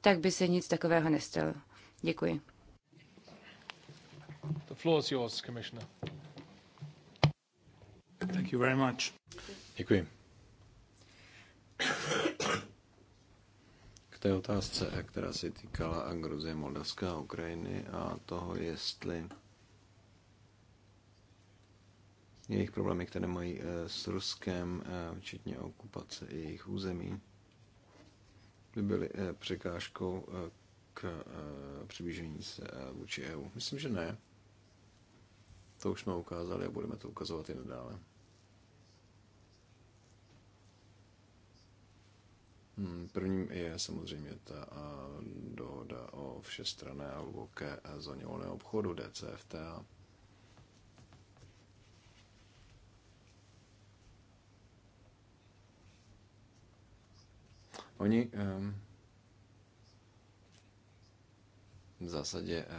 tak by se nic takového nestalo. Děkuji. The floor is yours, Commissioner. Thank you very much. Děkuji. K té otázce, která se týkala Gruzie, Moldavska a Ukrajiny a toho, jestli jejich problémy, které mají eh, s Ruskem, eh, včetně okupace jejich území, by byly eh, překážkou k přiblížení se vůči EU. Myslím, že ne. To už jsme ukázali a budeme to ukazovat i nadále. Hmm, prvním je samozřejmě ta dohoda o všestrané a hluboké zóně volného obchodu DCFTA. Oni ehm, v zásadě eh,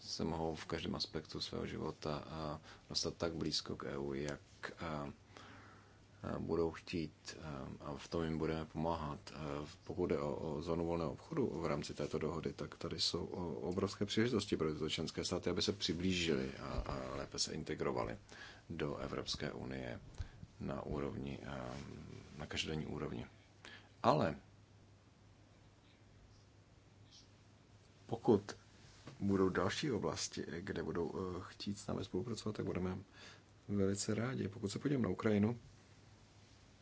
se mohou v každém aspektu svého života eh, dostat tak blízko k EU, jak eh, budou chtít a v tom jim budeme pomáhat. Pokud jde o, o zónu volného obchodu v rámci této dohody, tak tady jsou obrovské příležitosti pro tyto členské státy, aby se přiblížili a, a lépe se integrovali do Evropské unie na úrovni, na každodenní úrovni. Ale pokud budou další oblasti, kde budou eh, chtít s námi spolupracovat, tak budeme velice rádi. Pokud se podívám na Ukrajinu,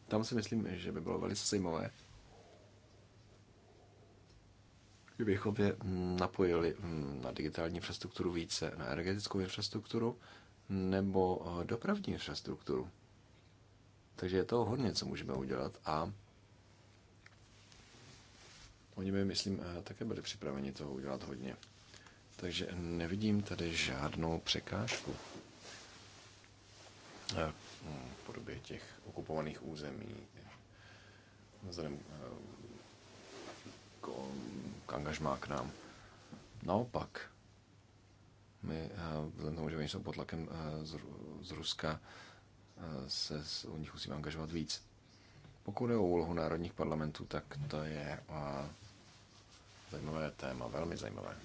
tam si myslím, že by bylo velice zajímavé, kdybychom je napojili hm, na digitální infrastrukturu více, na energetickou infrastrukturu nebo eh, dopravní infrastrukturu. Takže je to hodně, co můžeme udělat a Oni by, myslím, eh, také byli připraveni toho udělat hodně. Takže nevidím tady žádnou překážku eh, hm, v podobě těch okupovaných území vzhledem eh, k, k angažmá k nám. Naopak, my vzhledem tomu, že oni jsou pod tlakem z, z Ruska, se u nich musíme angažovat víc. Pokud je o úlohu národních parlamentů, tak to je zajímavé téma, velmi zajímavé.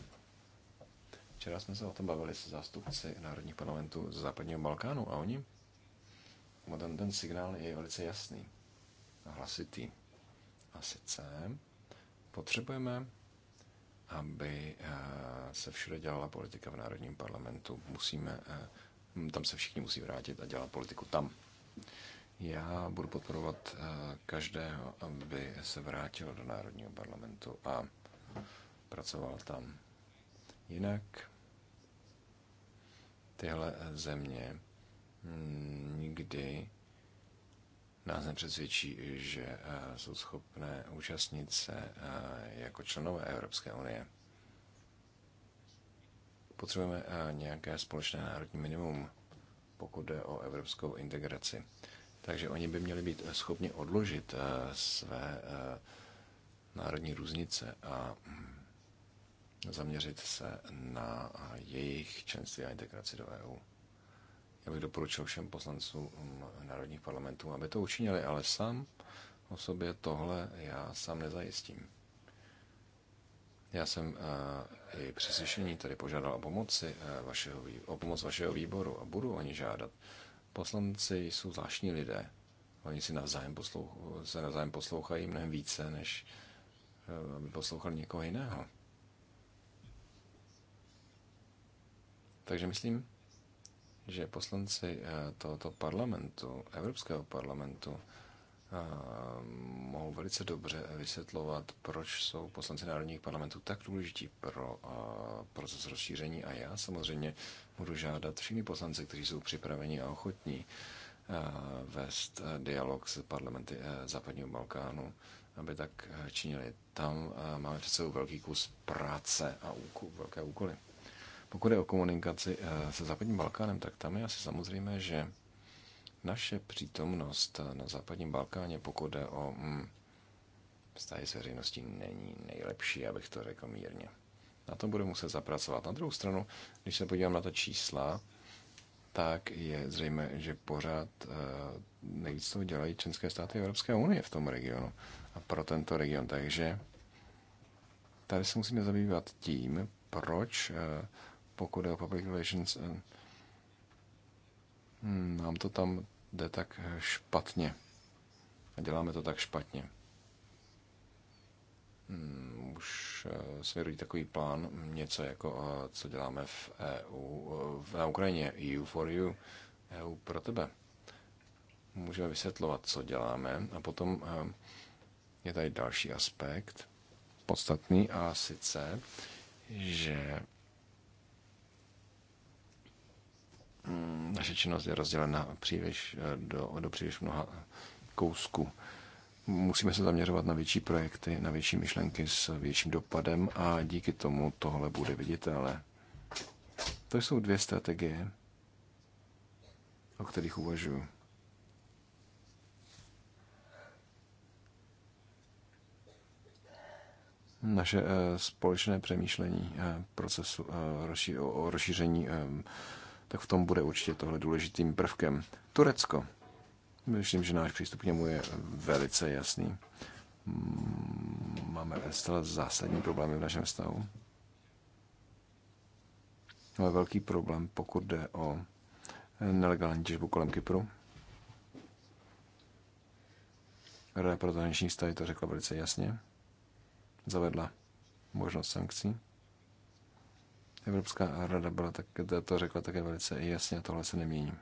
Včera jsme se o tom bavili se zástupci Národních parlamentů z Západního Balkánu a oni, ten, ten signál je velice jasný a hlasitý. A sice potřebujeme, aby eh, se všude dělala politika v Národním parlamentu. Musíme, eh, tam se všichni musí vrátit a dělat politiku tam. Já budu podporovat eh, každého, aby se vrátil do Národního parlamentu a pracoval tam. Jinak tyhle země nikdy nás nepřesvědčí, že eh, jsou schopné účastnit se eh, jako členové Evropské unie. Potřebujeme eh, nějaké společné národní minimum, pokud jde o evropskou integraci. Takže oni by měli být schopni odložit své národní různice a mm, zaměřit se na jejich členství a integraci do EU. Já bych doporučil všem poslancům mm, národních parlamentů, aby to učinili, ale sám o sobě tohle já sám nezajistím. Já jsem i při slyšení tady požádal o, pomoci vašeho, o pomoc vašeho výboru a budu o ní žádat. Poslanci jsou zvláštní lidé. Oni si navzájem poslouch- se navzájem poslouchají mnohem více, než Eh, aby poslouchal někoho jiného. Takže myslím, že poslanci eh, tohoto parlamentu, Evropského parlamentu, eh, mohou velice dobře vysvětlovat, proč jsou poslanci národních parlamentů tak důležití pro proces rozšíření. A já samozřejmě budu žádat všichni poslance, kteří jsou připraveni a ochotní vést dialog s parlamenty západního Balkánu, aby tak eh, činili. Tam eh, máme před sebou velký kus práce a úkol, velké úkoly. Pokud je o komunikaci eh, se západním Balkánem, tak tam je asi samozřejmé, že naše přítomnost na západním Balkáně, pokud je o hm, vztahy s veřejností, není nejlepší, abych to řekl mírně. Na tom budu muset zapracovat. Na druhou stranu, když se podívám na ta čísla, tak je zřejmé, že pořád nejvíc toho dělají členské státy Evropské unie v tom regionu a pro tento region. Takže tady se musíme zabývat tím, proč, eh, pokud je o public relations, eh, hm, nám to tam jde tak eh, špatně. A děláme to tak špatně. Hm, už směrují takový plán, něco jako, co děláme v EU, na Ukrajině, EU for you, EU pro tebe můžeme vysvětlovat, co děláme. A potom eh, je tady další aspekt, podstatný, a sice, že mm, naše činnost je rozdělena příliš eh, do, do příliš mnoha eh, kousků. Musíme se zaměřovat na větší projekty, na větší myšlenky s větším dopadem a díky tomu tohle bude viditelné. To jsou dvě strategie, o kterých uvažuji. naše eh, společné přemýšlení eh, procesu eh, o rozšíření, tak v tom bude určitě tohle důležitým prvkem. Turecko. Myslím, že náš přístup k němu je velice jasný. Máme zcela zásadní problémy v našem stavu. Máme velký problém, pokud jde o nelegální těžbu kolem Kypru. Rada pro zahraniční to řekla velice jasně zavedla možnost sankcí. Evropská rada byla tak, to řekla také velice jasně, tohle se nemění.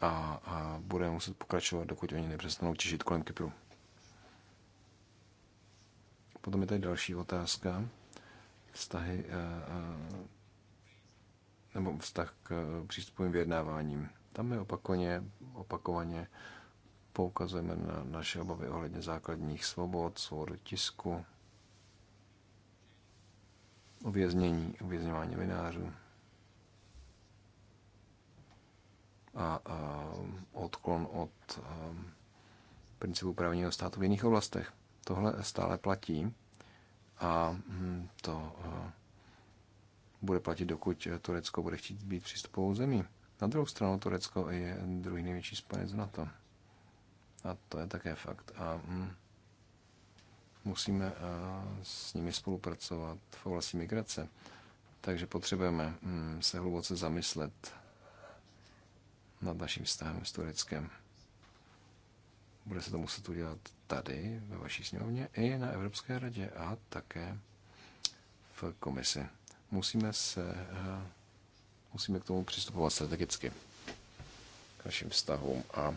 A, a bude muset pokračovat, dokud oni nepřestanou těžit kolem Kypru. Potom je tady další otázka. Vztahy a, eh, a, eh, nebo vztah k eh, přístupovým vyjednáváním. Tam je opakovaně, opakovaně poukazujeme na naše obavy ohledně základních svobod, svobody tisku, uvěznění, uvězňování novinářů a, a odklon od a, principu právního státu v jiných oblastech. Tohle stále platí a hm, to a, bude platit, dokud Turecko bude chtít být přístupovou zemí. Na druhou stranu Turecko je druhý největší spojenec NATO. A to je také fakt. A mm, musíme s nimi spolupracovat v oblasti migrace. Takže potřebujeme mm, se hluboce zamyslet nad naším vztahem s Tureckem. Bude se to muset udělat tady, ve vaší sněmovně, i na Evropské radě a také v komisi. Musíme se musíme k tomu přistupovat strategicky k našim vztahům a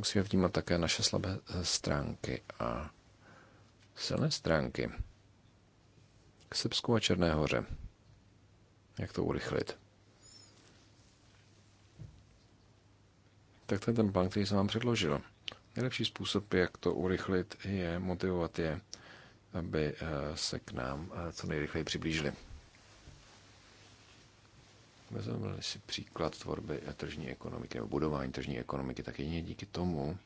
Musíme vnímat také naše slabé eh, stránky a silné stránky. K Srbsku a Černé hoře. Jak to urychlit? Tak to je ten plán, který jsem vám předložil. Nejlepší způsob, jak to urychlit, je motivovat je, aby eh, se k nám eh, co nejrychleji přiblížili vezmeme si příklad tvorby tržní ekonomiky nebo budování tržní ekonomiky, tak jedině díky tomu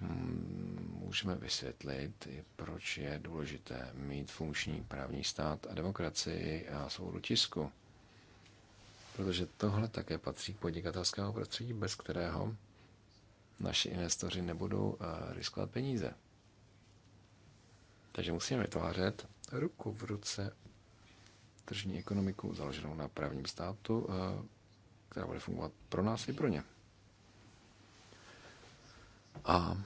hmm, můžeme vysvětlit, proč je důležité mít funkční právní stát a demokracii a svobodu tisku. Protože tohle také patří k podnikatelského prostředí, bez kterého naši investoři nebudou eh, riskovat peníze. Takže musíme vytvářet ruku v ruce tržní ekonomiku založenou na právním státu, eh, která bude fungovat pro nás i pro ně. A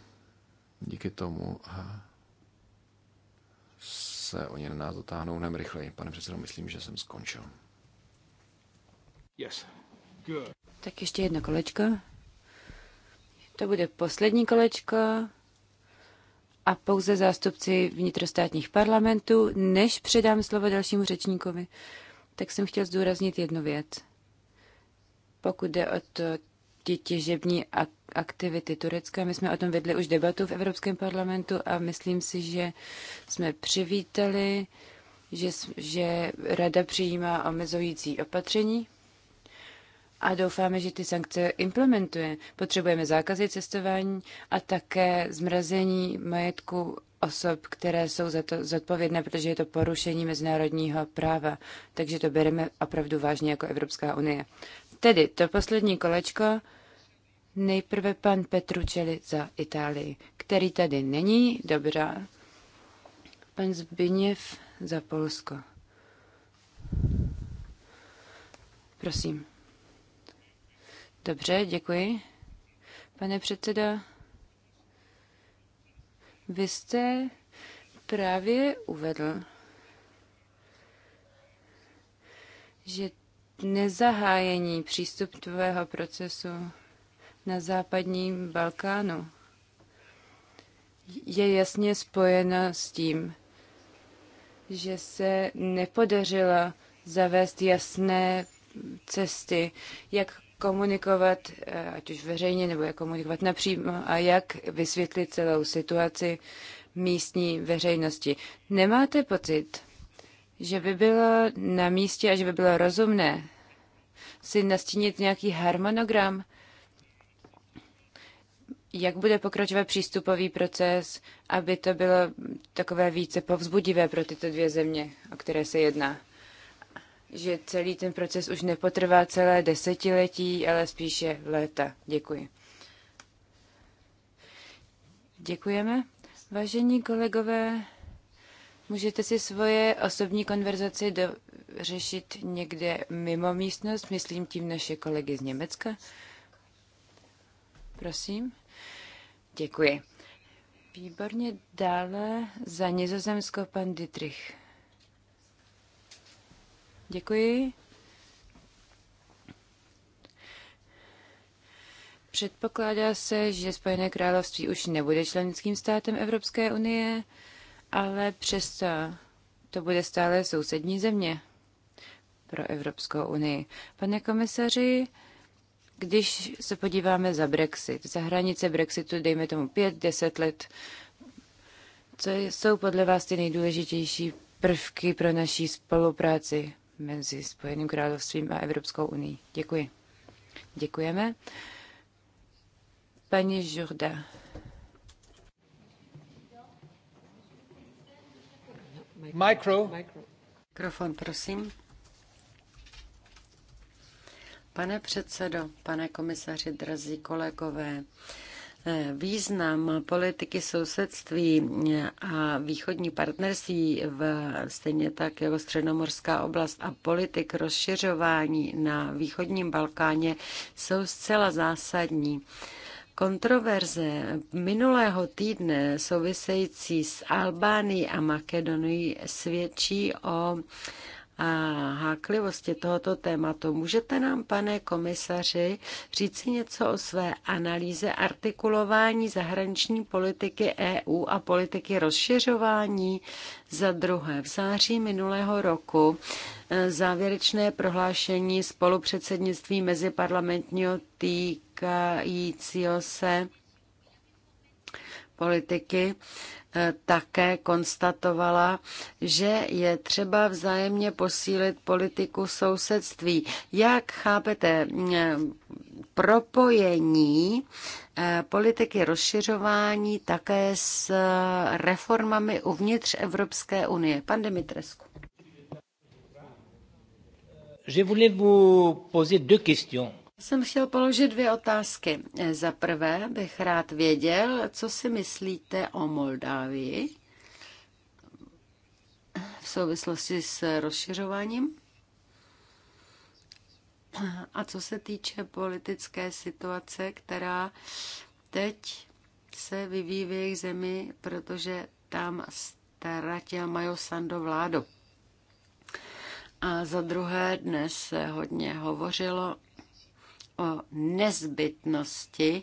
díky tomu eh, se oni na nás dotáhnou mnohem rychleji. Pane předsedo, myslím, že jsem skončil. Yes. Good. Tak ještě jedno kolečko. To bude poslední kolečko a pouze zástupci vnitrostátních parlamentů. Než předám slovo dalšímu řečníkovi, tak jsem chtěl zdůraznit jednu věc. Pokud jde o to, ty těžební aktivity Turecka. My jsme o tom vedli už debatu v Evropském parlamentu a myslím si, že jsme přivítali, že, že Rada přijímá omezující opatření a doufáme, že ty sankce implementuje. Potřebujeme zákazy cestování a také zmrazení majetku osob, které jsou za to zodpovědné, protože je to porušení mezinárodního práva. Takže to bereme opravdu vážně jako Evropská unie. Tedy to poslední kolečko. Nejprve pan Petručeli za Itálii, který tady není. Dobrá. Pan Zbigněv za Polsko. Prosím. Dobře, děkuji. Pane předseda, vy jste právě uvedl, že nezahájení přístupového procesu na západním Balkánu je jasně spojena s tím, že se nepodařilo zavést jasné cesty, jak komunikovat, eh, ať už veřejně, nebo jak komunikovat napřímo a jak vysvětlit celou situaci místní veřejnosti. Nemáte pocit, že by bylo na místě a že by bylo rozumné si nastínit nějaký harmonogram, jak bude pokračovat přístupový proces, aby to bylo takové více povzbudivé pro tyto dvě země, o které se jedná? že celý ten proces už nepotrvá celé desetiletí, ale spíše léta. Děkuji. Děkujeme. Vážení kolegové, můžete si svoje osobní konverzaci dořešit někde mimo místnost, myslím tím naše kolegy z Německa. Prosím. Děkuji. Výborně dále za Nizozemsko pan Dietrich. Děkuji. Předpokládá se, že Spojené království už nebude členským státem Evropské unie, ale přesto to bude stále sousední země pro Evropskou unii. Pane komisaři, když se podíváme za Brexit, za hranice Brexitu, dejme tomu 5-10 let, co jsou podle vás ty nejdůležitější prvky pro naší spolupráci? mezi Spojeným královstvím a Evropskou unii. Děkuji. Děkujeme. Paní Žurda. Mikro. Mikrofon, prosím. Pane předsedo, pane komisaři, drazí kolegové, Význam politiky sousedství a východní partnerství v stejně tak jako středomorská oblast a politik rozšiřování na východním Balkáně jsou zcela zásadní. Kontroverze minulého týdne související s Albánií a Makedonií svědčí o a háklivosti tohoto tématu. Můžete nám, pane komisaři, říci něco o své analýze artikulování zahraniční politiky EU a politiky rozšiřování? Za druhé, v září minulého roku e, závěrečné prohlášení spolupředsednictví meziparlamentního týkajícího se politiky také konstatovala, že je třeba vzájemně posílit politiku sousedství. Jak chápete eh, propojení eh, politiky rozšiřování také s eh, reformami uvnitř Evropské unie? Pan Dimitrescu. Je voulais vous poser deux questions jsem chtěl položit dvě otázky. Za prvé bych rád věděl, co si myslíte o Moldávii v souvislosti s rozšiřováním. A co se týče politické situace, která teď se vyvíjí v jejich zemi, protože tam ztratil Majo sando vládu. A za druhé dnes se hodně hovořilo o nezbytnosti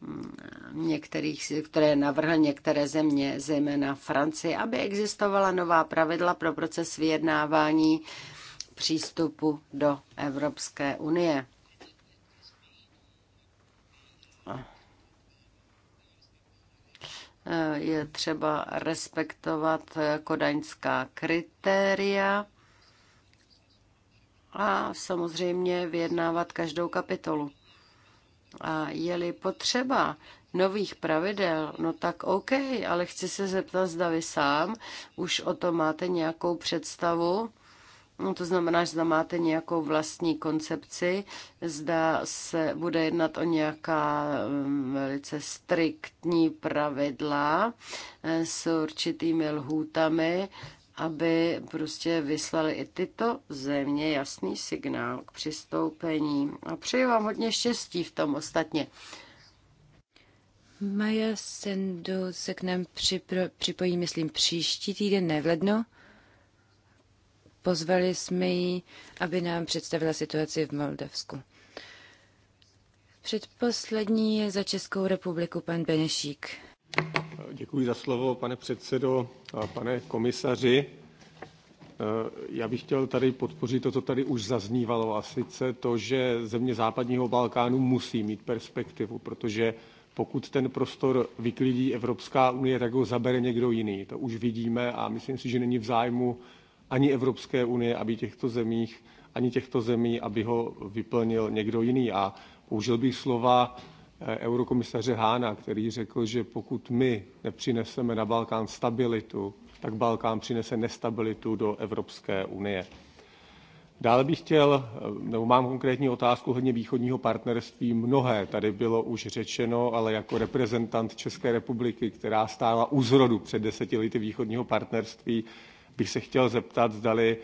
mm, některých, které navrhl některé země, zejména Francii, aby existovala nová pravidla pro proces vyjednávání přístupu do Evropské unie. Eh, je třeba respektovat eh, kodaňská kritéria a samozřejmě vyjednávat každou kapitolu. A je-li potřeba nových pravidel, no tak OK, ale chci se zeptat, zda vy sám už o tom máte nějakou představu, No, to znamená, že zda máte nějakou vlastní koncepci, zda se bude jednat o nějaká mm, velice striktní pravidla eh, s určitými lhůtami aby prostě vyslali i tyto země jasný signál k přistoupení. A přeji vám hodně štěstí v tom ostatně. Maja Sendu se k nám připro, připojí, myslím, příští týden, ne v lednu. Pozvali jsme ji, aby nám představila situaci v Moldavsku. Předposlední je za Českou republiku pan Benešík. Děkuji za slovo, pane předsedo a pane komisaři. Eh, já bych chtěl tady podpořit to, co tady už zaznívalo, a sice to, že země západního Balkánu musí mít perspektivu, protože pokud ten prostor vyklidí Evropská unie, tak ho zabere někdo jiný. To už vidíme a myslím si, že není v zájmu ani Evropské unie, aby těchto zemích, ani těchto zemí, aby ho vyplnil někdo jiný. A použil bych slova Eh, eurokomisaře Hána, který řekl, že pokud my nepřineseme na Balkán stabilitu, tak Balkán přinese nestabilitu do Evropské unie. Dále bych chtěl, eh, nebo mám konkrétní otázku hodně východního partnerství. Mnohé tady bylo už řečeno, ale jako reprezentant České republiky, která stála u zrodu před deseti lety východního partnerství, bych se chtěl zeptat, zdali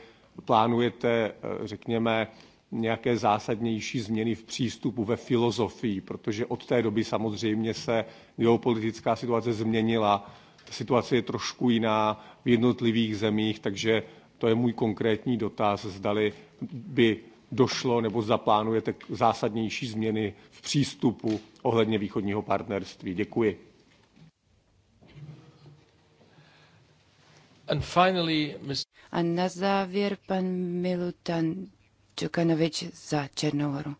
plánujete, eh, řekněme, nějaké zásadnější změny v přístupu, ve filozofii, protože od té doby samozřejmě se geopolitická situace změnila, ta situace je trošku jiná v jednotlivých zemích, takže to je můj konkrétní dotaz, zdali by došlo nebo zaplánujete k zásadnější změny v přístupu ohledně východního partnerství. Děkuji. And finally, Mr. A na závěr pan Milutan Čukanovič za Černohoru.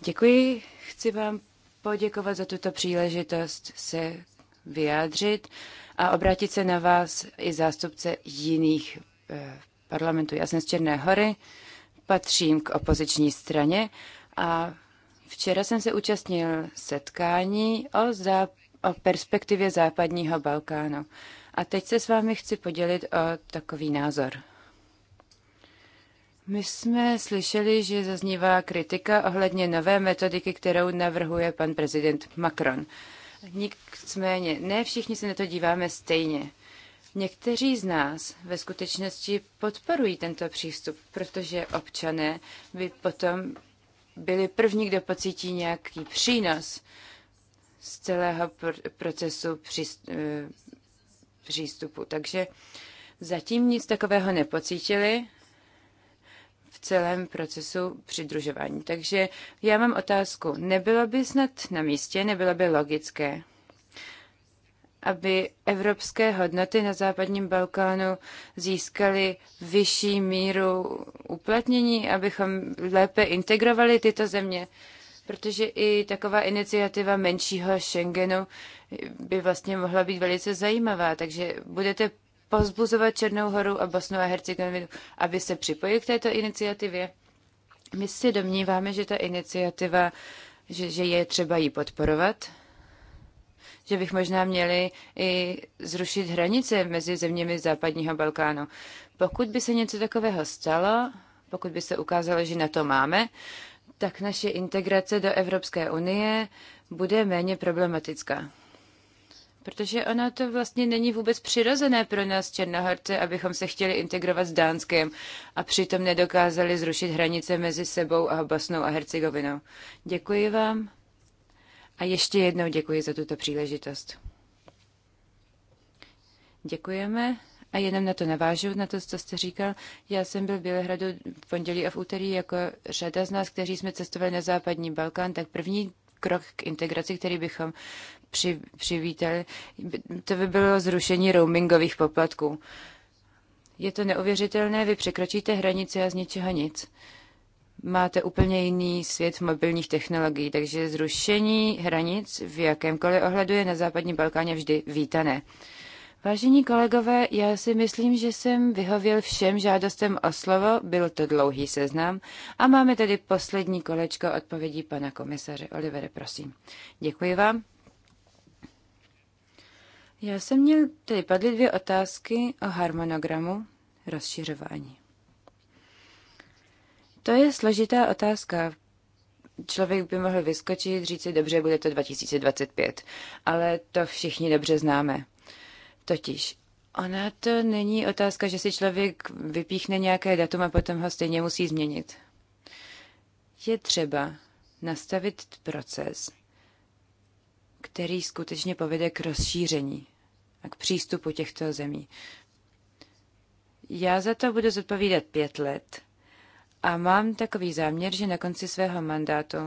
Děkuji, chci vám poděkovat za tuto příležitost se vyjádřit a obrátit se na vás i zástupce jiných eh, parlamentů. Já jsem z Černé hory, patřím k opoziční straně a včera jsem se účastnil setkání o zápasu o perspektivě západního Balkánu. A teď se s vámi chci podělit o takový názor. My jsme slyšeli, že zaznívá kritika ohledně nové metodiky, kterou navrhuje pan prezident Macron. Nicméně, ne všichni se na to díváme stejně. Někteří z nás ve skutečnosti podporují tento přístup, protože občané by potom byli první, kdo pocítí nějaký přínos z celého procesu eh, přístupu. Takže zatím nic takového nepocítili v celém procesu přidružování. Takže já mám otázku. Nebylo by snad na místě, nebylo by logické, aby evropské hodnoty na západním Balkánu získaly vyšší míru uplatnění, abychom lépe integrovali tyto země? protože i taková iniciativa menšího Schengenu by vlastně mohla být velice zajímavá. Takže budete pozbuzovat Černou horu a Bosnu a Hercegovinu, aby se připojili k této iniciativě? My si domníváme, že ta iniciativa, že, že je třeba ji podporovat, že bych možná měli i zrušit hranice mezi zeměmi západního Balkánu. Pokud by se něco takového stalo, pokud by se ukázalo, že na to máme, tak naše integrace do Evropské unie bude méně problematická. Protože ono to vlastně není vůbec přirozené pro nás Černohorce, abychom se chtěli integrovat s Dánskem a přitom nedokázali zrušit hranice mezi sebou a Bosnou a Hercegovinou. Děkuji vám a ještě jednou děkuji za tuto příležitost. Děkujeme. A jenom na to navážu, na to, co jste říkal. Já jsem byl v Bělehradu v pondělí a v úterý jako řada z nás, kteří jsme cestovali na západní Balkán, tak první krok k integraci, který bychom při, přivítali, to by bylo zrušení roamingových poplatků. Je to neuvěřitelné, vy překročíte hranice a z ničeho nic. Máte úplně jiný svět mobilních technologií, takže zrušení hranic v jakémkoliv ohledu je na západní Balkáně vždy vítané. Vážení kolegové, já si myslím, že jsem vyhověl všem žádostem o slovo, byl to dlouhý seznam a máme tedy poslední kolečko odpovědí pana komisaře. Olivere, prosím. Děkuji vám. Já jsem měl, tady padly dvě otázky o harmonogramu rozšiřování. To je složitá otázka. Člověk by mohl vyskočit, říct si, dobře, bude to 2025, ale to všichni dobře známe. Totiž ona to není otázka, že si člověk vypíchne nějaké datum a potom ho stejně musí změnit. Je třeba nastavit proces, který skutečně povede k rozšíření a k přístupu těchto zemí. Já za to budu zodpovídat pět let a mám takový záměr, že na konci svého mandátu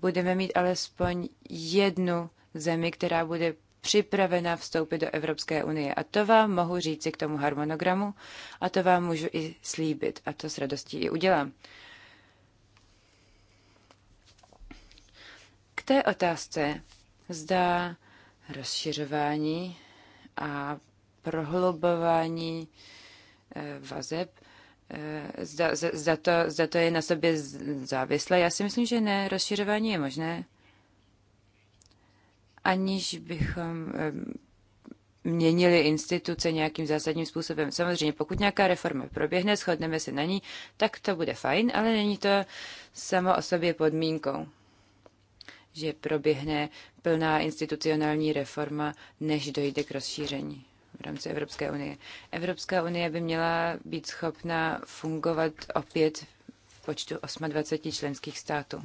budeme mít alespoň jednu zemi, která bude připravena vstoupit do Evropské unie. A to vám mohu říci k tomu harmonogramu a to vám můžu i slíbit a to s radostí i udělám. K té otázce zda rozšiřování a prohlubování eh, vazeb eh, Zda, zda, to, zda to je na sobě závislé? Já si myslím, že ne. Rozšiřování je možné aniž bychom eh, měnili instituce nějakým zásadním způsobem. Samozřejmě, pokud nějaká reforma proběhne, shodneme se na ní, tak to bude fajn, ale není to samo o sobě podmínkou, že proběhne plná institucionální reforma, než dojde k rozšíření v rámci Evropské unie. Evropská unie by měla být schopna fungovat opět v počtu 28 členských států.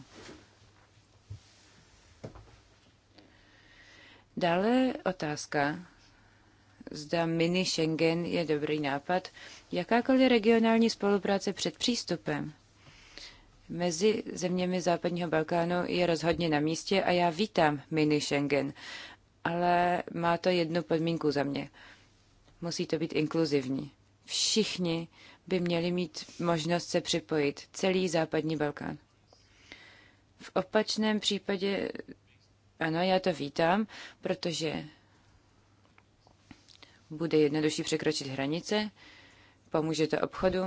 Dále otázka, zda mini Schengen je dobrý nápad, jakákoliv regionální spolupráce před přístupem mezi zeměmi západního Balkánu je rozhodně na místě a já vítám mini Schengen, ale má to jednu podmínku za mě. Musí to být inkluzivní. Všichni by měli mít možnost se připojit, celý západní Balkán. V opačném případě ano, já to vítám, protože bude jednodušší překročit hranice, pomůže to obchodu,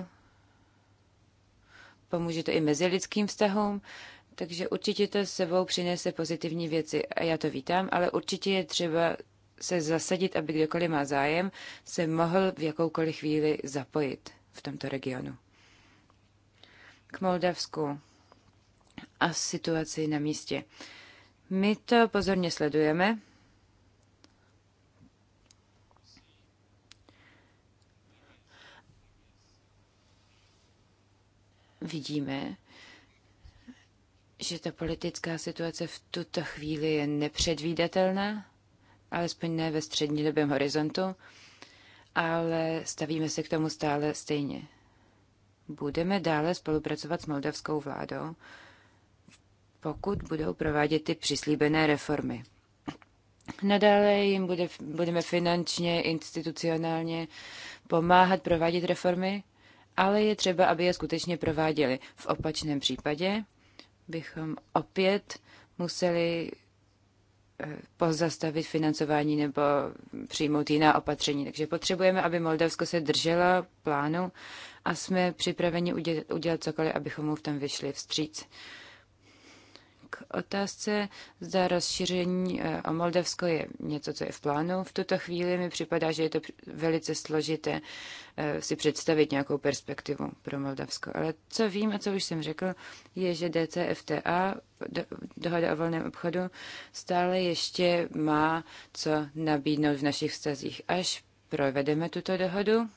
pomůže to i mezilidským vztahům, takže určitě to sebou přinese pozitivní věci a já to vítám, ale určitě je třeba se zasadit, aby kdokoliv má zájem, se mohl v jakoukoliv chvíli zapojit v tomto regionu. K Moldavsku a situaci na místě. My to pozorně sledujeme. Vidíme, že ta politická situace v tuto chvíli je nepředvídatelná, alespoň ne ve střednědobém horizontu, ale stavíme se k tomu stále stejně. Budeme dále spolupracovat s moldavskou vládou pokud budou provádět ty přislíbené reformy. Nadále jim bude, budeme finančně, institucionálně pomáhat provádět reformy, ale je třeba, aby je skutečně prováděli. V opačném případě bychom opět museli eh, pozastavit financování nebo přijmout jiná opatření. Takže potřebujeme, aby Moldavsko se drželo plánu a jsme připraveni udělat, udělat cokoliv, abychom mu v tom vyšli vstříc otázce, zda rozšíření eh, o Moldavsko je něco, co je v plánu. V tuto chvíli mi připadá, že je to velice složité eh, si představit nějakou perspektivu pro Moldavsko. Ale co vím a co už jsem řekl, je, že DCFTA, dohoda o volném obchodu, stále ještě má co nabídnout v našich vztazích. Až provedeme tuto dohodu,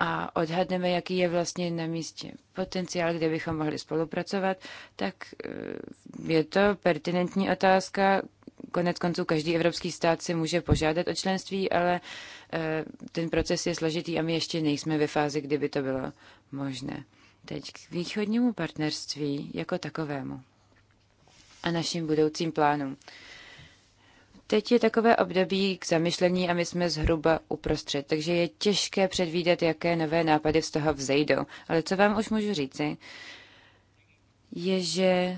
a odhadneme, jaký je vlastně na místě potenciál, kde bychom mohli spolupracovat, tak eh, je to pertinentní otázka. Konec konců každý evropský stát si může požádat o členství, ale eh, ten proces je složitý a my ještě nejsme ve fázi, kdyby to bylo možné. Teď k východnímu partnerství jako takovému a našim budoucím plánům. Teď je takové období k zamyšlení a my jsme zhruba uprostřed, takže je těžké předvídat, jaké nové nápady z toho vzejdou. Ale co vám už můžu říci, je, že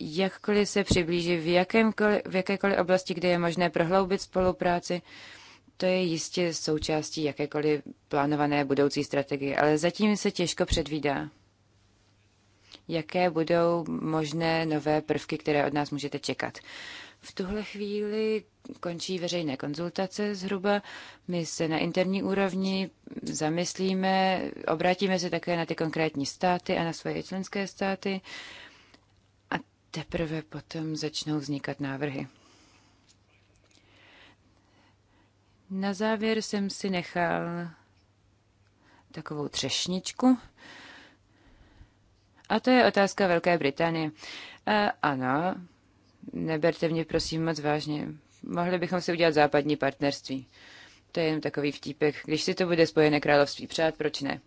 jakkoliv se přiblíží v, v jakékoliv oblasti, kde je možné prohloubit spolupráci, to je jistě součástí jakékoliv plánované budoucí strategie, ale zatím se těžko předvídá, jaké budou možné nové prvky, které od nás můžete čekat. V tuhle chvíli končí veřejné konzultace zhruba. My se na interní úrovni zamyslíme, obrátíme se také na ty konkrétní státy a na svoje členské státy a teprve potom začnou vznikat návrhy. Na závěr jsem si nechal takovou třešničku. A to je otázka Velké Británie. E, ano, Neberte mě prosím moc vážně. Mohli bychom si udělat západní partnerství. To je jen takový vtípek. Když si to bude Spojené království přát, proč ne?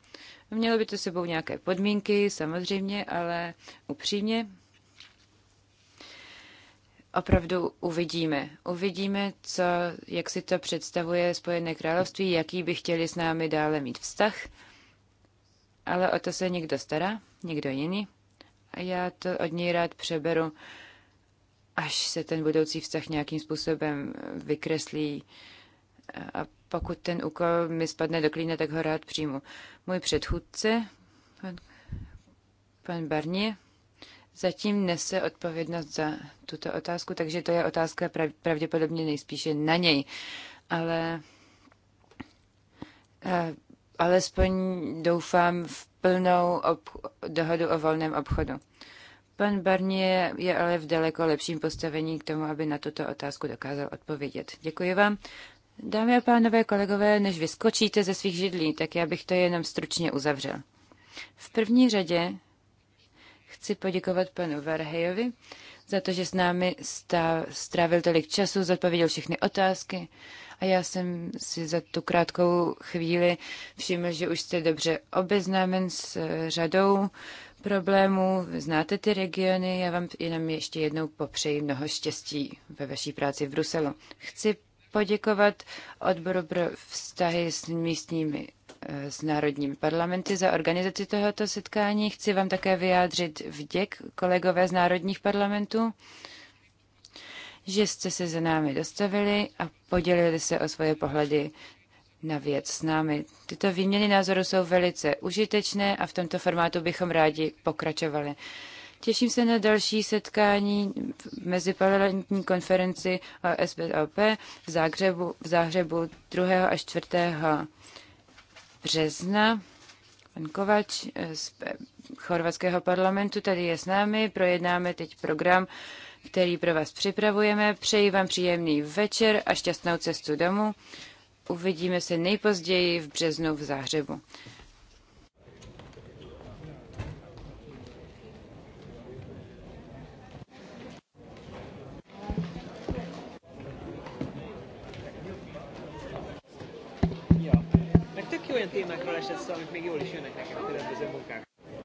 Mělo by to sebou nějaké podmínky, samozřejmě, ale upřímně opravdu uvidíme. Uvidíme, co, jak si to představuje Spojené království, jaký by chtěli s námi dále mít vztah. Ale o to se někdo stará, někdo jiný. A já to od něj rád přeberu až se ten budoucí vztah nějakým způsobem vykreslí a pokud ten úkol mi spadne do klína, tak ho rád přijmu. Můj předchůdce, pan, pan Barnier, zatím nese odpovědnost za tuto otázku, takže to je otázka pravděpodobně nejspíše na něj. Ale eh, alespoň doufám v plnou ob- dohodu o volném obchodu. Pan Barnier je ale v daleko lepším postavení k tomu, aby na tuto otázku dokázal odpovědět. Děkuji vám. Dámy a pánové, kolegové, než vyskočíte ze svých židlí, tak já bych to jenom stručně uzavřel. V první řadě chci poděkovat panu Varhejovi za to, že s námi stav, strávil tolik času, zodpověděl všechny otázky a já jsem si za tu krátkou chvíli všiml, že už jste dobře obeznámen s řadou problémů, znáte ty regiony, já vám jenom ještě jednou popřeji mnoho štěstí ve vaší práci v Bruselu. Chci poděkovat odboru pro vztahy s místními eh, s národními parlamenty za organizaci tohoto setkání. Chci vám také vyjádřit vděk kolegové z národních parlamentů, že jste se za námi dostavili a podělili se o svoje pohledy na věc s námi. Tyto výměny názorů jsou velice užitečné a v tomto formátu bychom rádi pokračovali. Těším se na další setkání v meziparlamentní konferenci o SBOP v Záhřebu, v Záhřebu 2. až 4. března. Pan Kovač eh, z chorvatského parlamentu tady je s námi. Projednáme teď program, který pro vás připravujeme. Přeji vám příjemný večer a šťastnou cestu domů. Uvidíme se nejpozději v březnu v Záhřebu. olyan témákról esett szó, amik még jól is jönnek nekem a különböző munkák